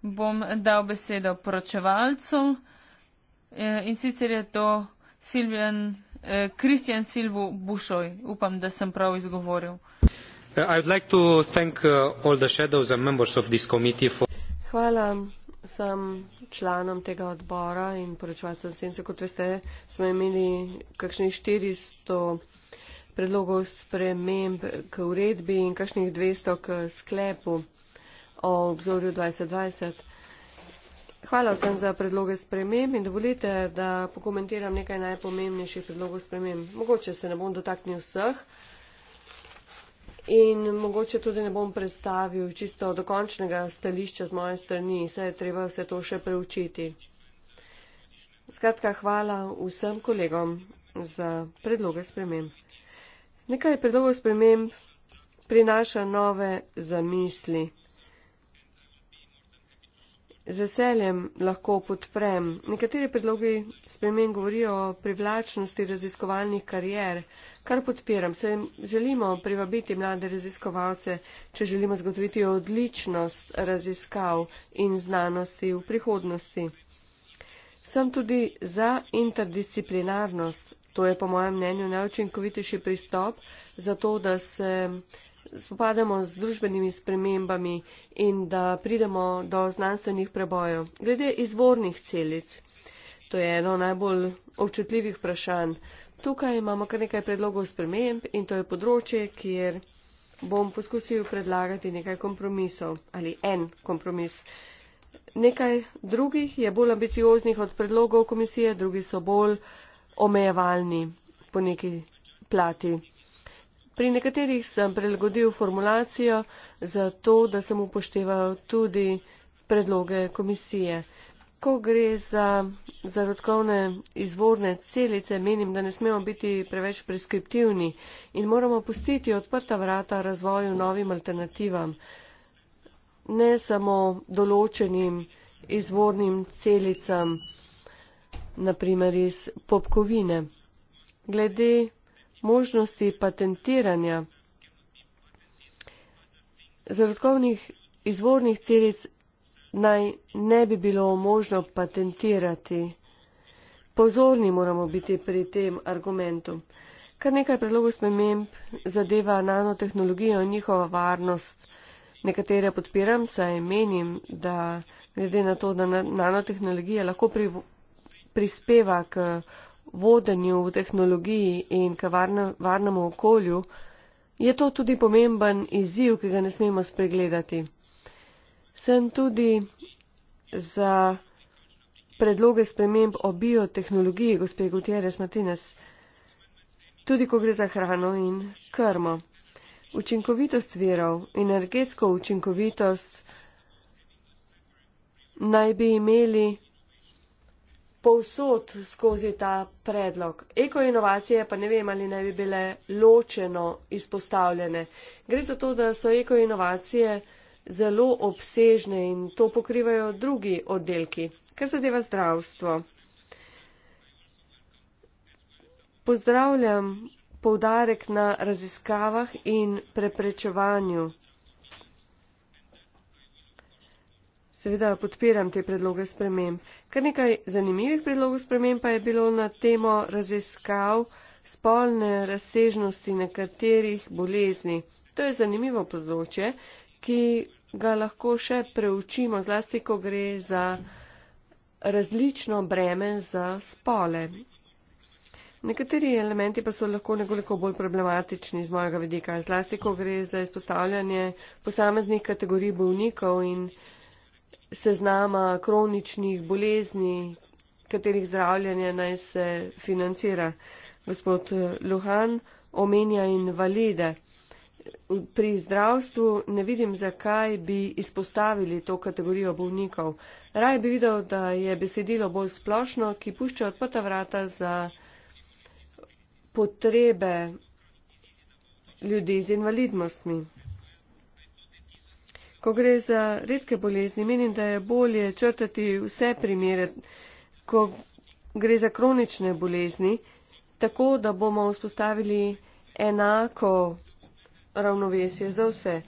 bom dal besedo poročevalcu eh, in sicer je to eh, Kristjan Silvo Bušoj. Upam, da sem prav izgovoril. Uh, uh, Hvala vsem članom tega odbora in poročevalcem sence. Kot veste, smo imeli kakšnih 400 predlogov sprememb k uredbi in kakšnih 200 k sklepu o obzorju 2020. Hvala vsem za predloge sprememb in dovolite, da pokomentiram nekaj najpomembnejših predlogov sprememb. Mogoče se ne bom dotaknil vseh. In mogoče tudi ne bom predstavil čisto dokončnega stališča z moje strani, saj je treba vse to še preučiti. Skratka, hvala vsem kolegom za predloge sprememb. Nekaj predlogov sprememb prinaša nove zamisli. Z veseljem lahko podprem. Nekateri predlogi spremen govorijo o privlačnosti raziskovalnih karijer, kar podpiram. Se želimo privabiti mlade raziskovalce, če želimo zgodoviti odličnost raziskav in znanosti v prihodnosti. Sem tudi za interdisciplinarnost. To je po mojem mnenju najučinkovitejši pristop za to, da se spopademo z družbenimi spremembami in da pridemo do znanstvenih prebojev. Glede izvornih celic, to je eno najbolj občutljivih vprašanj. Tukaj imamo kar nekaj predlogov sprememb in to je področje, kjer bom poskusil predlagati nekaj kompromisov ali en kompromis. Nekaj drugih je bolj ambicioznih od predlogov komisije, drugi so bolj omejevalni po neki plati. Pri nekaterih sem prilagodil formulacijo zato, da sem upošteval tudi predloge komisije ko gre za zarodkovne izvorne celice, menim, da ne smemo biti preveč preskriptivni in moramo pustiti odprta vrata razvoju novim alternativam, ne samo določenim izvornim celicam, naprimer iz popkovine. Glede možnosti patentiranja zarodkovnih izvornih celic naj ne bi bilo možno patentirati. Pozorni moramo biti pri tem argumentu. Kar nekaj predlogov spremenb zadeva nanotehnologijo in njihova varnost. Nekatere podpiram, saj menim, da glede na to, da nanotehnologija lahko pri, prispeva k vodenju v tehnologiji in k varne, varnemu okolju, je to tudi pomemben izziv, ki ga ne smemo spregledati sem tudi za predloge sprememb o biotehnologiji, gospe Gutierrez Martinez, tudi ko gre za hrano in krmo. Učinkovitost verov, energetsko učinkovitost naj bi imeli povsod skozi ta predlog. Eko inovacije pa ne vem, ali naj bi bile ločeno izpostavljene. Gre za to, da so eko inovacije zelo obsežne in to pokrivajo drugi oddelki, kar zadeva zdravstvo. Pozdravljam poudarek na raziskavah in preprečevanju. Seveda podpiram te predloge sprememb. Kar nekaj zanimivih predlogov sprememb pa je bilo na temo raziskav spolne razsežnosti nekaterih bolezni. To je zanimivo področje, ki ga lahko še preučimo, zlasti, ko gre za različno breme za spole. Nekateri elementi pa so lahko nekoliko bolj problematični z mojega vidika, zlasti, ko gre za izpostavljanje posameznih kategorij bolnikov in seznama kroničnih bolezni, katerih zdravljanje naj se financira. Gospod Luhan omenja invalide pri zdravstvu ne vidim, zakaj bi izpostavili to kategorijo bolnikov. Raj bi videl, da je besedilo bolj splošno, ki pušča odprta vrata za potrebe ljudi z invalidnostmi. Ko gre za redke bolezni, menim, da je bolje črtati vse primere, ko gre za kronične bolezni, tako da bomo vzpostavili enako ravnovesje za vse.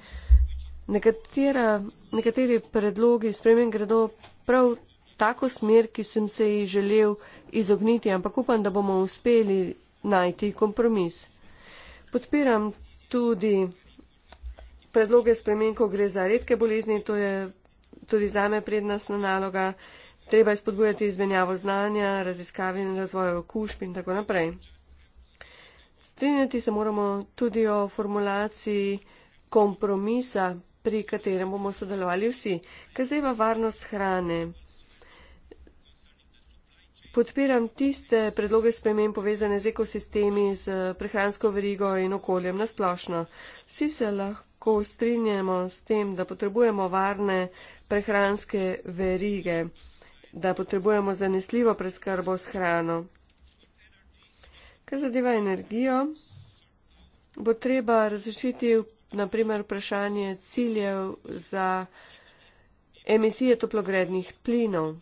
Nekatera, nekateri predlogi spremen gredo prav tako smer, ki sem se ji želel izogniti, ampak upam, da bomo uspeli najti kompromis. Podpiram tudi predloge spremen, ko gre za redke bolezni, to je tudi zame prednostna naloga, treba je spodbujati izmenjavo znanja, raziskave in razvoj okužb in tako naprej. Strinjati se moramo tudi o formulaciji kompromisa, pri katerem bomo sodelovali vsi. Kaj zdaj pa varnost hrane? Podpiram tiste predloge spremen povezane z ekosistemi, z prehransko verigo in okoljem nasplošno. Vsi se lahko strinjamo s tem, da potrebujemo varne prehranske verige, da potrebujemo zanesljivo preskrbo s hrano. Kar zadeva energijo, bo treba razrešiti naprimer vprašanje ciljev za emisije toplogrednih plinov.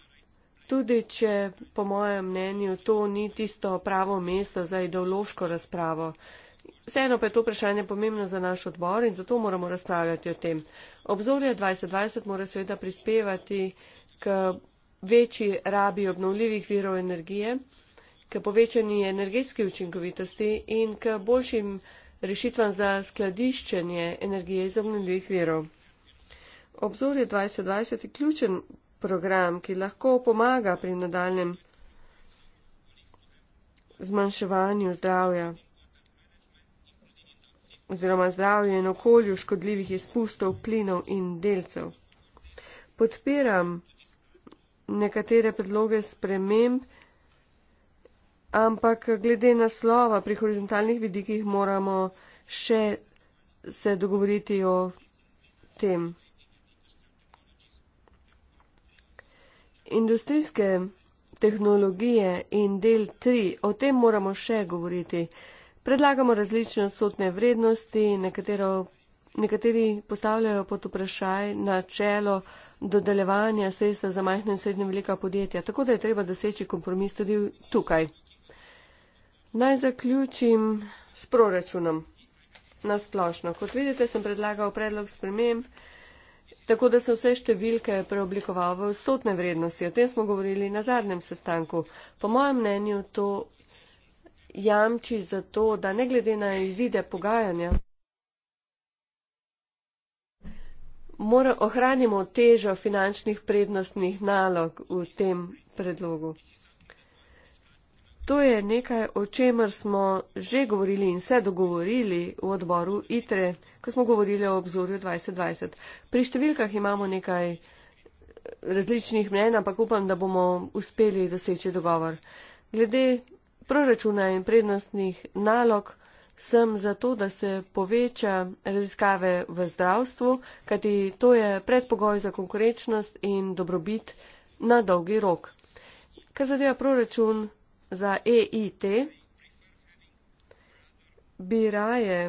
Tudi, če po mojem mnenju to ni tisto pravo mesto za ideološko razpravo. Vseeno pa je to vprašanje pomembno za naš odbor in zato moramo razpravljati o tem. Obzorje 2020 mora seveda prispevati k večji rabi obnovljivih virov energije k povečanju energetske učinkovitosti in k boljšim rešitvam za skladiščenje energije iz obnovljivih virov. Obzorje 2020 je ključen program, ki lahko pomaga pri nadaljem zmanjševanju zdravja oziroma zdravju in okolju škodljivih izpustov, plinov in delcev. Podpiram nekatere predloge sprememb, ampak glede naslova pri horizontalnih vidikih moramo še se dogovoriti o tem. Industrijske tehnologije in del 3, o tem moramo še govoriti. Predlagamo različne odsotne vrednosti, nekatero, nekateri postavljajo pod vprašaj načelo dodelevanja sredstev za majhne in srednje velika podjetja, tako da je treba doseči kompromis tudi tukaj. Naj zaključim s proračunom na splošno. Kot vidite, sem predlagal predlog sprememb, tako da so vse številke preoblikoval v vsotne vrednosti. O tem smo govorili na zadnjem sestanku. Po mojem mnenju to jamči za to, da ne glede na izide pogajanja, mora, ohranimo težo finančnih prednostnih nalog v tem predlogu. To je nekaj, o čemer smo že govorili in se dogovorili v odboru ITRE, ko smo govorili o obzorju 2020. Pri številkah imamo nekaj eh, različnih mnen, ampak upam, da bomo uspeli doseči dogovor. Glede proračuna in prednostnih nalog sem zato, da se poveča raziskave v zdravstvu, kajti to je predpogoj za konkurenčnost in dobrobit na dolgi rok. Kar zadeva proračun, za EIT, bi raje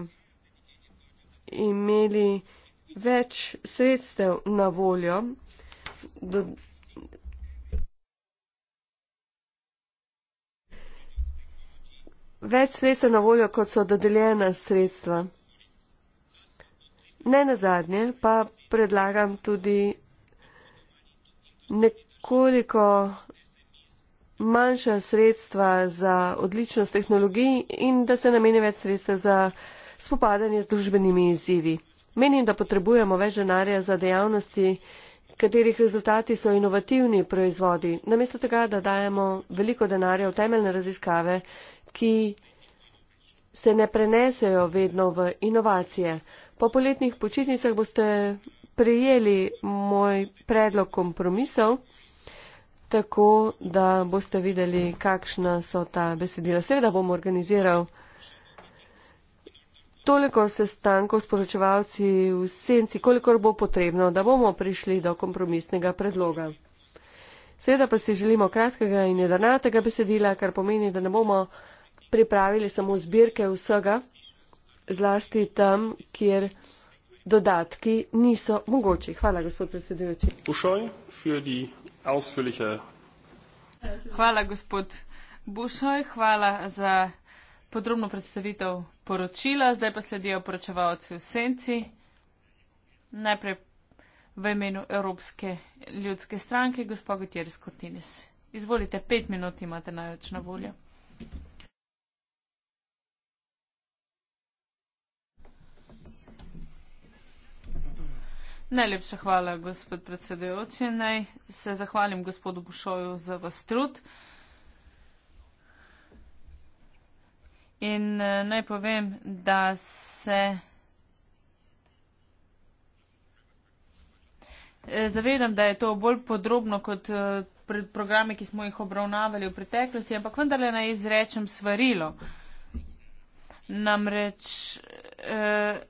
imeli več sredstev na voljo, da, več sredstev na voljo, kot so dodeljena sredstva. Ne nazadnje pa predlagam tudi nekoliko manjša sredstva za odličnost tehnologij in da se namene več sredstev za spopadanje z družbenimi izzivi. Menim, da potrebujemo več denarja za dejavnosti, katerih rezultati so inovativni proizvodi, namesto tega, da dajemo veliko denarja v temeljne raziskave, ki se ne prenesejo vedno v inovacije. Po poletnih počitnicah boste prejeli moj predlog kompromisov tako, da boste videli, kakšna so ta besedila. Seveda bom organiziral toliko sestankov s poročevalci v senci, kolikor bo potrebno, da bomo prišli do kompromisnega predloga. Seveda pa si želimo kratkega in jedanatega besedila, kar pomeni, da ne bomo pripravili samo zbirke vsega, zlasti tam, kjer dodatki niso mogoči. Hvala, gospod predsedujoči ausführliche. Hvala, gospod Bušoj, hvala za podrobno predstavitev poročila. Zdaj pa sledijo poročevalci v senci. Najprej v imenu Evropske ljudske stranke, gospod Gutierrez Cortines. Izvolite, pet minut imate največ na voljo. Mm -hmm. Najlepša hvala, gospod predsedujoči. Naj se zahvalim gospodu Bušoju za vas trud. In eh, naj povem, da se eh, zavedam, da je to bolj podrobno kot eh, programe, ki smo jih obravnavali v preteklosti, ampak vendarle naj izrečem svarilo. Namreč eh,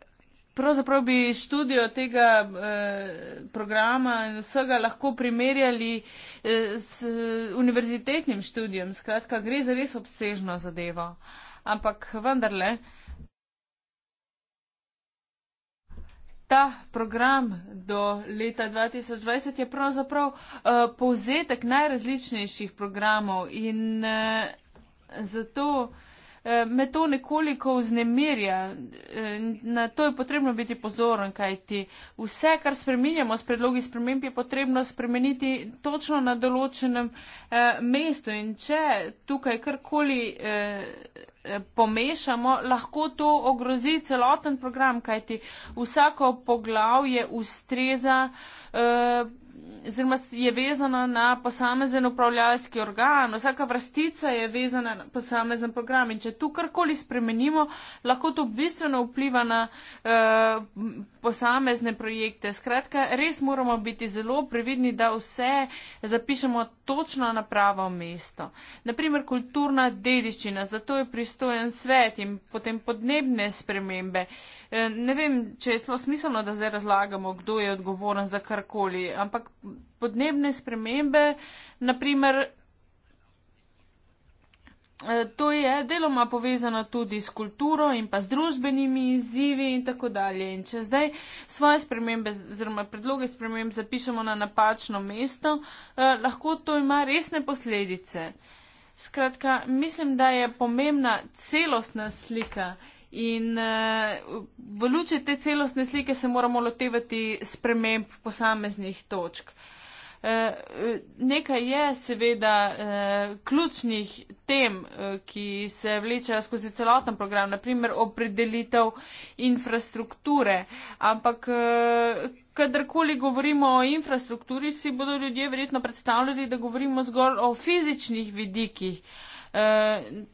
pravzaprav bi študijo tega eh, programa in vsega lahko primerjali eh, s eh, univerzitetnim študijem. Skratka, gre za res obsežno zadevo. Ampak vendarle, ta program do leta 2020 je pravzaprav eh, povzetek najrazličnejših programov in eh, zato. Eh, me to nekoliko vznemirja. Eh, na to je potrebno biti pozoren, kaj ti vse, kar spreminjamo s predlogi sprememb, je potrebno spremeniti točno na določenem eh, mestu. In če tukaj karkoli pomešamo, lahko to ogrozi celoten program, kaj ti vsako poglavje ustreza oziroma je vezana na posamezen upravljalski organ. Vsaka vrstica je vezana na posamezen program in če tu karkoli spremenimo, lahko to bistveno vpliva na uh, posamezne projekte. Skratka, res moramo biti zelo previdni, da vse zapišemo točno na pravo mesto. Naprimer, kulturna dediščina, zato je pristojen svet in potem podnebne spremembe. Uh, ne vem, če je smiselno, da zdaj razlagamo, kdo je odgovoren za karkoli, ampak podnebne spremembe, naprimer, eh, to je deloma povezano tudi s kulturo in pa z družbenimi izzivi in tako dalje. In če zdaj svoje spremembe oziroma predloge sprememb zapišemo na napačno mesto, eh, lahko to ima resne posledice. Skratka, mislim, da je pomembna celostna slika. In uh, v luči te celostne slike se moramo lotevati sprememb posameznih točk. Eh, nekaj je seveda eh, ključnih tem, eh, ki se vlečejo skozi celoten program, naprimer opredelitev infrastrukture, ampak kadarkoli govorimo o infrastrukturi, si bodo ljudje verjetno predstavljali, da govorimo zgolj o fizičnih vidikih,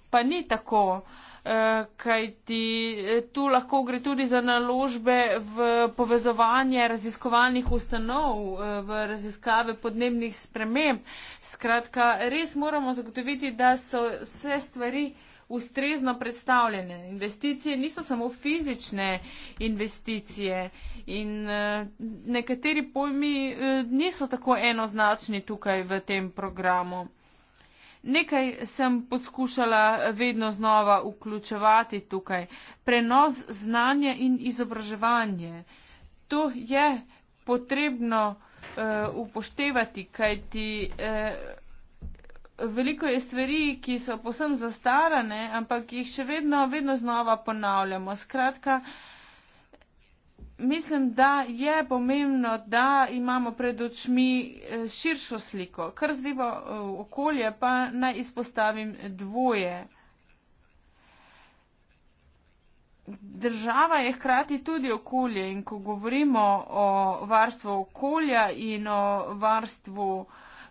pa ni tako kaj ti eh, tu lahko gre tudi za naložbe v povezovanje raziskovalnih ustanov, eh, v raziskave podnebnih sprememb. Skratka, res moramo zagotoviti, da so vse stvari ustrezno predstavljene. Investicije niso samo fizične investicije in eh, nekateri pojmi niso tako enoznačni tukaj v tem programu. Nekaj sem poskušala vedno znova vključevati tukaj. Prenos znanja in izobraževanje. To je potrebno uh, upoštevati, kajti uh, veliko je stvari, ki so posem zastarane, ampak jih še vedno, vedno znova ponavljamo. Skratka, uh, mislim, da je pomembno, da imamo pred očmi eh, širšo sliko. Kar zdiva eh, okolje, pa naj izpostavim dvoje. Država je hkrati tudi okolje in ko govorimo o varstvu okolja in o varstvu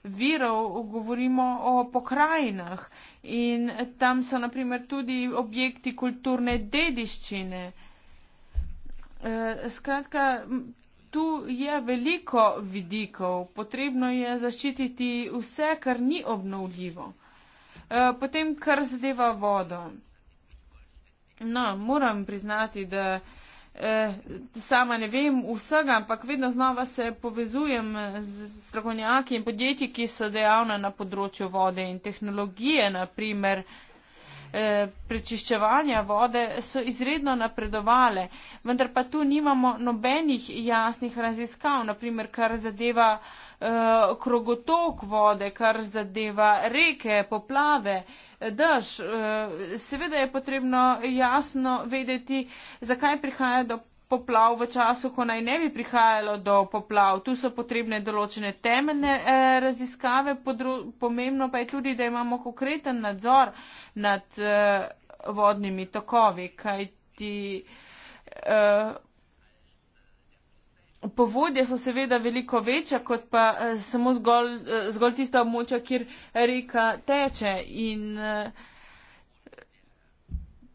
virov, govorimo o pokrajinah in tam so naprimer tudi objekti kulturne dediščine. Eh, skratka, tu je veliko vidikov, potrebno je zaščititi vse, kar ni obnovljivo. Eh, potem, kar zadeva vodo. No, moram priznati, da eh, sama ne vem vsega, ampak vedno znova se povezujem z strokovnjaki in podjetji, ki so dejavna na področju vode in tehnologije, naprimer. Eh, Eh, prečiščevanja vode so izredno napredovale, vendar pa tu nimamo nobenih jasnih raziskav, naprimer kar zadeva eh, krogotok vode, kar zadeva reke, poplave, dež. Eh, seveda je potrebno jasno vedeti, zakaj prihaja do poplav v času, ko naj ne bi prihajalo do poplav. Tu so potrebne določene temeljne eh, raziskave, pomembno pa je tudi, da imamo konkreten nadzor nad eh, vodnimi tokovi, kajti eh, povodje so seveda veliko večja, kot pa eh, samo zgolj, eh, zgolj tista območja, kjer reka teče. In, eh,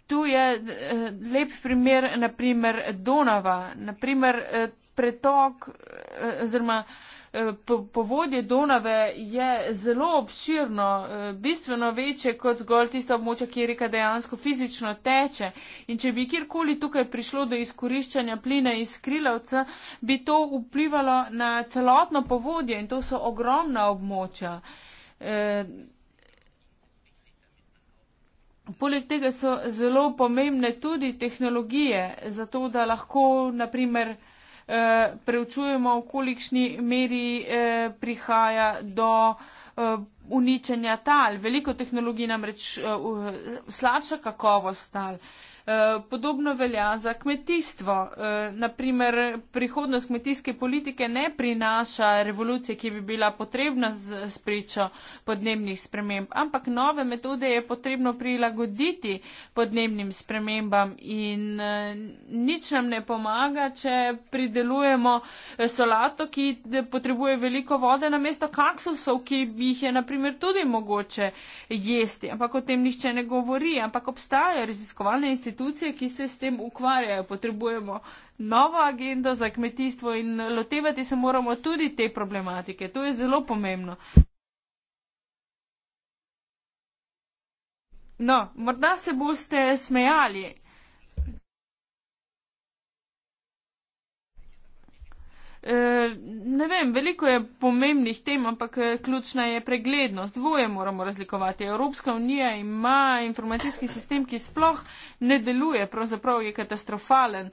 tu je eh, lep primer, naprimer Donava, naprimer eh, pretok eh, oziroma povodje Donave je zelo obširno, bistveno večje kot zgolj tista območja, kjer reka dejansko fizično teče. In če bi kjerkoli tukaj prišlo do izkoriščanja plina iz krilavca, bi to vplivalo na celotno povodje in to so ogromna območja. Poleg tega so zelo pomembne tudi tehnologije, zato da lahko, naprimer, eh, preučujemo, v kolikšni meri eh, prihaja do eh, uničenja tal. Veliko tehnologij namreč slabša kakovost tal. Eh, podobno velja za kmetijstvo. Eh, naprimer, prihodnost kmetijske politike ne prinaša revolucije, ki bi bila potrebna s pričo podnebnih sprememb, ampak nove metode je potrebno prilagoditi podnebnim spremembam in eh, nič nam ne pomaga, če pridelujemo solato, ki potrebuje veliko vode na mesto kaksusov, ki jih je naprimer tudi mogoče jesti, ampak o tem nišče ne govori, ampak obstajajo raziskovalne institucije, institucije, ki se s tem ukvarjajo. Potrebujemo novo agendo za kmetijstvo in lotevati se moramo tudi te problematike. To je zelo pomembno. No, morda se boste smejali. Eh, ne vem, veliko je pomembnih tem, ampak eh, ključna je preglednost. Dvoje moramo razlikovati. Evropska unija ima informacijski sistem, ki sploh ne deluje, pravzaprav je katastrofalen.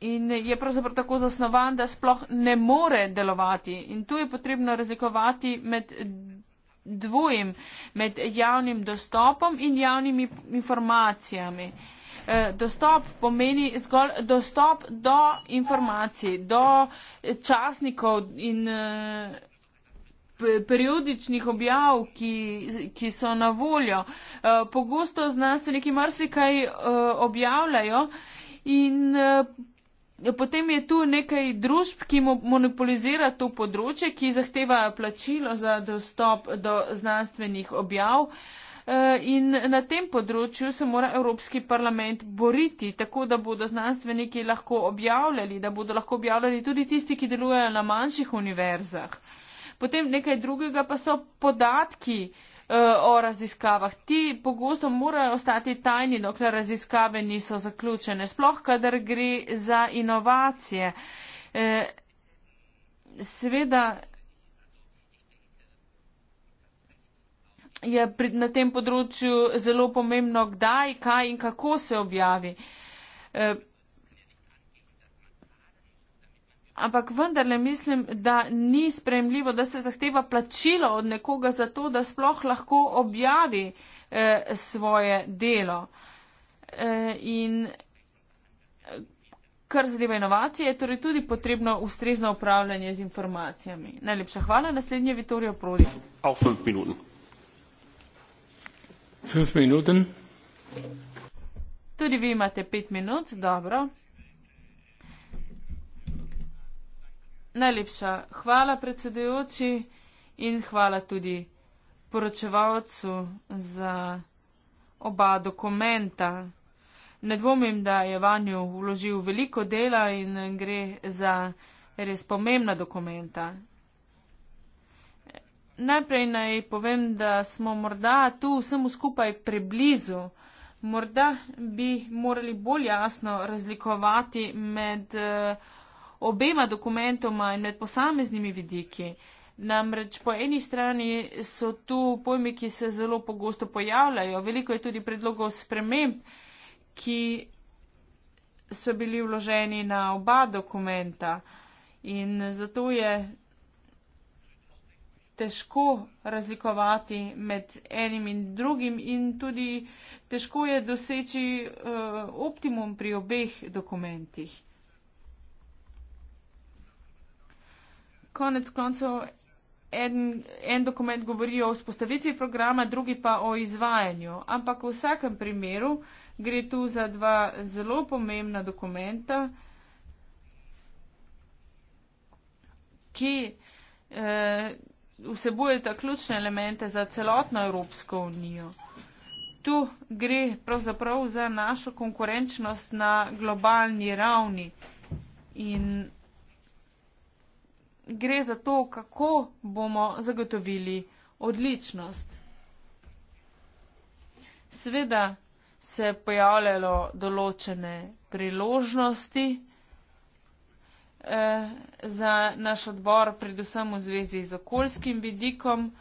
In je pravzaprav tako zasnovan, da sploh ne more delovati. In tu je potrebno razlikovati med dvojem, med javnim dostopom in javnimi informacijami. Eh, dostop pomeni zgolj dostop do informacij, do časnikov in eh, periodičnih objav, ki, ki so na voljo. Eh, pogosto znanstveniki marsikaj objavljajo in potem je tu nekaj družb, ki monopolizira to področje, ki zahteva plačilo za dostop do znanstvenih objav. Eh, in na tem področju se mora Evropski parlament boriti, tako da bodo znanstveniki lahko objavljali, da bodo lahko objavljali tudi tisti, ki delujejo na manjših univerzah. Potem nekaj drugega pa so podatki eh, o raziskavah. Ti pogosto morajo ostati tajni, dokler raziskave niso zaključene, sploh kadar gre za inovacije. Eh, seveda je pri, na tem področju zelo pomembno, kdaj, kaj in kako se objavi. E, ampak vendarle mislim, da ni spremljivo, da se zahteva plačilo od nekoga za to, da sploh lahko objavi e, svoje delo. E, in kar zadeva inovacije, je torej tudi potrebno ustrezno upravljanje z informacijami. Najlepša hvala, naslednje Vitorijo Prodi. 5 minut. Tudi vi imate 5 minut, dobro. Najlepša hvala predsedujoči in hvala tudi poročevalcu za oba dokumenta. Ne dvomim, da je vanju vložil veliko dela in gre za res pomembna dokumenta najprej naj povem, da smo morda tu vsemu skupaj preblizu. Morda bi morali bolj jasno razlikovati med eh, obema dokumentoma in med posameznimi vidiki. Namreč po eni strani so tu pojmi, ki se zelo pogosto pojavljajo. Veliko je tudi predlogov sprememb, ki so bili vloženi na oba dokumenta. In zato je težko razlikovati med enim in drugim in tudi težko je doseči uh, optimum pri obeh dokumentih. Konec koncev, en, en dokument govori o vzpostavitvi programa, drugi pa o izvajanju, ampak v vsakem primeru gre tu za dva zelo pomembna dokumenta, ki eh, vsebujeta ključne elemente za celotno Evropsko unijo. Tu gre pravzaprav za našo konkurenčnost na globalni ravni in gre za to, kako bomo zagotovili odličnost. Sveda se pojavljalo določene priložnosti. Eh, za naš odbor, predvsem v zvezi z okoljskim vidikom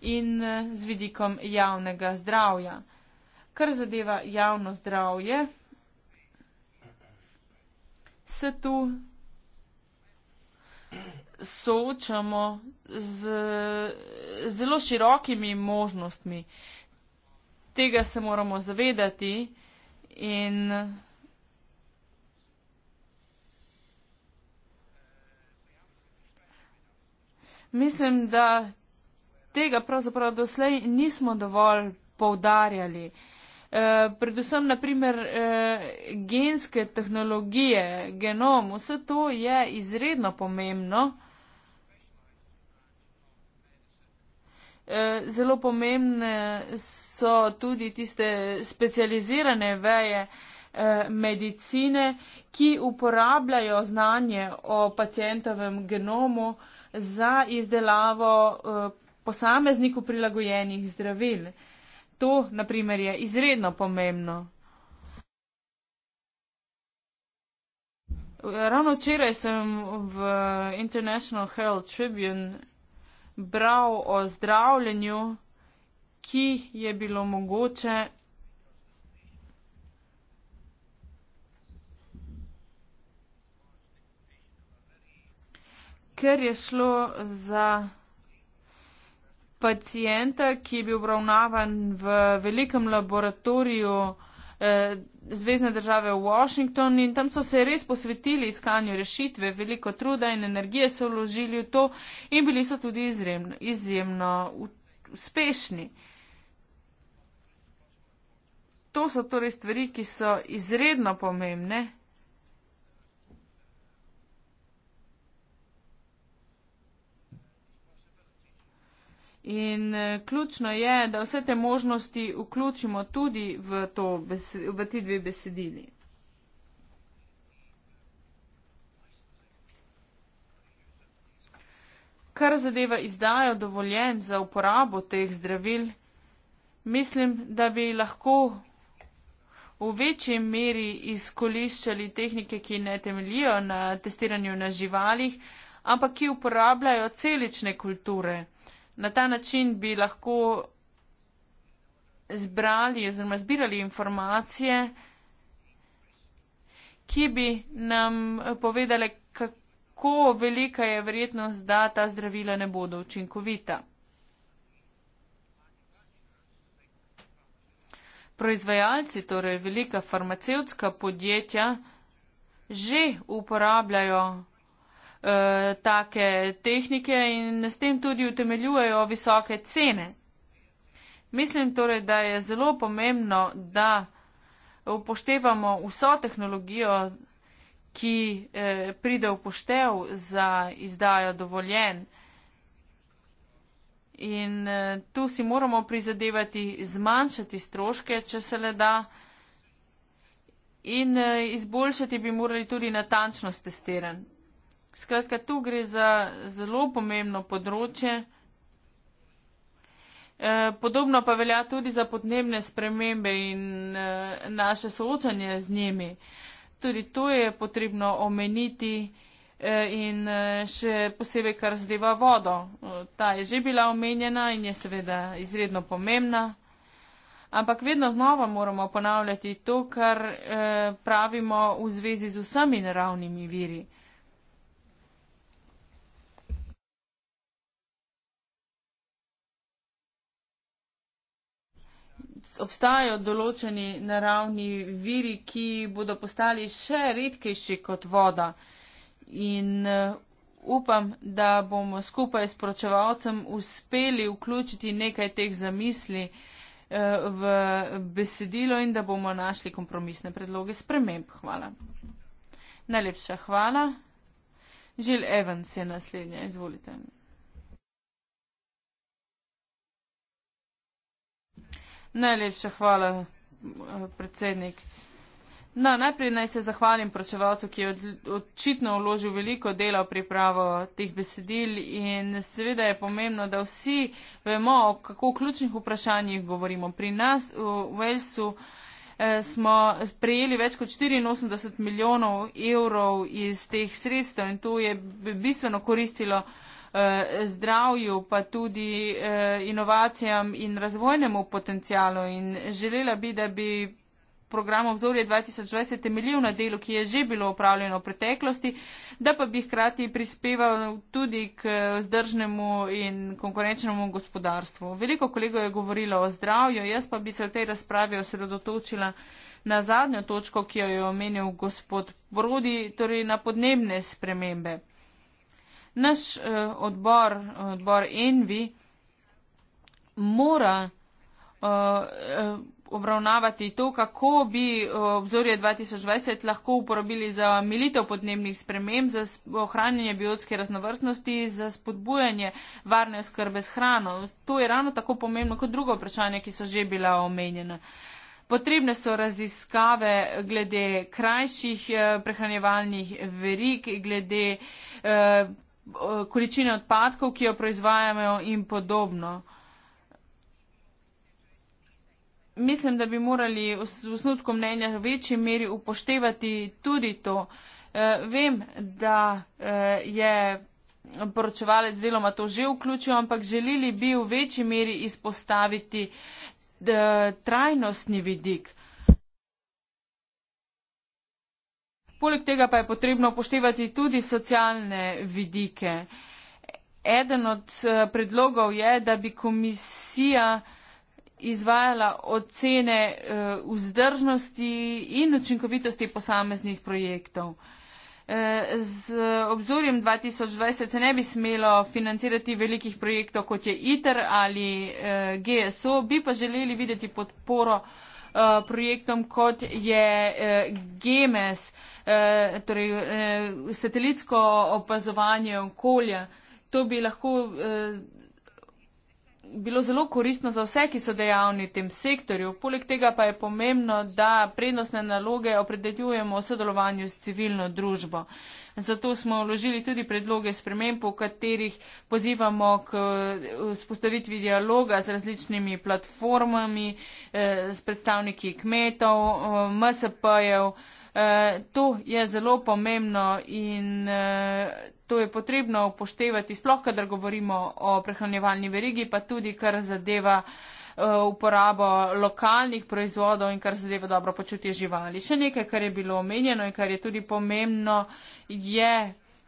in eh, z vidikom javnega zdravja. Kar zadeva javno zdravje, se tu soočamo z zelo širokimi možnostmi. Tega se moramo zavedati in mislim, da tega pravzaprav doslej nismo dovolj poudarjali. E, predvsem, naprimer, e, eh, genske tehnologije, genom, vse to je izredno pomembno. Eh, zelo pomembne so tudi tiste specializirane veje medicine, ki uporabljajo znanje o pacijentovem genomu eh, za izdelavo eh, posamezniku prilagojenih zdravil. To, naprimer, je izredno pomembno. Ravno včeraj sem v International Health Tribune bral o zdravljenju, ki je bilo mogoče ker je šlo za pacijenta, ki je bil obravnavan v velikem laboratoriju eh, Zvezdne države Washington in tam so se res posvetili iskanju rešitve, veliko truda in energije so vložili v to in bili so tudi izjemno, izjemno uspešni. To so torej stvari, ki so izredno pomembne. In uh, ključno je, da vse te možnosti vključimo tudi v, to, v ti dve besedili. Kar zadeva izdajo dovoljen za uporabo teh zdravil, mislim, da bi lahko v večji meri izkoliščali tehnike, ki ne temeljijo na testiranju na živalih, ampak ki uporabljajo celične kulture. Uh, na ta način bi lahko zbrali oziroma zbirali informacije, ki bi nam povedale, kako velika je verjetnost, da ta zdravila ne bodo učinkovita. Proizvajalci, torej velika farmacevtska podjetja, že uporabljajo Eh, take tehnike in s tem tudi utemeljujejo visoke cene. Mislim torej, da je zelo pomembno, da upoštevamo vso tehnologijo, ki eh, pride v poštev za izdajo dovoljen. In eh, tu si moramo prizadevati zmanjšati stroške, če se le da. In izboljšati bi morali tudi natančnost testiranja. Skratka, tu gre za zelo pomembno področje. Eh, podobno pa velja tudi za podnebne spremembe in eh, naše soočanje z njimi. Tudi to je potrebno omeniti eh, in še posebej, kar zadeva vodo. Ta je že bila omenjena in je seveda izredno pomembna. Ampak vedno znova moramo ponavljati to, kar pravimo v zvezi z vsemi naravnimi viri. obstajajo določeni naravni viri, ki bodo postali še redkejši kot voda. In eh, upam, da bomo skupaj s pročevalcem uspeli vključiti nekaj teh zamisli eh, v besedilo in da bomo našli kompromisne predloge sprememb. Hvala. Najlepša hvala. Žil Evans je naslednja. Izvolite. Najlepša hvala, eh, predsednik. No, najprej naj se zahvalim pročevalcu, ki je očitno vložil veliko dela v pripravo teh besedil in seveda je pomembno, da vsi vemo, o kako ključnih vprašanjih govorimo. Pri nas v Walesu eh, smo prejeli več kot 84 milijonov evrov iz teh sredstev in to je bistveno koristilo. Eh, zdravju, pa tudi eh, inovacijam in razvojnemu potencialu. In želela bi, da bi program obzorje 2020 temeljil na delu, ki je že bilo upravljeno v preteklosti, da pa bi hkrati prispeval tudi k vzdržnemu in konkurenčnemu gospodarstvu. Veliko kolegov je govorilo o zdravju, jaz pa bi se v tej razpravi osredotočila na zadnjo točko, ki jo je omenil gospod Brodi, torej na podnebne spremembe naš uh, odbor, odbor Envi, mora uh, obravnavati to, kako bi obzorje 2020 lahko uporabili za militev podnebnih sprememb, za ohranjanje biotske raznovrstnosti, za spodbujanje varne oskrbe s hrano. To je ravno tako pomembno kot drugo vprašanje, ki so že bila omenjena. Potrebne so raziskave glede krajših prehranjevalnih verik, glede eh, Eh, količine odpadkov, ki jo proizvajamo in podobno. Mislim, da bi morali v osnutku mnenja v večji meri upoštevati tudi to. Eh, vem, da eh, je poročevalec deloma to že vključil, ampak želili bi v večji meri izpostaviti trajnostni vidik. Poleg tega pa je potrebno upoštevati tudi socialne vidike. Eden od eh, predlogov je, da bi komisija izvajala ocene eh, vzdržnosti in učinkovitosti posameznih projektov. Eh, z obzorjem 2020 se ne bi smelo financirati velikih projektov, kot je ITER ali GSO, bi pa želeli videti podporo Eh, projektom, kot je eh, GEMES, eh, torej satelitsko opazovanje okolja. To bi lahko bilo zelo koristno za vse, ki so dejavni v tem sektorju. Poleg tega pa je pomembno, da prednostne naloge opredeljujemo v sodelovanju s civilno družbo. Zato smo vložili tudi predloge sprememb, v katerih pozivamo k spostavitvi eh, dialoga z različnimi platformami, eh, s predstavniki kmetov, eh, MSP-jev. Eh, to je zelo pomembno in eh, to je potrebno upoštevati, sploh kadar govorimo o prehranjevalni verigi, pa tudi kar zadeva eh, uporabo lokalnih proizvodov in kar zadeva dobro počutje živali. Še nekaj, kar je bilo omenjeno in kar je tudi pomembno, je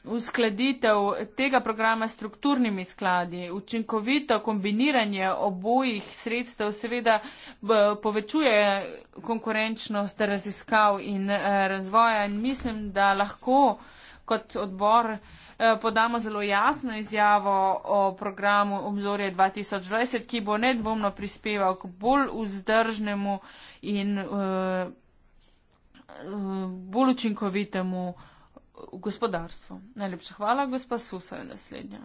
uskladitev tega programa s strukturnimi skladi, učinkovito kombiniranje obojih sredstev seveda povečuje konkurenčnost raziskav in eh, razvoja in mislim, da lahko kot odbor eh, podamo zelo jasno izjavo o programu obzorje 2020, ki bo nedvomno prispeval k bolj vzdržnemu in eh, bolj učinkovitemu gospodarstvu. Najlepša hvala, gospa Susa je naslednja.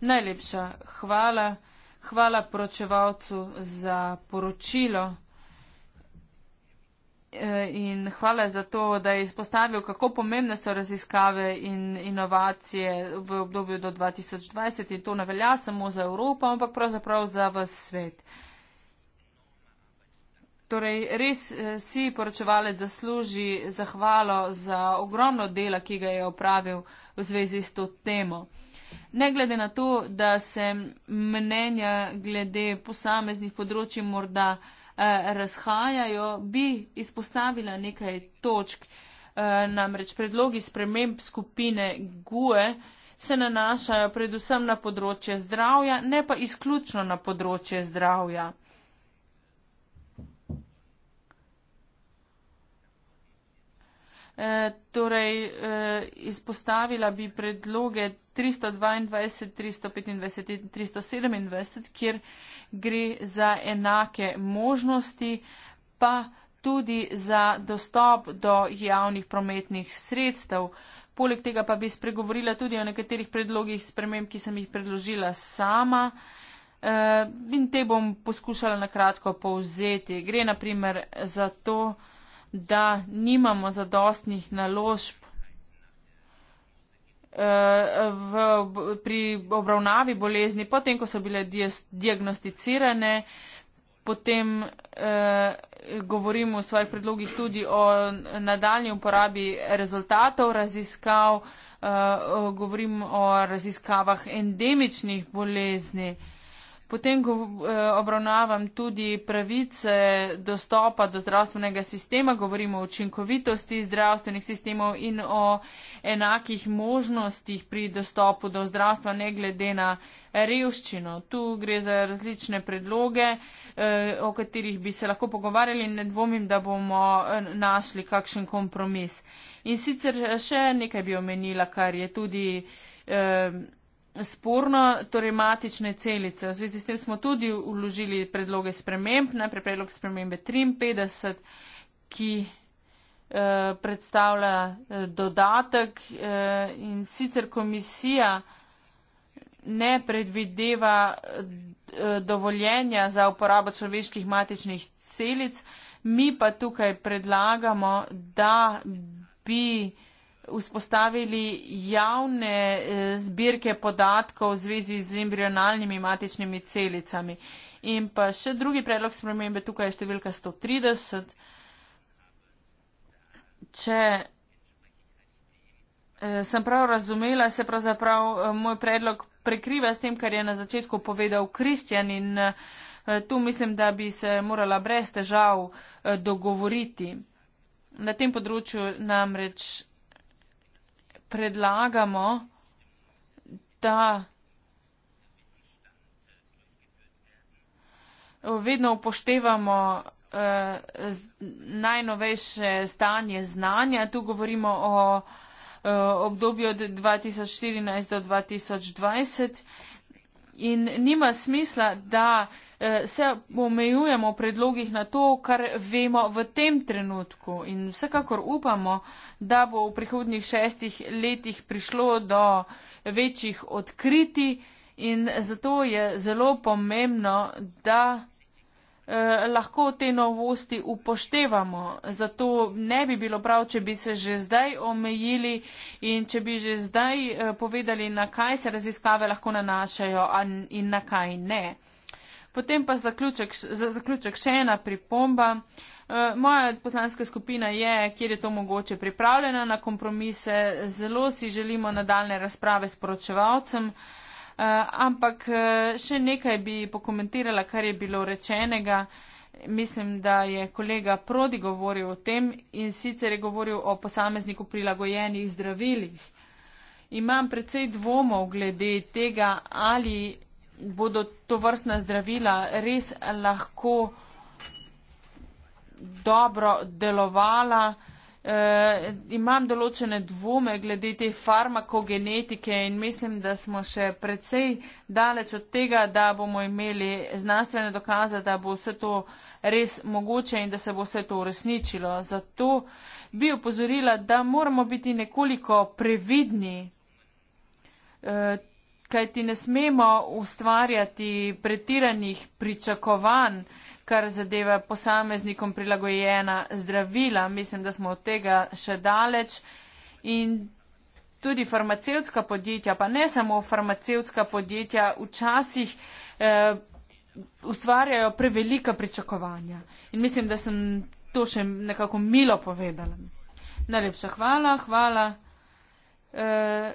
Najlepša hvala, hvala poročevalcu za poročilo eh, in hvala za to, da je izpostavil, kako pomembne so raziskave in inovacije v obdobju do 2020 in to ne velja samo za Evropo, ampak pravzaprav za vse svet. Torej, res eh, si poročevalec zasluži zahvalo za ogromno dela, ki ga je opravil v zvezi s to temo. Ne glede na to, da se mnenja glede posameznih področji morda eh, razhajajo, bi izpostavila nekaj točk. Eh, namreč predlogi sprememb skupine GUE se nanašajo predvsem na področje zdravja, ne pa izključno na področje zdravja. Eh, torej eh, izpostavila bi predloge 322, 325 in 327, kjer gre za enake možnosti, pa tudi za dostop do javnih prometnih sredstev. Poleg tega pa bi spregovorila tudi o nekaterih predlogih sprememb, ki sem jih predložila sama. Eh, in te bom poskušala na kratko povzeti. Gre naprimer za to, da nimamo zadostnih naložb eh, v, pri obravnavi bolezni, potem, ko so bile diagnosticirane, potem eh, govorimo v svojih predlogih tudi o nadaljni uporabi rezultatov raziskav, eh, govorimo o raziskavah endemičnih bolezni. Eh, Potem, ko eh, obravnavam tudi pravice dostopa do zdravstvenega sistema, govorimo o učinkovitosti zdravstvenih sistemov in o enakih možnostih pri dostopu do zdravstva, ne glede na revščino. Tu gre za različne predloge, eh, o katerih bi se lahko pogovarjali in ne dvomim, da bomo eh, našli kakšen kompromis. In sicer še nekaj bi omenila, kar je tudi sporno, torej matične celice. V zvezi s tem smo tudi uložili predloge sprememb, najprej predlog spremembe 53, ki eh, predstavlja eh, dodatek eh, in sicer komisija ne predvideva eh, dovoljenja za uporabo človeških matičnih celic, mi pa tukaj predlagamo, da bi eh, vzpostavili javne eh, zbirke podatkov v zvezi z embrionalnimi matičnimi celicami. In pa še drugi predlog spremembe, tukaj je številka 130. Če eh, sem prav razumela, se pravzaprav eh, moj predlog prekriva s tem, kar je na začetku povedal Kristjan in tu mislim, da bi se morala brez težav dogovoriti. Na tem področju namreč predlagamo, da vedno upoštevamo eh, najnovejše stanje znanja. Tu govorimo o eh, obdobju od 2014 do 2020 in nima smisla, da eh, se omejujemo v predlogih na to, kar vemo v tem trenutku. In vsekakor upamo, da bo v prihodnjih šestih letih prišlo do večjih odkriti in zato je zelo pomembno, da Eh, lahko te novosti upoštevamo. Zato ne bi bilo prav, če bi se že zdaj omejili in če bi že zdaj eh, povedali, na kaj se raziskave lahko nanašajo in na kaj ne. Potem pa zaključek, za zaključek še ena pripomba. Eh, moja poslanska skupina je, kjer je to mogoče, pripravljena na kompromise. Zelo si želimo nadaljne razprave s poročevalcem. Eh, ampak eh, še nekaj bi pokomentirala, kar je bilo rečenega. Mislim, da je kolega Prodi govoril o tem in sicer je govoril o posamezniku prilagojenih zdravilih. Imam precej dvomov glede tega, ali bodo to vrstna zdravila res lahko dobro delovala. Uh, imam določene dvome glede te farmakogenetike in mislim, da smo še precej daleč od tega, da bomo imeli znanstvene dokaze, da bo vse to res mogoče in da se bo vse to uresničilo. Zato bi upozorila, da moramo biti nekoliko previdni. Uh, kaj ti ne smemo ustvarjati pretiranih pričakovanj, kar zadeva posameznikom prilagojena zdravila. Mislim, da smo od tega še daleč in tudi farmacevtska podjetja, pa ne samo farmacevtska podjetja, včasih eh, ustvarjajo prevelika pričakovanja. In mislim, da sem to še nekako milo povedala. Najlepša hvala, hvala. Eh,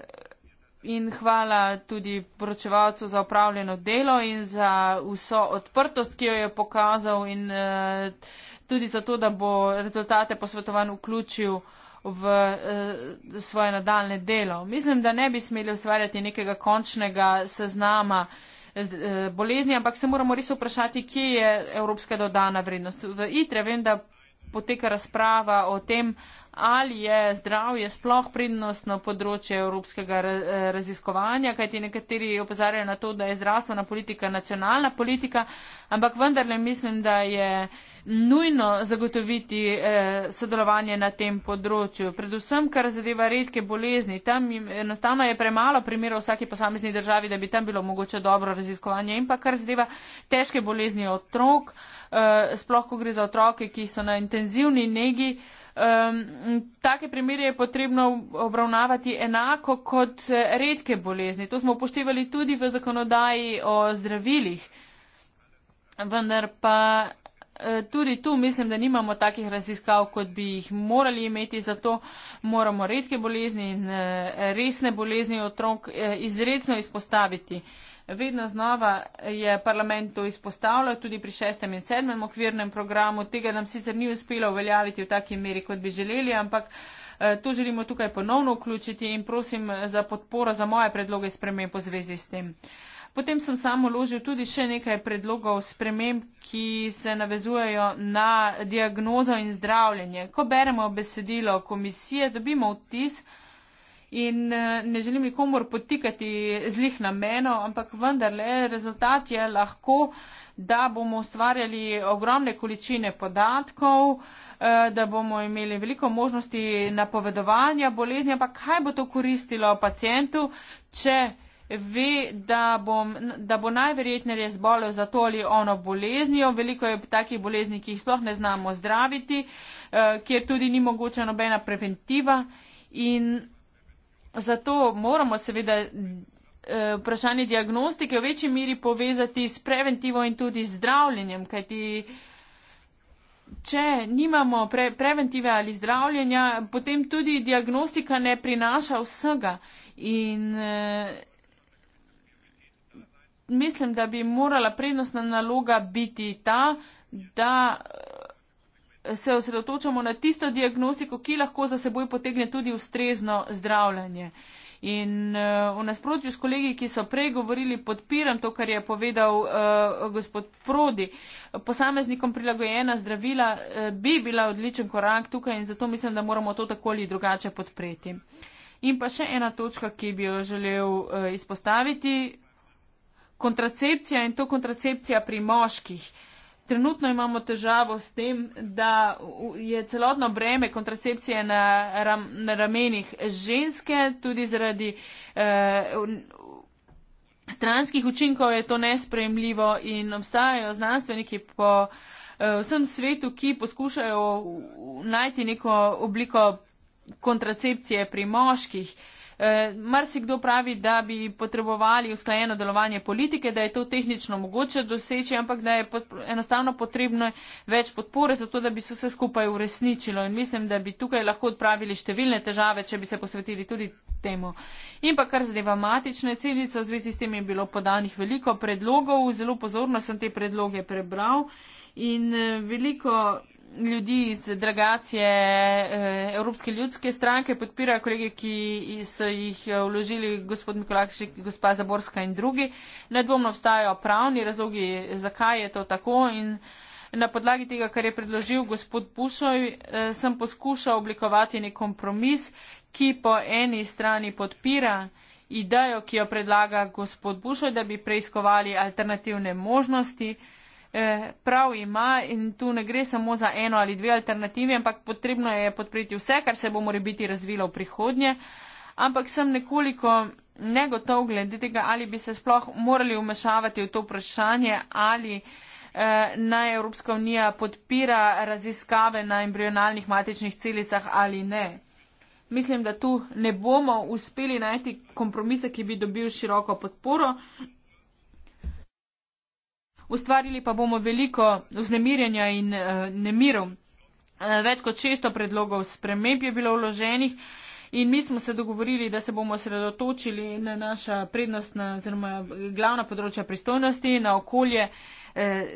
in hvala tudi poročevalcu za upravljeno delo in za vso odprtost, ki jo je pokazal in eh, tudi za to, da bo rezultate posvetovan vključil v eh, svoje nadaljne delo. Mislim, da ne bi smeli ustvarjati nekega končnega seznama eh, bolezni, ampak se moramo res vprašati, kje je evropska dodana vrednost. V ITRE vem, da poteka razprava o tem, ali je zdravje sploh prednostno področje evropskega eh, raziskovanja, kajti nekateri opozarjajo na to, da je zdravstvena politika nacionalna politika, ampak vendarle mislim, da je nujno zagotoviti eh, sodelovanje na tem področju. Predvsem, kar zadeva redke bolezni, tam enostavno je premalo primerov v vsaki posamezni državi, da bi tam bilo mogoče dobro raziskovanje in pa kar zadeva težke bolezni otrok, eh, sploh ko gre za otroke, ki so na intenzivni negi. Um, take primere je potrebno obravnavati enako kot eh, redke bolezni. To smo upoštevali tudi v zakonodaji o zdravilih. Vendar pa eh, tudi tu mislim, da nimamo takih raziskav, kot bi jih morali imeti. Zato moramo redke bolezni in eh, resne bolezni otrok izredno izpostaviti. Uh, Vedno znova je parlament to izpostavljal, tudi pri šestem in sedmem okvirnem programu. Tega nam sicer ni uspelo uveljaviti v taki meri, kot bi želeli, ampak eh, to želimo tukaj ponovno vključiti in prosim za podporo za moje predloge sprememb v zvezi s tem. Potem sem samo ložil tudi še nekaj predlogov sprememb, ki se navezujejo na diagnozo in zdravljenje. Ko beremo besedilo komisije, dobimo vtis, in eh, ne želim nikomor potikati zlih namenov, ampak vendarle rezultat je lahko, da bomo ustvarjali ogromne količine podatkov, eh, da bomo imeli veliko možnosti napovedovanja bolezni, ampak kaj bo to koristilo pacijentu, če ve, da, bom, da bo najverjetneje zbolel za to ali ono boleznijo. Veliko je takih bolezni, ki jih sploh ne znamo zdraviti, eh, kjer tudi ni mogoče nobena preventiva. In zato moramo seveda eh, vprašanje diagnostike v večji miri povezati s preventivo in tudi zdravljenjem, kajti če nimamo pre preventive ali zdravljenja, potem tudi diagnostika ne prinaša vsega. In e, mislim, da bi morala prednostna naloga biti ta, da se osredotočamo na tisto diagnostiko, ki lahko za seboj potegne tudi ustrezno zdravljanje. In eh, v nasprotju s kolegi, ki so prej govorili, podpiram to, kar je povedal uh, gospod Prodi. Posameznikom prilagojena zdravila uh, bi bila odličen korak tukaj in zato mislim, da moramo to tako ali drugače podpreti. In pa še ena točka, ki bi jo želel uh, izpostaviti. Kontracepcija in to kontracepcija pri moških. Uh, Trenutno imamo težavo s tem, da je celotno breme kontracepcije na, ram, na ramenih ženske, tudi zaradi eh, stranskih učinkov je to nespremljivo in obstajajo znanstveniki po eh, vsem svetu, ki poskušajo najti neko obliko kontracepcije pri moških. Eh, Eh, Mar si kdo pravi, da bi potrebovali usklajeno delovanje politike, da je to tehnično mogoče doseči, ampak da je enostavno potrebno več podpore, zato da bi se vse skupaj uresničilo. In mislim, da bi tukaj lahko odpravili številne težave, če bi se posvetili tudi temu. In pa kar zadeva matične celice, v zvezi s tem je bilo podanih veliko predlogov, zelo pozorno sem te predloge prebral in eh, veliko ljudi iz dragacije eh, Evropske ljudske stranke, podpirajo kolege, ki so jih eh, vložili gospod Mikolakšik, gospa Zaborska in drugi. Nedvomno obstajajo pravni razlogi, zakaj je to tako in na podlagi tega, kar je predložil gospod Pušoj, eh, sem poskušal oblikovati nek kompromis, ki po eni strani podpira idejo, ki jo predlaga gospod Bušoj, da bi preiskovali alternativne možnosti, Eh, prav ima in tu ne gre samo za eno ali dve alternativi, ampak potrebno je podpreti vse, kar se bo mora biti razvilo v prihodnje. Ampak sem nekoliko negotov glede tega, ali bi se sploh morali umešavati v to vprašanje, ali eh, naj Evropska unija podpira raziskave na embrionalnih matičnih celicah ali ne. Mislim, da tu ne bomo uspeli najti kompromisa, ki bi dobil široko podporo ustvarili pa bomo veliko vznemirjenja in uh, nemirov. Uh, več kot 600 predlogov sprememb je bilo vloženih in mi smo se dogovorili, da se bomo sredotočili na naša prednostna oziroma eh, glavna področja pristojnosti, na okolje, eh,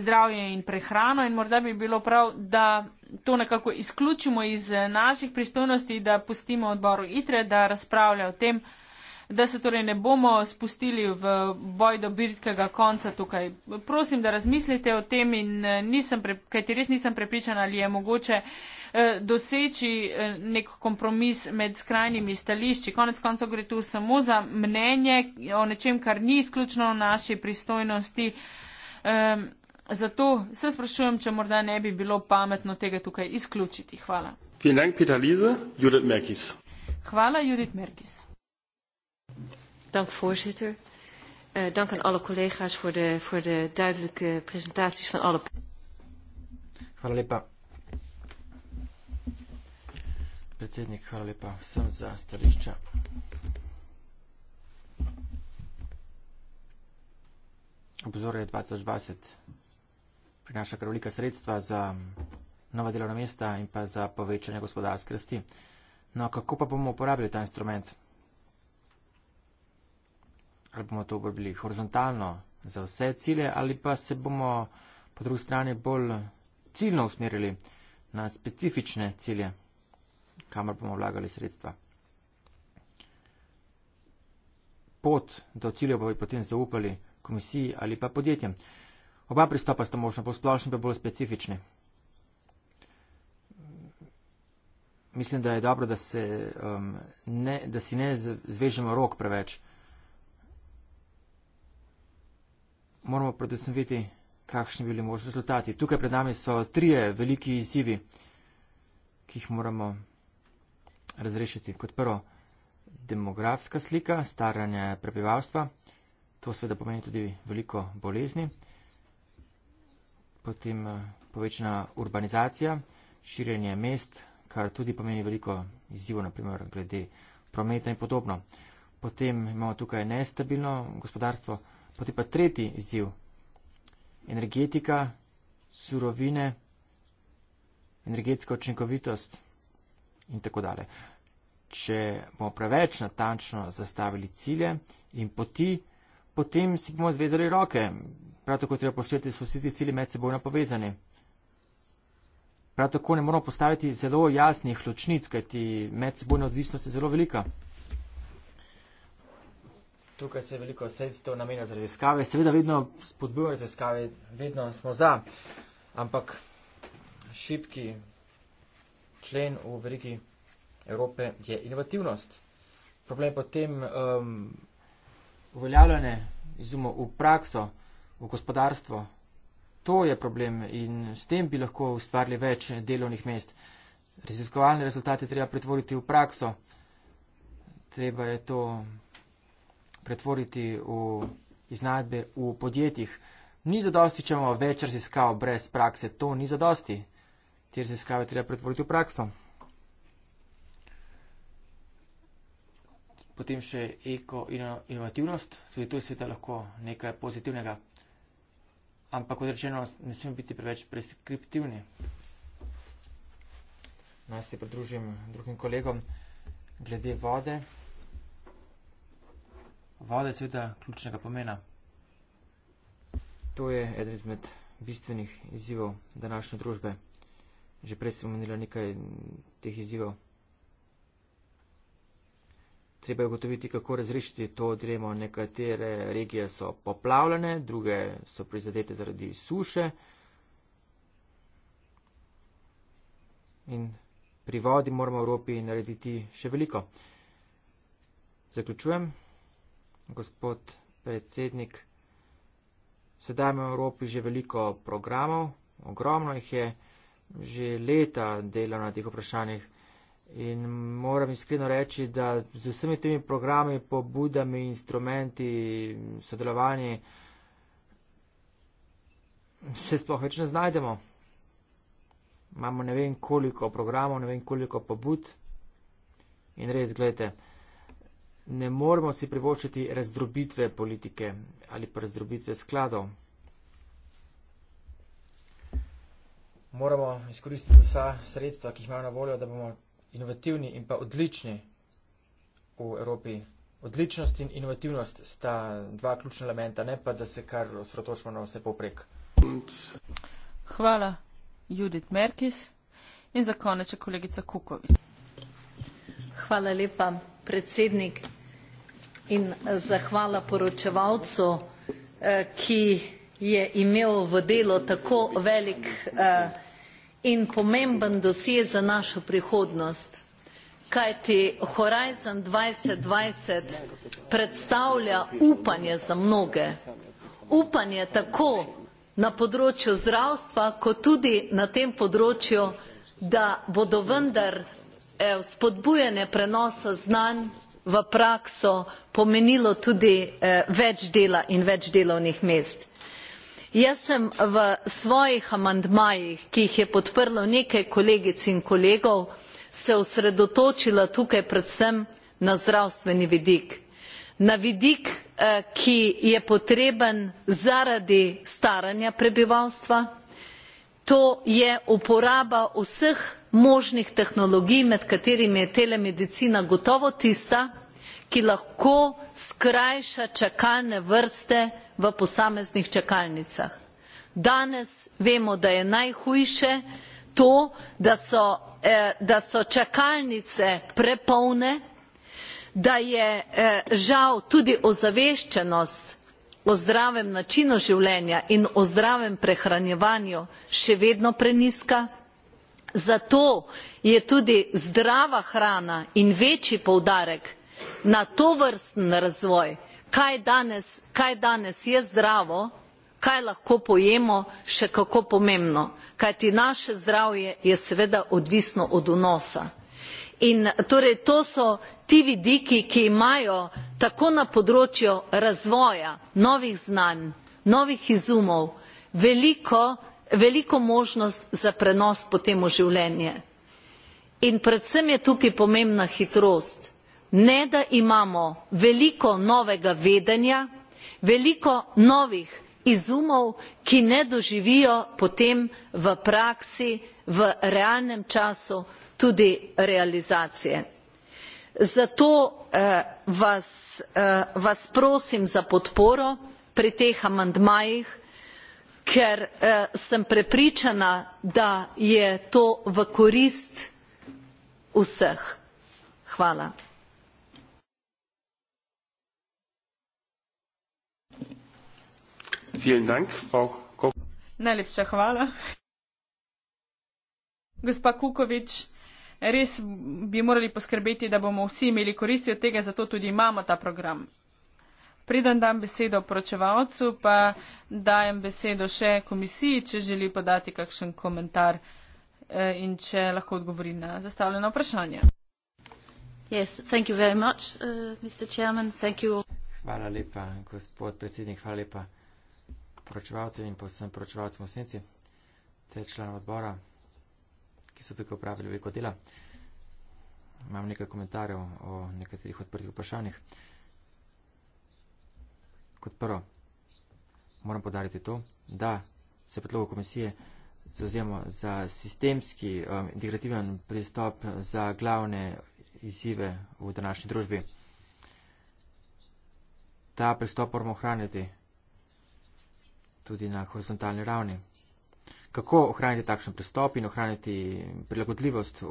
zdravje in prehrano in morda bi bilo prav, da to nekako izključimo iz naših pristojnosti, da pustimo odboru ITRE, da razpravlja o tem, da se torej ne bomo spustili v boj do britkega konca tukaj. Prosim, da razmislite o tem in eh, nisem, kajti res nisem prepričana, ali je mogoče eh, doseči eh, nek kompromis med skrajnimi stališči. Konec konca gre tu samo za mnenje o nečem, kar ni izključno v naši pristojnosti. Ehm, zato se sprašujem, če morda ne bi bilo pametno tega tukaj izključiti. Hvala. Vielen Dank, Peter Liese, Judith Merkis. Hvala, Judith Merkis. Dank voorzitter. Uh, dank aan alle collega's voor de, voor de duidelijke presentaties van alle... Hvala lepa. Predsednik, hvala lepa vsem za stališča. Obzorje 2020 prinaša kar velika sredstva za mm, nova delovna mesta in pa za povečanje gospodarske rasti. No, kako pa bomo uporabili ta instrument? ali bomo to obrobili horizontalno za vse cilje, ali pa se bomo po drugi strani bolj ciljno usmerili na specifične cilje, kamor bomo vlagali sredstva. Pot do ciljev pa bi potem zaupali komisiji ali pa podjetjem. Oba pristopa sta možno bolj splošni, pa bolj specifični. Mislim, da je dobro, da, se, um, ne, da si ne zvežemo rok preveč. moramo predvsem videti, kakšni bili možni rezultati. Tukaj pred nami so trije veliki izzivi, ki jih moramo razrešiti. Kot prvo, demografska slika, staranje prebivalstva, to seveda pomeni tudi veliko bolezni, potem eh, povečana urbanizacija, širjenje mest, kar tudi pomeni veliko izzivo, naprimer glede prometa in podobno. Potem imamo tukaj nestabilno gospodarstvo, Potem pa tretji izziv. Energetika, surovine, energetska učinkovitost in tako dalje. Če bomo preveč natančno zastavili cilje in poti, potem si bomo zvezali roke. Prav tako treba poštevati, da so vsi ti cilji med seboj napovezani. Prav tako ne moramo postaviti zelo jasnih ločnic, kajti medsebojna odvisnost je zelo velika tukaj se veliko sredstev namenja za raziskave, seveda vedno spodbujajo raziskave, vedno smo za, ampak šipki člen v veriki Evrope je inovativnost. Problem potem um, uveljavljanje izumov v prakso, v gospodarstvo. To je problem in s tem bi lahko ustvarili več delovnih mest. Raziskovalne rezultate treba pretvoriti v prakso. Treba je to pretvoriti v iznajdbe v podjetjih. Ni zadosti, če imamo več raziskav brez prakse. To ni zadosti. Te raziskave treba pretvoriti v prakso. Potem še eko-inovativnost. Tudi to je sveta lahko nekaj pozitivnega. Ampak, kot rečeno, ne smemo biti preveč preskriptivni. Naj se pridružim drugim kolegom glede vode. Voda je seveda ključnega pomena. To je eden izmed bistvenih izzivov današnje družbe. Že prej sem omenila nekaj teh izzivov. Treba je ugotoviti, kako razrešiti to dilemo. Nekatere regije so poplavljene, druge so prizadete zaradi suše. In pri vodi moramo v Evropi narediti še veliko. Zaključujem gospod predsednik. Sedaj imamo v Evropi že veliko programov, ogromno jih je, že leta dela na teh vprašanjih in moram iskreno reči, da z vsemi temi programi, pobudami, instrumenti, sodelovanji se sploh več ne znajdemo. Imamo ne vem koliko programov, ne vem koliko pobud in res, gledajte, ne moremo si privočiti razdrobitve politike ali pa razdrobitve skladov. Moramo izkoristiti vsa sredstva, ki jih imamo na voljo, da bomo inovativni in pa odlični v Evropi. Odličnost in inovativnost sta dva ključna elementa, ne pa da se kar osredotočimo na vse poprek. Hvala, Judit Merkis. In za konec, kolegica Kukovi. Hvala lepa, predsednik in eh, zahvala poročevalcu, eh, ki je imel v delo tako velik eh, in pomemben dosje za našo prihodnost. Kajti Horizon 2020 predstavlja upanje za mnoge. Upanje tako na področju zdravstva, kot tudi na tem področju, da bodo vendar spodbujene prenosa znanj v prakso pomenilo tudi eh, več dela in več delovnih mest. Jaz sem v svojih amandmajih, ki jih je podprlo nekaj kolegic in kolegov, se osredotočila tukaj predvsem na zdravstveni vidik. Na vidik, eh, ki je potreben zaradi staranja prebivalstva, to je uporaba vseh možnih tehnologij, med katerimi je telemedicina gotovo tista, ki lahko skrajša čakalne vrste v posameznih čakalnicah. Danes vemo, da je najhujše to, da so, eh, da so čakalnice prepolne, da je eh, žal tudi ozaveščenost o zdravem načinu življenja in o zdravem prehranjevanju še vedno preniska. Zato je tudi zdrava hrana in večji poudarek na to vrsten razvoj, kaj danes, kaj danes je zdravo, kaj lahko pojemo, še kako pomembno. Kajti naše zdravje je seveda odvisno od vnosa in torej to so ti vidiki, ki imajo tako na področju razvoja novih znanj, novih izumov, veliko, veliko možnost za prenos potem v življenje. In predvsem je tukaj pomembna hitrost. Ne da imamo veliko novega vedenja, veliko novih izumov, ki ne doživijo potem v praksi, v realnem času tudi realizacije. Zato eh, vas, eh, vas prosim za podporo pri teh amandmajih, ker eh, sem prepričana, da je to v korist vseh. Hvala. Dank, Najlepša hvala. Gospa Kukovič. Res bi morali poskrbeti, da bomo vsi imeli koristi od tega, zato tudi imamo ta program. Preden dam besedo poročevalcu, pa dajem besedo še komisiji, če želi podati kakšen komentar eh, in če lahko odgovori na zastavljeno vprašanje. Yes, thank you very much, uh, Mr. Chairman. Thank you. Hvala lepa, gospod predsednik, hvala lepa poročevalcem in posebno poročevalcem v senci ter članom odbora ki so tukaj upravili veliko dela. Imam nekaj komentarjev o nekaterih odprtih vprašanjih. Kot prvo, moram podariti to, da se predlogo komisije zauzemo za sistemski, um, integrativen pristop za glavne izzive v današnji družbi. Ta pristop moramo ohraniti tudi na horizontalni ravni kako ohraniti takšen pristop in ohraniti prilagodljivost v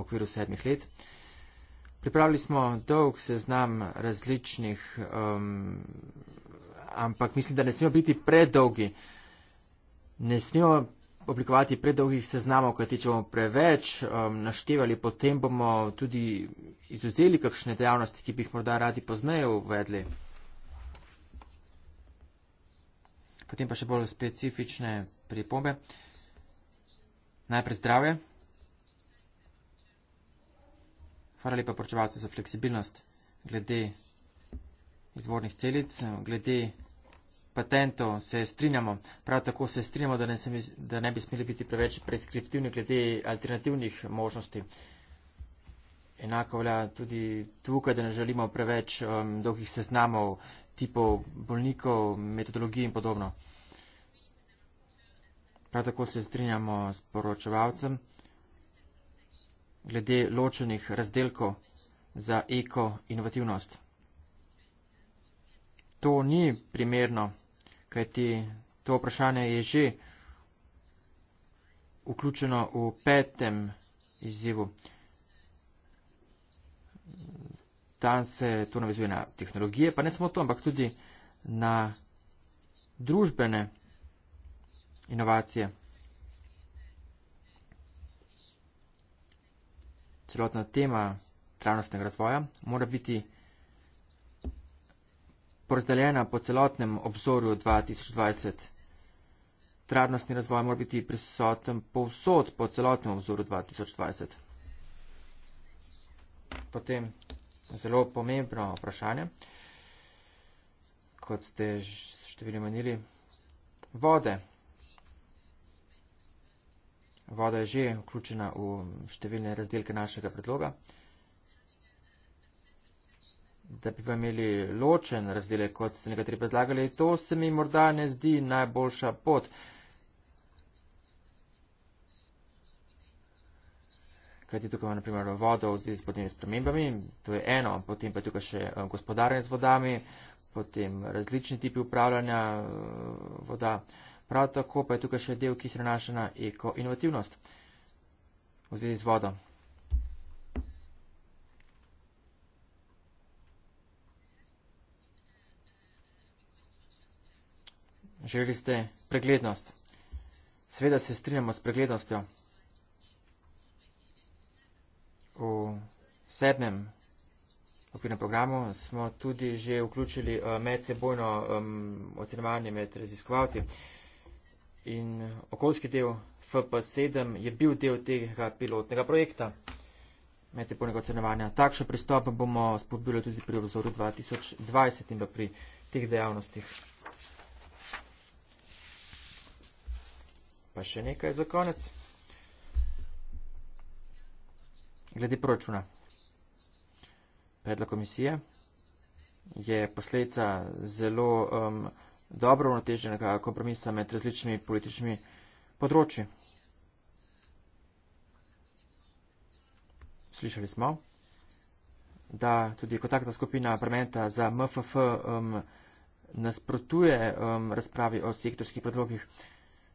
okviru sedmih let. Pripravili smo dolg seznam različnih, um, ampak mislim, da ne smemo biti predolgi. Ne smemo oblikovati predolgih seznamov, kajti če bomo preveč um, naštevali, potem bomo tudi izuzeli kakšne dejavnosti, ki bi jih morda radi pozneje uvedli. potem pa še bolj specifične pripombe. Najprej zdravje. Hvala lepa poročevalcu za fleksibilnost glede izvornih celic, glede patentov se strinjamo. Prav tako se strinjamo, da ne, se, da ne bi smeli biti preveč preskriptivni glede alternativnih možnosti. Enako velja tudi tukaj, da ne želimo preveč um, dolgih seznamov tipov bolnikov, metodologij in podobno. Prav tako se strinjamo s poročevalcem glede ločenih razdelkov za eko-inovativnost. To ni primerno, kajti to vprašanje je že vključeno v petem izzivu. Tam se to navezuje na tehnologije, pa ne samo to, ampak tudi na družbene inovacije. Celotna tema trajnostnega razvoja mora biti porazdeljena po celotnem obzorju 2020. Trajnostni razvoj mora biti prisoten povsod po celotnem obzorju 2020. Potem zelo pomembno vprašanje. Kot ste številni menili, vode. Voda je že vključena v številne razdelke našega predloga. Da bi pa imeli ločen razdelek, kot ste nekateri predlagali, to se mi morda ne zdi najboljša pot. Uh, kajti tukaj imamo naprimer vodo v zvezi s podnebnimi spremembami, to je eno, potem pa tukaj še eh, gospodarjenje z vodami, potem različni tipi upravljanja eh, voda, prav tako pa je tukaj še del, ki se nanaša na ekoinovativnost v zvezi z vodo. Želeli ste preglednost. Sveda se strinjamo s preglednostjo. V sedmem okvirnem programu smo tudi že vključili eh, medsebojno ocenovanje med raziskovalci in okoljski del FP7 je bil del tega pilotnega projekta medsebojnega ocenovanja. Takšen pristop bomo spodbili tudi pri obzoru 2020 in pa pri teh dejavnostih. Pa še nekaj za konec. Glede proračuna. Predlog komisije je posledica zelo um, dobro uravnoteženega kompromisa med različnimi političnimi področji. Slišali smo, da tudi kontaktna skupina parlamenta za MFF um, nasprotuje um, razpravi o sektorskih predlogih,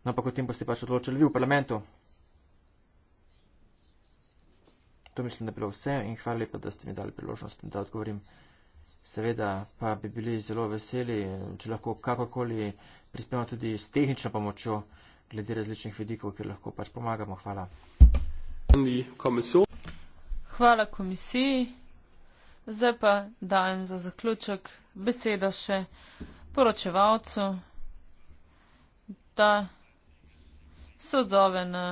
no pa potem boste pač odločili vi v parlamentu. To mislim, da je bilo vse in hvala lepa, da ste mi dali priložnost, da odgovorim. Seveda pa bi bili zelo veseli, če lahko kakorkoli prispevamo tudi s tehnično pomočjo glede različnih vidikov, kjer lahko pač pomagamo. Hvala. Hvala komisiji. Zdaj pa dajem za zaključek besedo še poročevalcu, da se odzove na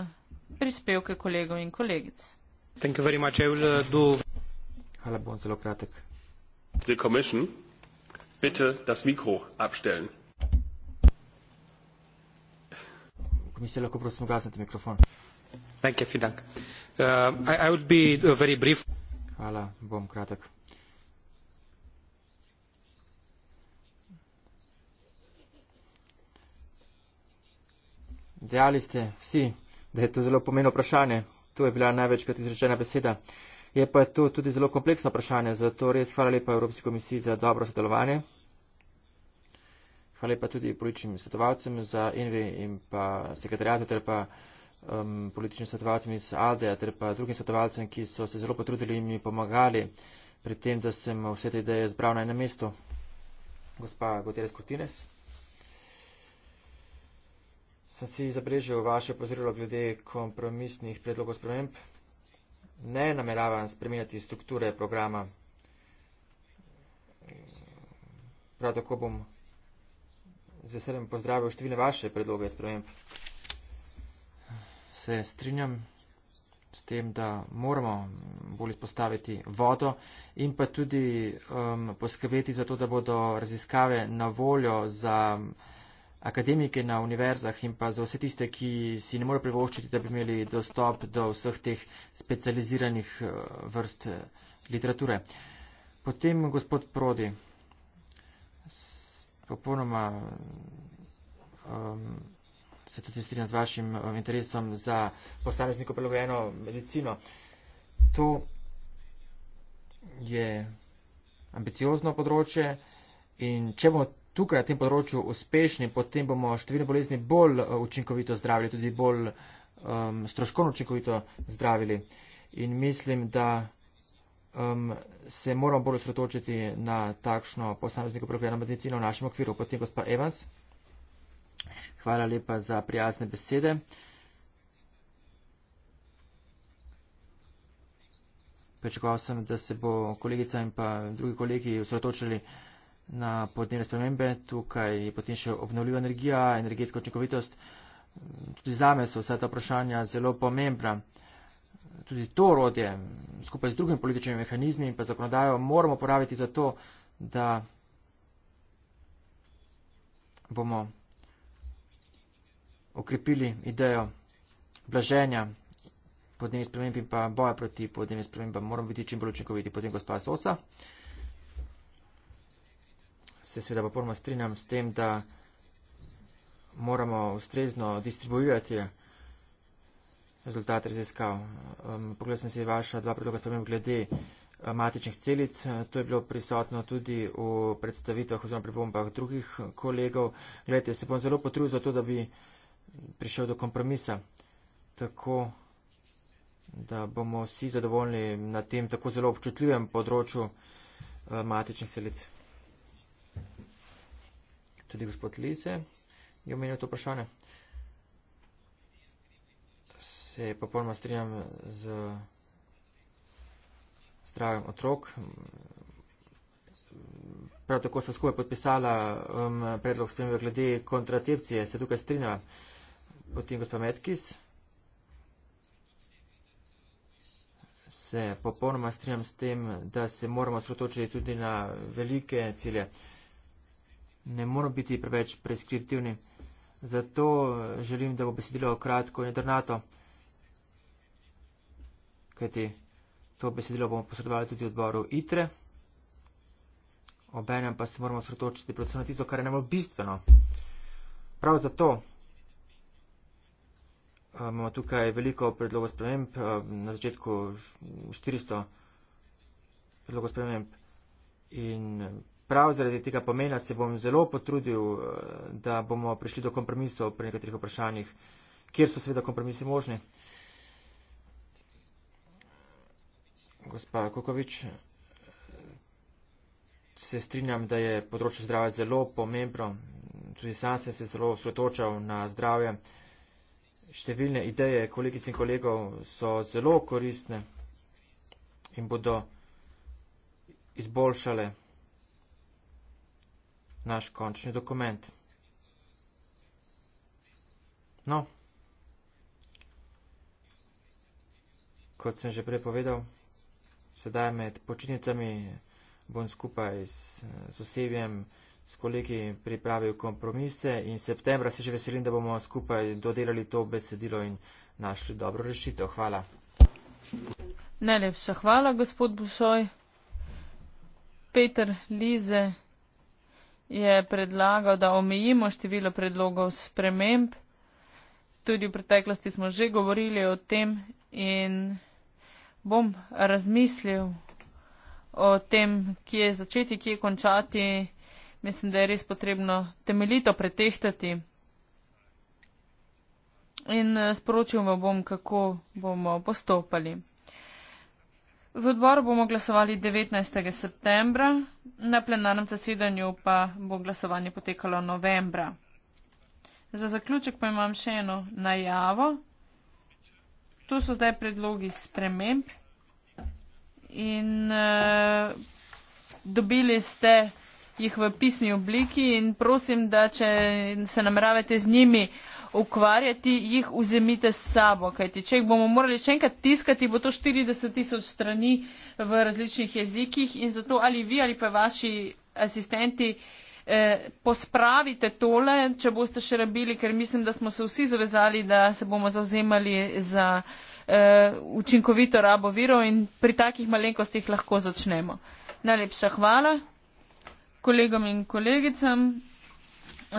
prispevke kolegov in kolegic. Thank you very much. I will uh, do. The Commission, bitte das Mikro abstellen. Thank you, Fidank. Uh, I, I would be uh, very brief. Hvala, bom kratek. Dejali ste vsi, da je to zelo pomeno vprašanje, To je bila največkrat izrečena beseda. Je pa to tudi zelo kompleksno vprašanje, zato res hvala lepa Evropski komisiji za dobro sodelovanje. Hvala lepa tudi političnim svetovalcem za Envi in pa sekretarjatu ter pa um, političnim svetovalcem iz ALDE ter pa drugim svetovalcem, ki so se zelo potrudili in mi pomagali pri tem, da sem vse te ideje zbral na enem mestu. Gospa Gutierrez Kutines. Sem si zabrežil vaše pozorilo glede kompromisnih predlogov sprememb. Ne nameravam spremenjati strukture programa. Prav tako bom z veseljem pozdravil številne vaše predloge sprememb. Se strinjam s tem, da moramo bolj izpostaviti vodo in pa tudi um, poskrbeti za to, da bodo raziskave na voljo za. Um, akademike na univerzah in pa za vse tiste, ki si ne morejo privoščiti, da bi imeli dostop do vseh teh specializiranih eh, vrst eh, literature. Potem, gospod Prodi, popolnoma um, se tudi strinjam z vašim eh, interesom za posamezniko prilagojeno medicino. To je ambiciozno področje in če bomo tukaj na tem področju uspešni, potem bomo številne bolezni bolj eh, učinkovito zdravili, tudi bolj um, stroškovno učinkovito zdravili. In mislim, da um, se moramo bolj osredotočiti na takšno posameznika programa medicine v našem okviru. Potem gospa Evans. Hvala lepa za prijazne besede. Pričakoval sem, da se bo kolegica in pa drugi kolegi osredotočili na podnebne spremembe, tukaj je potem še obnovljiva energija, energetska očinkovitost. Tudi za me so vsa ta vprašanja zelo pomembna. Tudi to rodje, skupaj z drugimi političnimi mehanizmi in pa zakonodajo, moramo uporabiti za to, da bomo okrepili idejo blaženja podnebnih sprememb in pa boja proti podnebnim spremembam. Moramo biti čim bolj učinkoviti, potem gospa Sosa se seveda popolnoma strinjam s tem, da moramo ustrezno distribuirati rezultate raziskav. Um, pogledal sem si vaša dva predloga spremem glede uh, matičnih celic. To je bilo prisotno tudi v predstavitvah oziroma pri bombah drugih kolegov. Gledajte, se bom zelo potrudil za to, da bi prišel do kompromisa, tako da bomo vsi zadovoljni na tem tako zelo občutljivem področju uh, matičnih celic tudi gospod Lise je omenil to vprašanje. Se popolnoma strinjam z zdravjem otrok. Prav tako sem skupaj podpisala um, predlog spremembe glede kontracepcije. Se tukaj strinjava. Potem gospod Metkis. Se popolnoma strinjam s tem, da se moramo sotočiti tudi na velike cilje. Uh, ne moramo biti preveč preskriptivni. Zato želim, da bo besedilo kratko in drnato, kajti to besedilo bomo posredovali tudi v odboru ITRE. Obenem pa se moramo sredočiti predvsem na tisto, kar je najbolj bistveno. Prav zato eh, imamo tukaj veliko predlogov sprememb, eh, na začetku 400 predlogov sprememb in eh, prav zaradi tega pomena se bom zelo potrudil, eh, da bomo prišli do kompromisov pri nekaterih vprašanjih, kjer so seveda kompromisi možni. Gospa Kukovič, se strinjam, da je področje zdravja zelo pomembno. Tudi sam sem se zelo osredotočal na zdravje. Številne ideje kolegic in kolegov so zelo koristne in bodo izboljšale naš končni dokument. No, kot sem že prepovedal, sedaj med počitnicami bom skupaj s osebjem, s kolegi pripravil kompromise in septembra se že veselim, da bomo skupaj dodelali to besedilo in našli dobro rešitev. Hvala. Najlepša hvala, gospod Bušoj. Peter Lize je predlagal, da omejimo število predlogov sprememb. Tudi v preteklosti smo že govorili o tem in bom razmislil o tem, kje začeti, kje končati. Mislim, da je res potrebno temeljito pretehtati. In eh, sporočil vam bom, kako bomo postopali. V odboru bomo glasovali 19. septembra, na plenarnem zasedanju pa bo glasovanje potekalo novembra. Za zaključek pa imam še eno najavo. Tu so zdaj predlogi sprememb in uh, dobili ste jih v pisni obliki in prosim, da če se nameravate z njimi ukvarjati, jih vzemite s sabo. Kajti, če jih bomo morali še enkrat tiskati, bo to 40 tisoč strani v različnih jezikih in zato ali vi ali pa vaši asistenti eh, pospravite tole, če boste še rabili, ker mislim, da smo se vsi zavezali, da se bomo zauzemali za uh, učinkovito rabo virov in pri takih malenkostih lahko začnemo. Najlepša hvala kolegom in kolegicam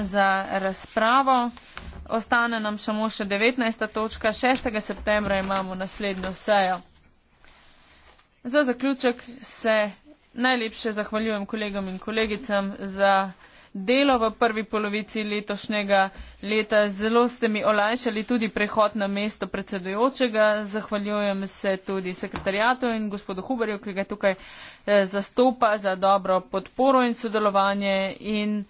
za razpravo. Ostane nam samo še 19. točka. 6. septembra imamo naslednjo sejo. Za zaključek se najlepše zahvaljujem kolegom in kolegicam za delo v prvi polovici letošnjega leta. Zelo ste mi olajšali tudi prehod na mesto predsedujočega. Zahvaljujem se tudi sekretarjatu in gospodu Huberju, ki ga tukaj eh, zastopa za dobro podporo in sodelovanje. In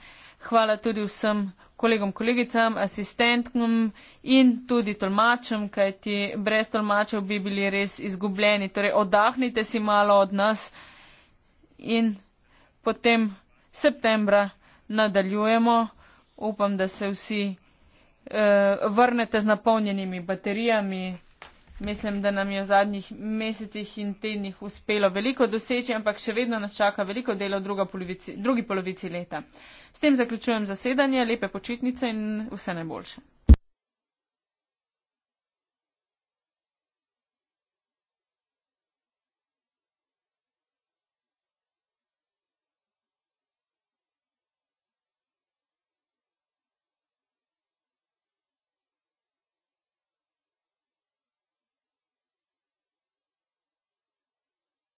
hvala tudi vsem kolegom, kolegicam, asistentkom in tudi tolmačem, kajti brez tolmačev bi bili res izgubljeni. Torej, oddahnite si malo od nas in potem septembra nadaljujemo. Upam, da se vsi uh, vrnete z napolnjenimi baterijami. Mislim, da nam je v zadnjih mesecih in tednih uspelo veliko doseči, ampak še vedno nas čaka veliko dela v polovici, drugi polovici leta. S tem zaključujem zasedanje, lepe počitnice in vse najboljše.